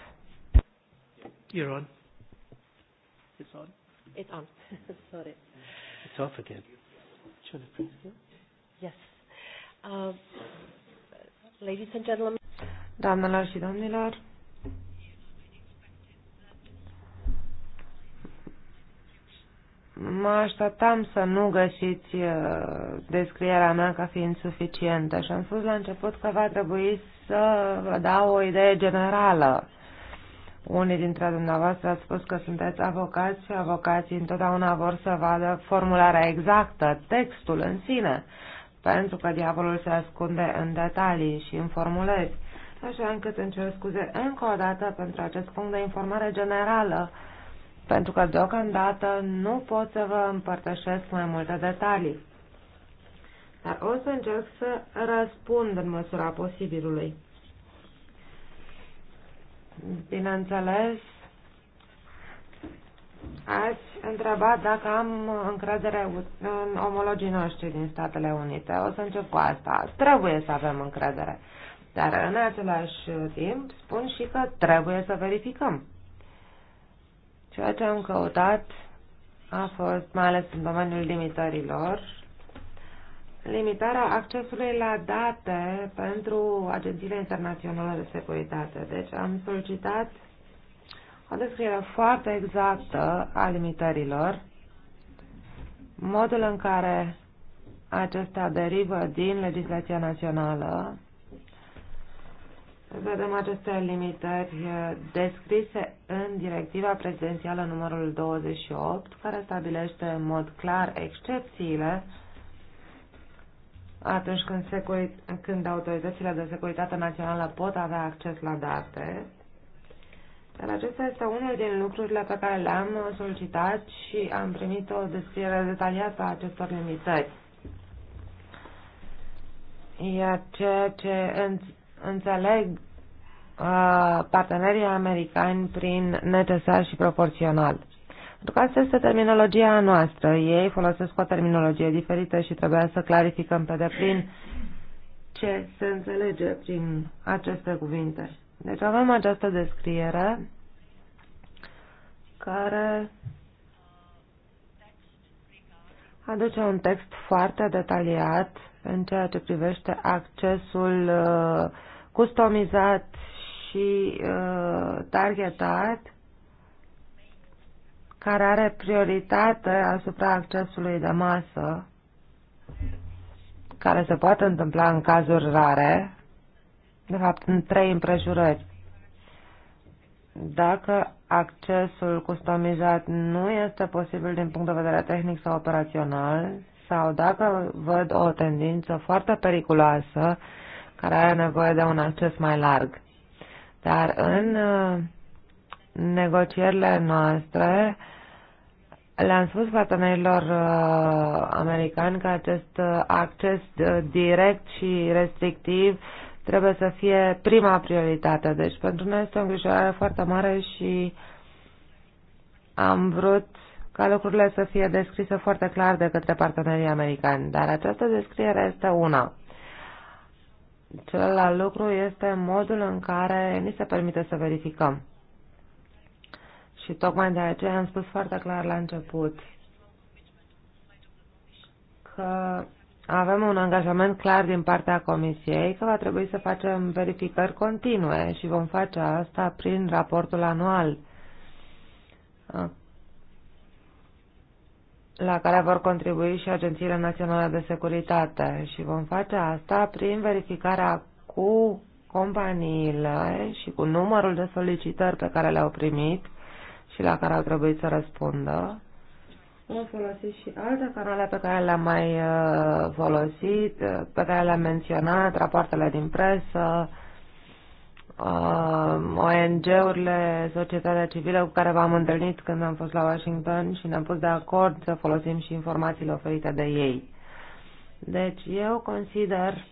You're on. It's on. It's on. Sorry. It's off again. Should I press it? Yes. Uh, ladies and gentlemen. Doamnelor și domnilor. Mă așteptam să nu găsiți uh, descrierea mea ca fiind suficientă și am spus la început că va trebui să vă dau o idee generală. Unii dintre dumneavoastră ați spus că sunteți avocați și avocații întotdeauna vor să vadă formularea exactă, textul în sine, pentru că diavolul se ascunde în detalii și în formulezi. așa încât îmi cer scuze încă o dată pentru acest punct de informare generală pentru că deocamdată nu pot să vă împărtășesc mai multe detalii. Dar o să încerc să răspund în măsura posibilului. Bineînțeles, ați întrebat dacă am încredere în omologii noștri din Statele Unite. O să încep cu asta. Trebuie să avem încredere. Dar în același timp spun și că trebuie să verificăm. Ceea ce am căutat a fost, mai ales în domeniul limitărilor, limitarea accesului la date pentru agențiile internaționale de securitate. Deci am solicitat o descriere foarte exactă a limitărilor, modul în care acestea derivă din legislația națională Vedem aceste limitări eh, descrise în directiva prezidențială numărul 28, care stabilește în mod clar excepțiile atunci când, securi- când autoritățile de securitate națională pot avea acces la date. Dar acesta este unul din lucrurile pe care le-am solicitat și am primit o descriere detaliată a acestor limitări. Iar ceea ce Înțeleg uh, partenerii americani prin necesar și proporțional. Pentru că asta este terminologia noastră. Ei folosesc o terminologie diferită și trebuia să clarificăm pe deplin ce se înțelege prin aceste cuvinte. Deci avem această descriere care aduce un text foarte detaliat în ceea ce privește accesul uh, customizat și uh, targetat care are prioritate asupra accesului de masă care se poate întâmpla în cazuri rare, de fapt în trei împrejurări. Dacă accesul customizat nu este posibil din punct de vedere tehnic sau operațional, sau dacă văd o tendință foarte periculoasă care are nevoie de un acces mai larg. Dar în uh, negocierile noastre le-am spus partenerilor uh, americani că acest uh, acces direct și restrictiv trebuie să fie prima prioritate. Deci pentru noi este o îngrijorare foarte mare și am vrut ca lucrurile să fie descrise foarte clar de către partenerii americani. Dar această descriere este una. Celălalt lucru este modul în care ni se permite să verificăm. Și tocmai de aceea am spus foarte clar la început că avem un angajament clar din partea Comisiei că va trebui să facem verificări continue și vom face asta prin raportul anual la care vor contribui și agențiile naționale de securitate și vom face asta prin verificarea cu companiile și cu numărul de solicitări pe care le-au primit și la care au trebuit să răspundă. Vom folosi și alte canale pe care le-am mai uh, folosit, uh, pe care le-am menționat, rapoartele din presă, Uh, ONG-urile, societatea civilă cu care v-am întâlnit când am fost la Washington și ne-am pus de acord să folosim și informațiile oferite de ei. Deci eu consider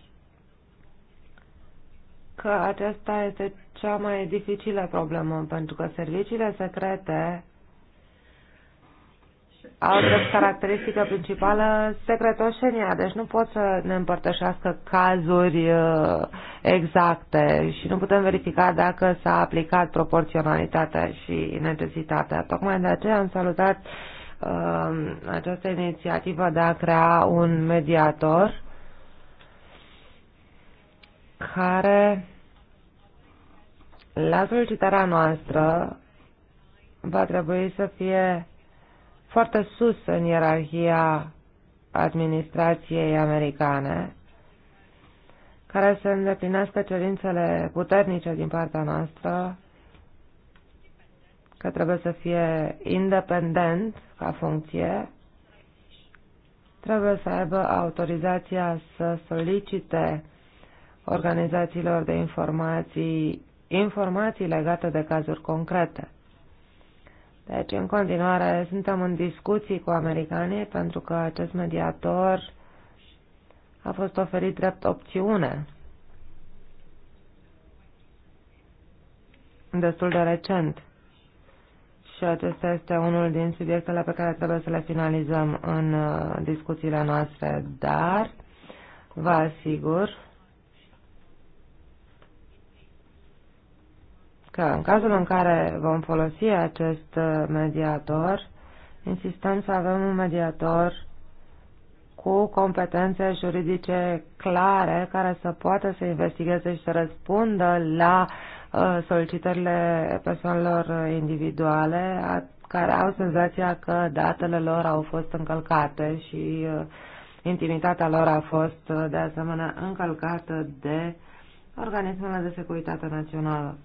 că aceasta este cea mai dificilă problemă, pentru că serviciile secrete au drept caracteristică principală secretoșenia, deci nu pot să ne împărtășească cazuri uh, exacte și nu putem verifica dacă s-a aplicat proporționalitatea și necesitatea. Tocmai de aceea am salutat uh, această inițiativă de a crea un mediator care, la solicitarea noastră, va trebui să fie foarte sus în ierarhia administrației americane, care să îndeplinească cerințele puternice din partea noastră, că trebuie să fie independent ca funcție, trebuie să aibă autorizația să solicite organizațiilor de informații informații legate de cazuri concrete. Deci, în continuare, suntem în discuții cu americanii pentru că acest mediator a fost oferit drept opțiune destul de recent. Și acesta este unul din subiectele pe care trebuie să le finalizăm în uh, discuțiile noastre, dar vă asigur că da, în cazul în care vom folosi acest uh, mediator, insistăm să avem un mediator cu competențe juridice clare care să poată să investigheze și să răspundă la uh, solicitările persoanelor individuale care au senzația că datele lor au fost încălcate și uh, intimitatea lor a fost de asemenea încălcată de organismele de securitate națională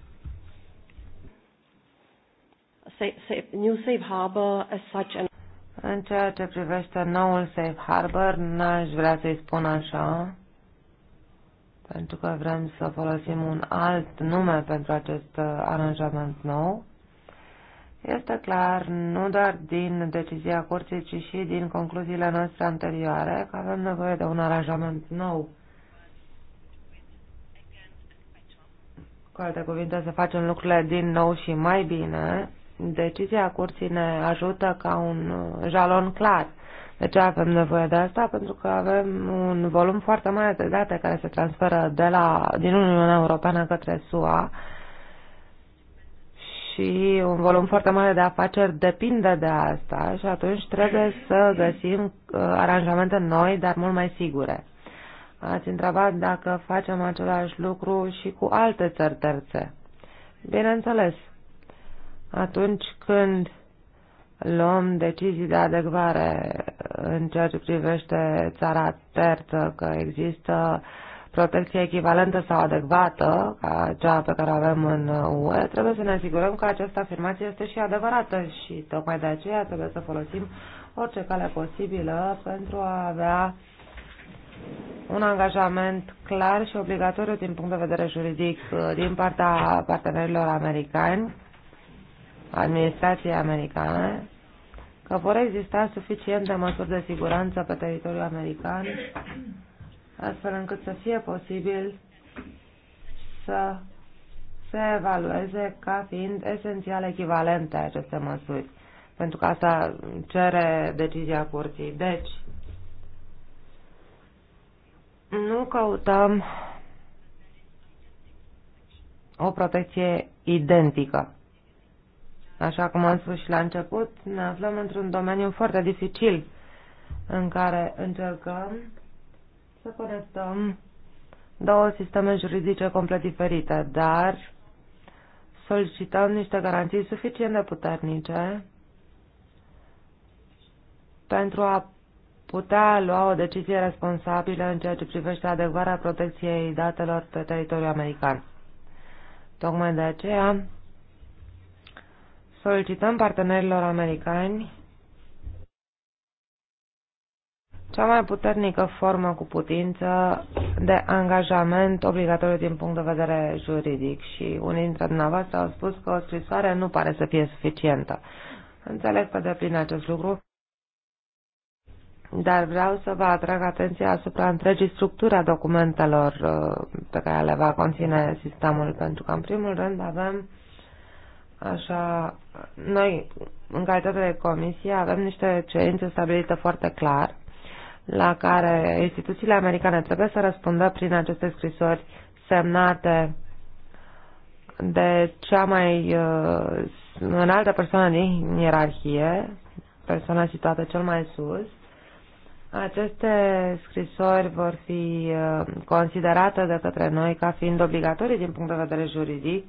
new safe harbor as such în ceea ce privește noul safe harbor, n-aș vrea să-i spun așa, pentru că vrem să folosim un alt nume pentru acest uh, aranjament nou. Este clar, nu doar din decizia curții, ci și din concluziile noastre anterioare, că avem nevoie de un aranjament nou. Cu alte cuvinte, să facem lucrurile din nou și mai bine, Decizia curții ne ajută ca un uh, jalon clar. De ce avem nevoie de asta? Pentru că avem un volum foarte mare de date care se transferă de la, din Uniunea Europeană către SUA și un volum foarte mare de afaceri depinde de asta și atunci trebuie să găsim uh, aranjamente noi, dar mult mai sigure. Ați întrebat dacă facem același lucru și cu alte țări terțe. Bineînțeles, atunci când luăm decizii de adecvare în ceea ce privește țara terță, că există protecție echivalentă sau adecvată ca cea pe care o avem în UE, trebuie să ne asigurăm că această afirmație este și adevărată și tocmai de aceea trebuie să folosim orice cale posibilă pentru a avea un angajament clar și obligatoriu din punct de vedere juridic uh, din partea partenerilor americani administrației americane că vor exista suficiente măsuri de siguranță pe teritoriul american, astfel încât să fie posibil să se evalueze ca fiind esențial echivalente aceste măsuri, pentru că asta cere decizia curții. Deci, nu căutăm o protecție identică Așa cum am spus și la început, ne aflăm într-un domeniu foarte dificil în care încercăm să conectăm două sisteme juridice complet diferite, dar solicităm niște garanții suficient de puternice pentru a putea lua o decizie responsabilă în ceea ce privește adecvarea protecției datelor pe teritoriul american. Tocmai de aceea solicităm partenerilor americani cea mai puternică formă cu putință de angajament obligatoriu din punct de vedere juridic și unii dintre dumneavoastră au spus că o scrisoare nu pare să fie suficientă. Înțeleg pe deplin acest lucru, dar vreau să vă atrag atenția asupra întregii structuri a documentelor uh, pe care le va conține sistemul, pentru că în primul rând avem Așa, noi, în calitate de comisie, avem niște cerințe stabilite foarte clar, la care instituțiile americane trebuie să răspundă prin aceste scrisori semnate de cea mai uh, înaltă persoană din ierarhie, persoana situată cel mai sus. Aceste scrisori vor fi uh, considerate de către noi ca fiind obligatorii din punct de vedere juridic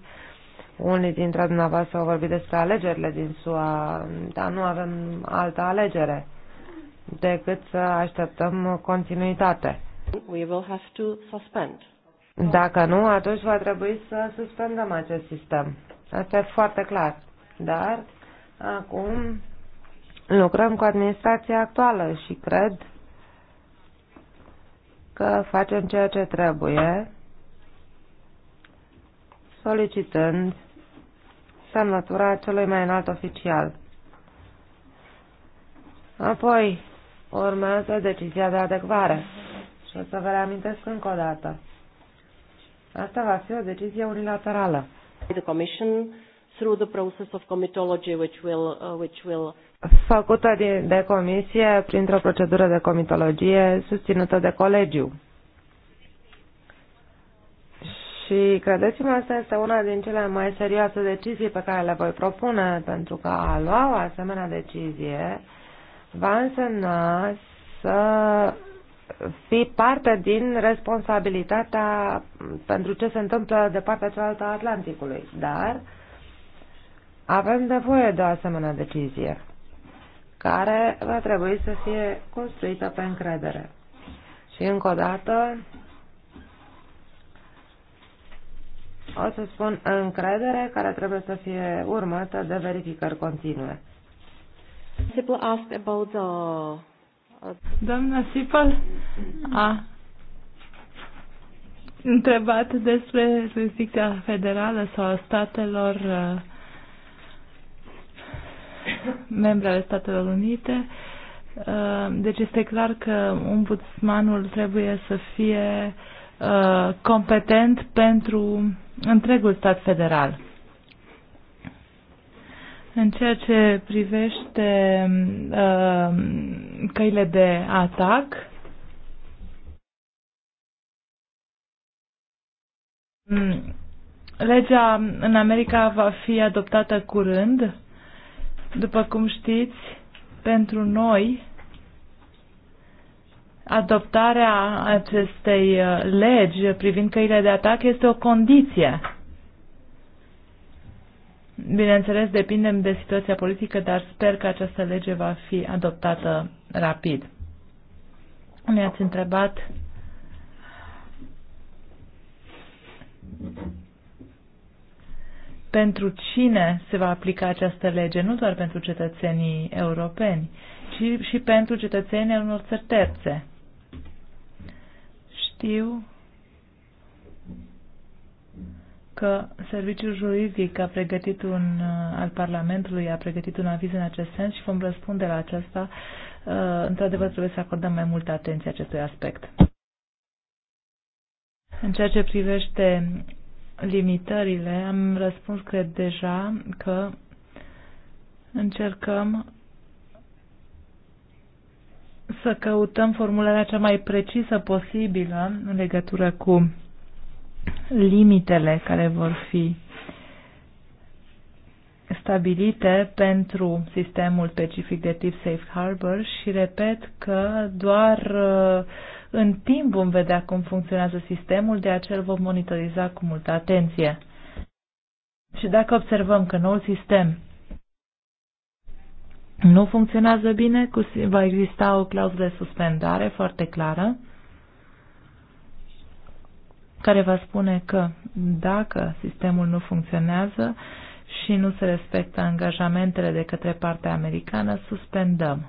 unii dintre dumneavoastră au vorbit despre alegerile din SUA, dar nu avem altă alegere decât să așteptăm continuitate. We will have to suspend. Dacă nu, atunci va trebui să suspendăm acest sistem. Asta e foarte clar. Dar acum lucrăm cu administrația actuală și cred că facem ceea ce trebuie solicitând semnătura celui mai înalt oficial. Apoi urmează decizia de adecvare. Și o să vă reamintesc încă o dată. Asta va fi o decizie unilaterală. The Commission through the process of comitology which will, uh, which will făcută de, de comisie printr-o procedură de comitologie susținută de colegiu. Și credeți-mă, asta este una din cele mai serioase decizii pe care le voi propune, pentru că a lua o asemenea decizie va însemna să fi parte din responsabilitatea pentru ce se întâmplă de partea cealaltă a Atlanticului. Dar avem nevoie de o asemenea decizie care va trebui să fie construită pe încredere. Și încă o dată, o să spun încredere care trebuie să fie urmată de verificări continue. People asked about the... Uh, Doamna Sipal a întrebat despre jurisdicția federală sau a statelor uh, membre ale Statelor Unite. Uh, deci este clar că ombudsmanul trebuie să fie competent pentru întregul stat federal. În ceea ce privește uh, căile de atac, mm, legea în America va fi adoptată curând. După cum știți, pentru noi adoptarea acestei uh, legi privind căile de atac este o condiție. Bineînțeles, depindem de situația politică, dar sper că această lege va fi adoptată rapid. mi ați întrebat pentru cine se va aplica această lege, nu doar pentru cetățenii europeni, ci și pentru cetățenii unor țări terțe. Știu că serviciul juridic a pregătit un, uh, al Parlamentului a pregătit un aviz în acest sens și vom răspunde la acesta. Uh, într-adevăr, trebuie să acordăm mai multă atenție acestui aspect. În ceea ce privește limitările, am răspuns, cred, deja că încercăm să căutăm formularea cea mai precisă posibilă în legătură cu limitele care vor fi stabilite pentru sistemul specific de tip Safe Harbor și repet că doar uh, în timp vom vedea cum funcționează sistemul, de aceea îl vom monitoriza cu multă atenție. Și dacă observăm că noul sistem nu funcționează bine, va exista o clauză de suspendare foarte clară care va spune că dacă sistemul nu funcționează și nu se respectă angajamentele de către partea americană, suspendăm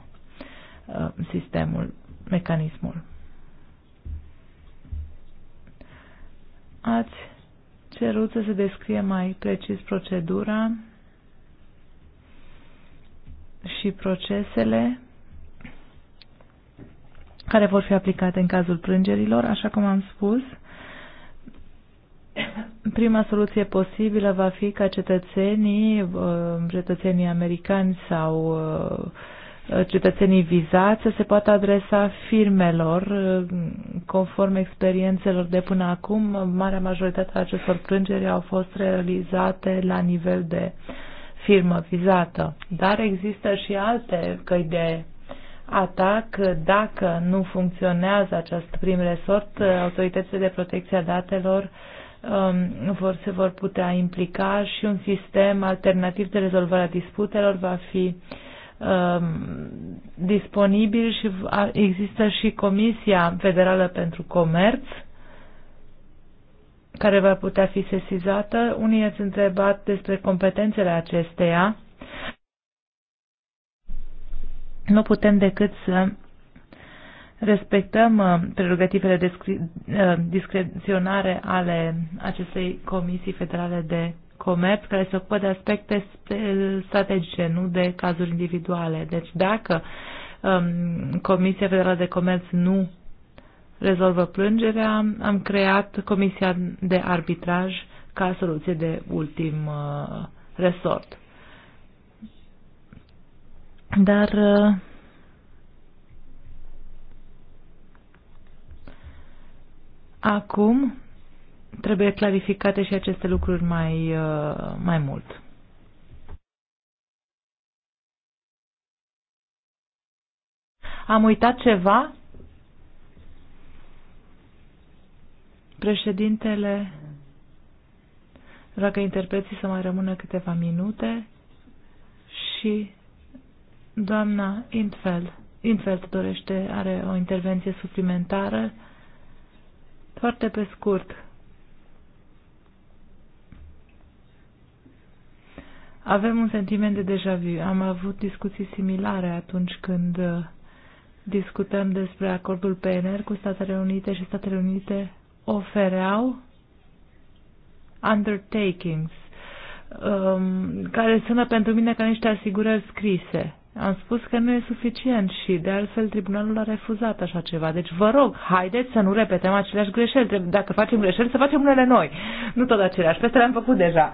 uh, sistemul, mecanismul. Ați cerut să se descrie mai precis procedura și procesele care vor fi aplicate în cazul plângerilor, așa cum am spus. Prima soluție posibilă va fi ca cetățenii, uh, cetățenii americani sau uh, cetățenii vizați să se poată adresa firmelor uh, conform experiențelor de până acum. Marea majoritate a acestor plângeri au fost realizate la nivel de uh, firmă vizată. Dar există și alte căi de atac dacă nu funcționează acest prim resort, autoritățile de protecție a datelor um, vor, se vor putea implica și un sistem alternativ de rezolvare a disputelor va fi um, disponibil și există și Comisia Federală pentru Comerț care va putea fi sesizată. Unii ați întrebat despre competențele acesteia. Nu putem decât să respectăm uh, prerogativele uh, discreționare ale acestei Comisii Federale de Comerț, care se ocupă de aspecte strategice, nu de cazuri individuale. Deci dacă um, Comisia Federală de Comerț nu rezolvă plângerea, am creat Comisia de Arbitraj ca soluție de ultim uh, resort. Dar uh, acum trebuie clarificate și aceste lucruri mai, uh, mai mult. Am uitat ceva? Președintele roagă interpreții să mai rămână câteva minute și doamna Intfeld. Intfeld dorește, are o intervenție suplimentară. Foarte pe scurt. Avem un sentiment de deja vu. Am avut discuții similare atunci când uh, discutăm despre acordul PNR cu Statele Unite și Statele Unite ofereau undertakings, um, care sună pentru mine ca niște asigurări scrise. Am spus că nu e suficient și, de altfel, tribunalul a refuzat așa ceva. Deci, vă rog, haideți să nu repetăm aceleași greșeli. Dacă facem greșeli, să facem unele noi. Nu tot aceleași. Pe le-am făcut deja.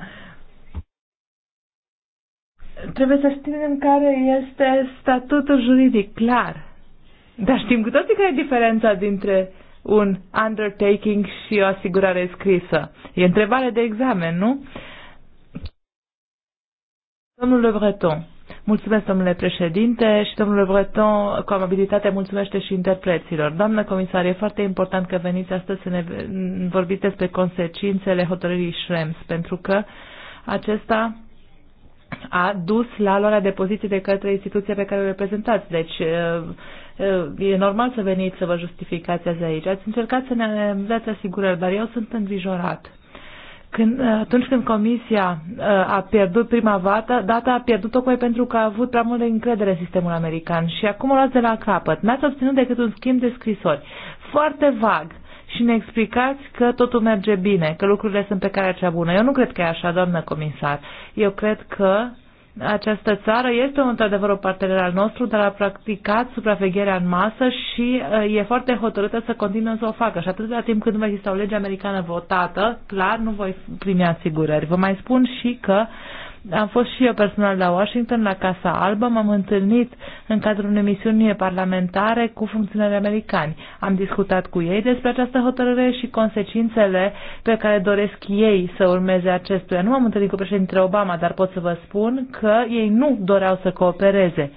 Trebuie să știm care este statutul juridic, clar. Dar știm cu toții care e diferența dintre un undertaking și o asigurare scrisă. E întrebare de examen, nu? Domnule Breton, mulțumesc domnule președinte și domnule Breton, cu amabilitate mulțumește și interpreților. Doamnă comisar, e foarte important că veniți astăzi să ne vorbiți despre consecințele hotărârii Schrems, pentru că acesta a dus la luarea de poziții de către instituția pe care o reprezentați. Deci Eh, e normal să veniți să vă justificați azi aici. Ați încercat să ne dați asigurări, dar eu sunt îngrijorat. Când, eh, atunci când comisia eh, a pierdut prima vată, data a pierdut tocmai pentru că a avut prea multă încredere în sistemul american și acum o luați de la capăt. N-ați obținut decât un schimb de scrisori foarte vag și ne explicați că totul merge bine, că lucrurile sunt pe calea cea bună. Eu nu cred că e așa, doamnă comisar. Eu cred că această țară este într-adevăr o partener al nostru, dar a practicat supravegherea în masă și uh, e foarte hotărâtă să continuă să o facă. Și atâta timp când nu va exista o lege americană votată, clar, nu voi primi asigurări. Vă mai spun și că uh, am fost și eu personal la Washington, la Casa Albă, m-am întâlnit în cadrul unei misiuni parlamentare cu funcționari americani. Am discutat cu ei despre această hotărâre și consecințele pe care doresc ei să urmeze acestuia. Nu m-am întâlnit cu președintele Obama, dar pot să vă spun că ei nu doreau să coopereze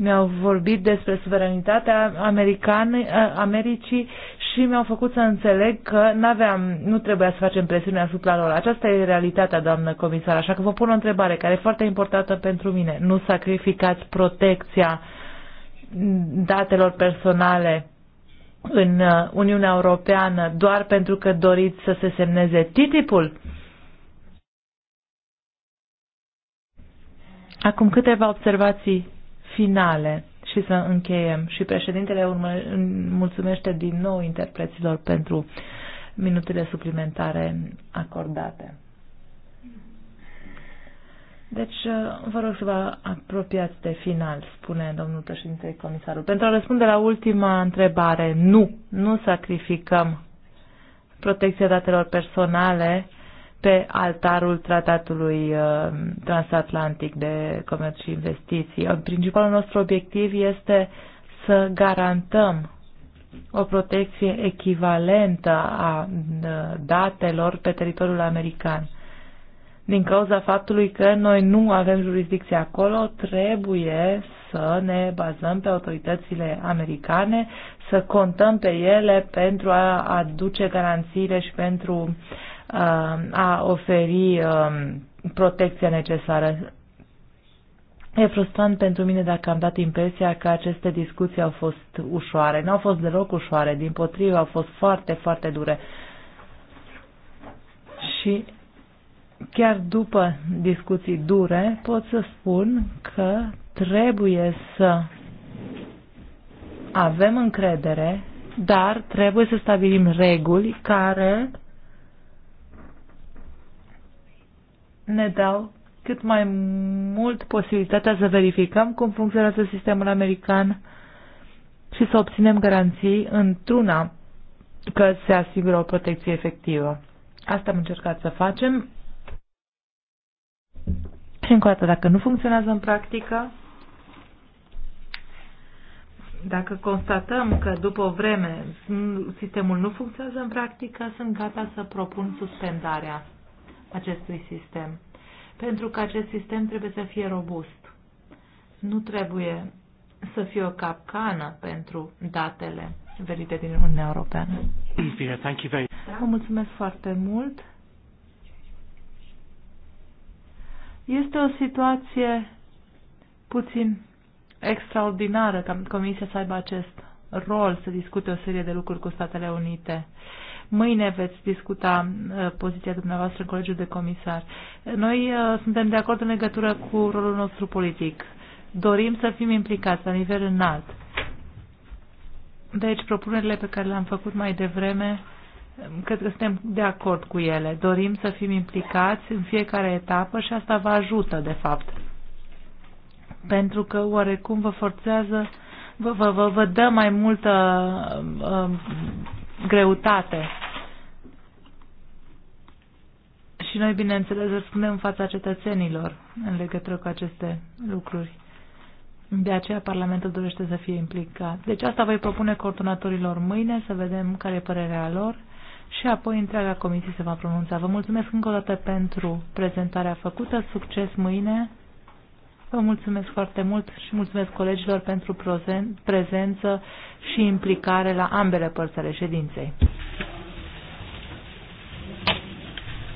mi-au vorbit despre suveranitatea americană, Americii și mi-au făcut să înțeleg că aveam nu trebuia să facem presiune asupra lor. Aceasta e realitatea, doamnă comisar, așa că vă pun o întrebare care e foarte importantă pentru mine. Nu sacrificați protecția datelor personale în uh, Uniunea Europeană doar pentru că doriți să se semneze TTIP-ul? Acum câteva observații finale și să încheiem. Și președintele urmă, mulțumește din nou interpreților pentru minutele suplimentare acordate. Deci, uh, vă rog să vă apropiați de final, spune domnul președinte comisarul. Pentru a răspunde la ultima întrebare, nu, nu sacrificăm protecția datelor personale pe altarul tratatului uh, transatlantic de comerț și investiții. Principalul nostru obiectiv este să garantăm o protecție echivalentă a uh, datelor pe teritoriul american. Din cauza faptului că noi nu avem jurisdicție acolo, trebuie să ne bazăm pe autoritățile americane, să contăm pe ele pentru a aduce garanțiile și pentru a oferi um, protecția necesară. E frustrant pentru mine dacă am dat impresia că aceste discuții au fost ușoare. Nu au fost deloc ușoare, din potrivă au fost foarte, foarte dure. Și chiar după discuții dure pot să spun că trebuie să avem încredere, dar trebuie să stabilim reguli care ne dau cât mai mult posibilitatea să verificăm cum funcționează sistemul american și să obținem garanții într-una că se asigură o protecție efectivă. Asta am încercat să facem. Și încă o dată, dacă nu funcționează în practică, dacă constatăm că după o vreme sistemul nu funcționează în practică, sunt gata să propun suspendarea acestui sistem. Pentru că acest sistem trebuie să fie robust. Nu trebuie să fie o capcană pentru datele venite din Uniunea Europeană. Vă mulțumesc foarte mult. Este o situație puțin extraordinară ca Comisia să aibă acest rol să discute o serie de lucruri cu Statele Unite. Mâine veți discuta uh, poziția dumneavoastră în Colegiul de Comisar. Noi uh, suntem de acord în legătură cu rolul nostru politic. Dorim să fim implicați la nivel înalt. Deci, propunerile pe care le-am făcut mai devreme, um, cred că suntem de acord cu ele. Dorim să fim implicați în fiecare etapă și asta vă ajută, de fapt. Pentru că oarecum vă forțează, vă, vă, vă, vă dă mai multă um, um, greutate. Și noi, bineînțeles, răspundem în fața cetățenilor în legătură cu aceste lucruri. De aceea Parlamentul dorește să fie implicat. Deci asta voi propune coordonatorilor mâine, să vedem care e părerea lor și apoi întreaga comisie se va pronunța. Vă mulțumesc încă o dată pentru prezentarea făcută. Succes mâine Vă mulțumesc foarte mult și mulțumesc colegilor pentru prezență și implicare la ambele părți ale ședinței.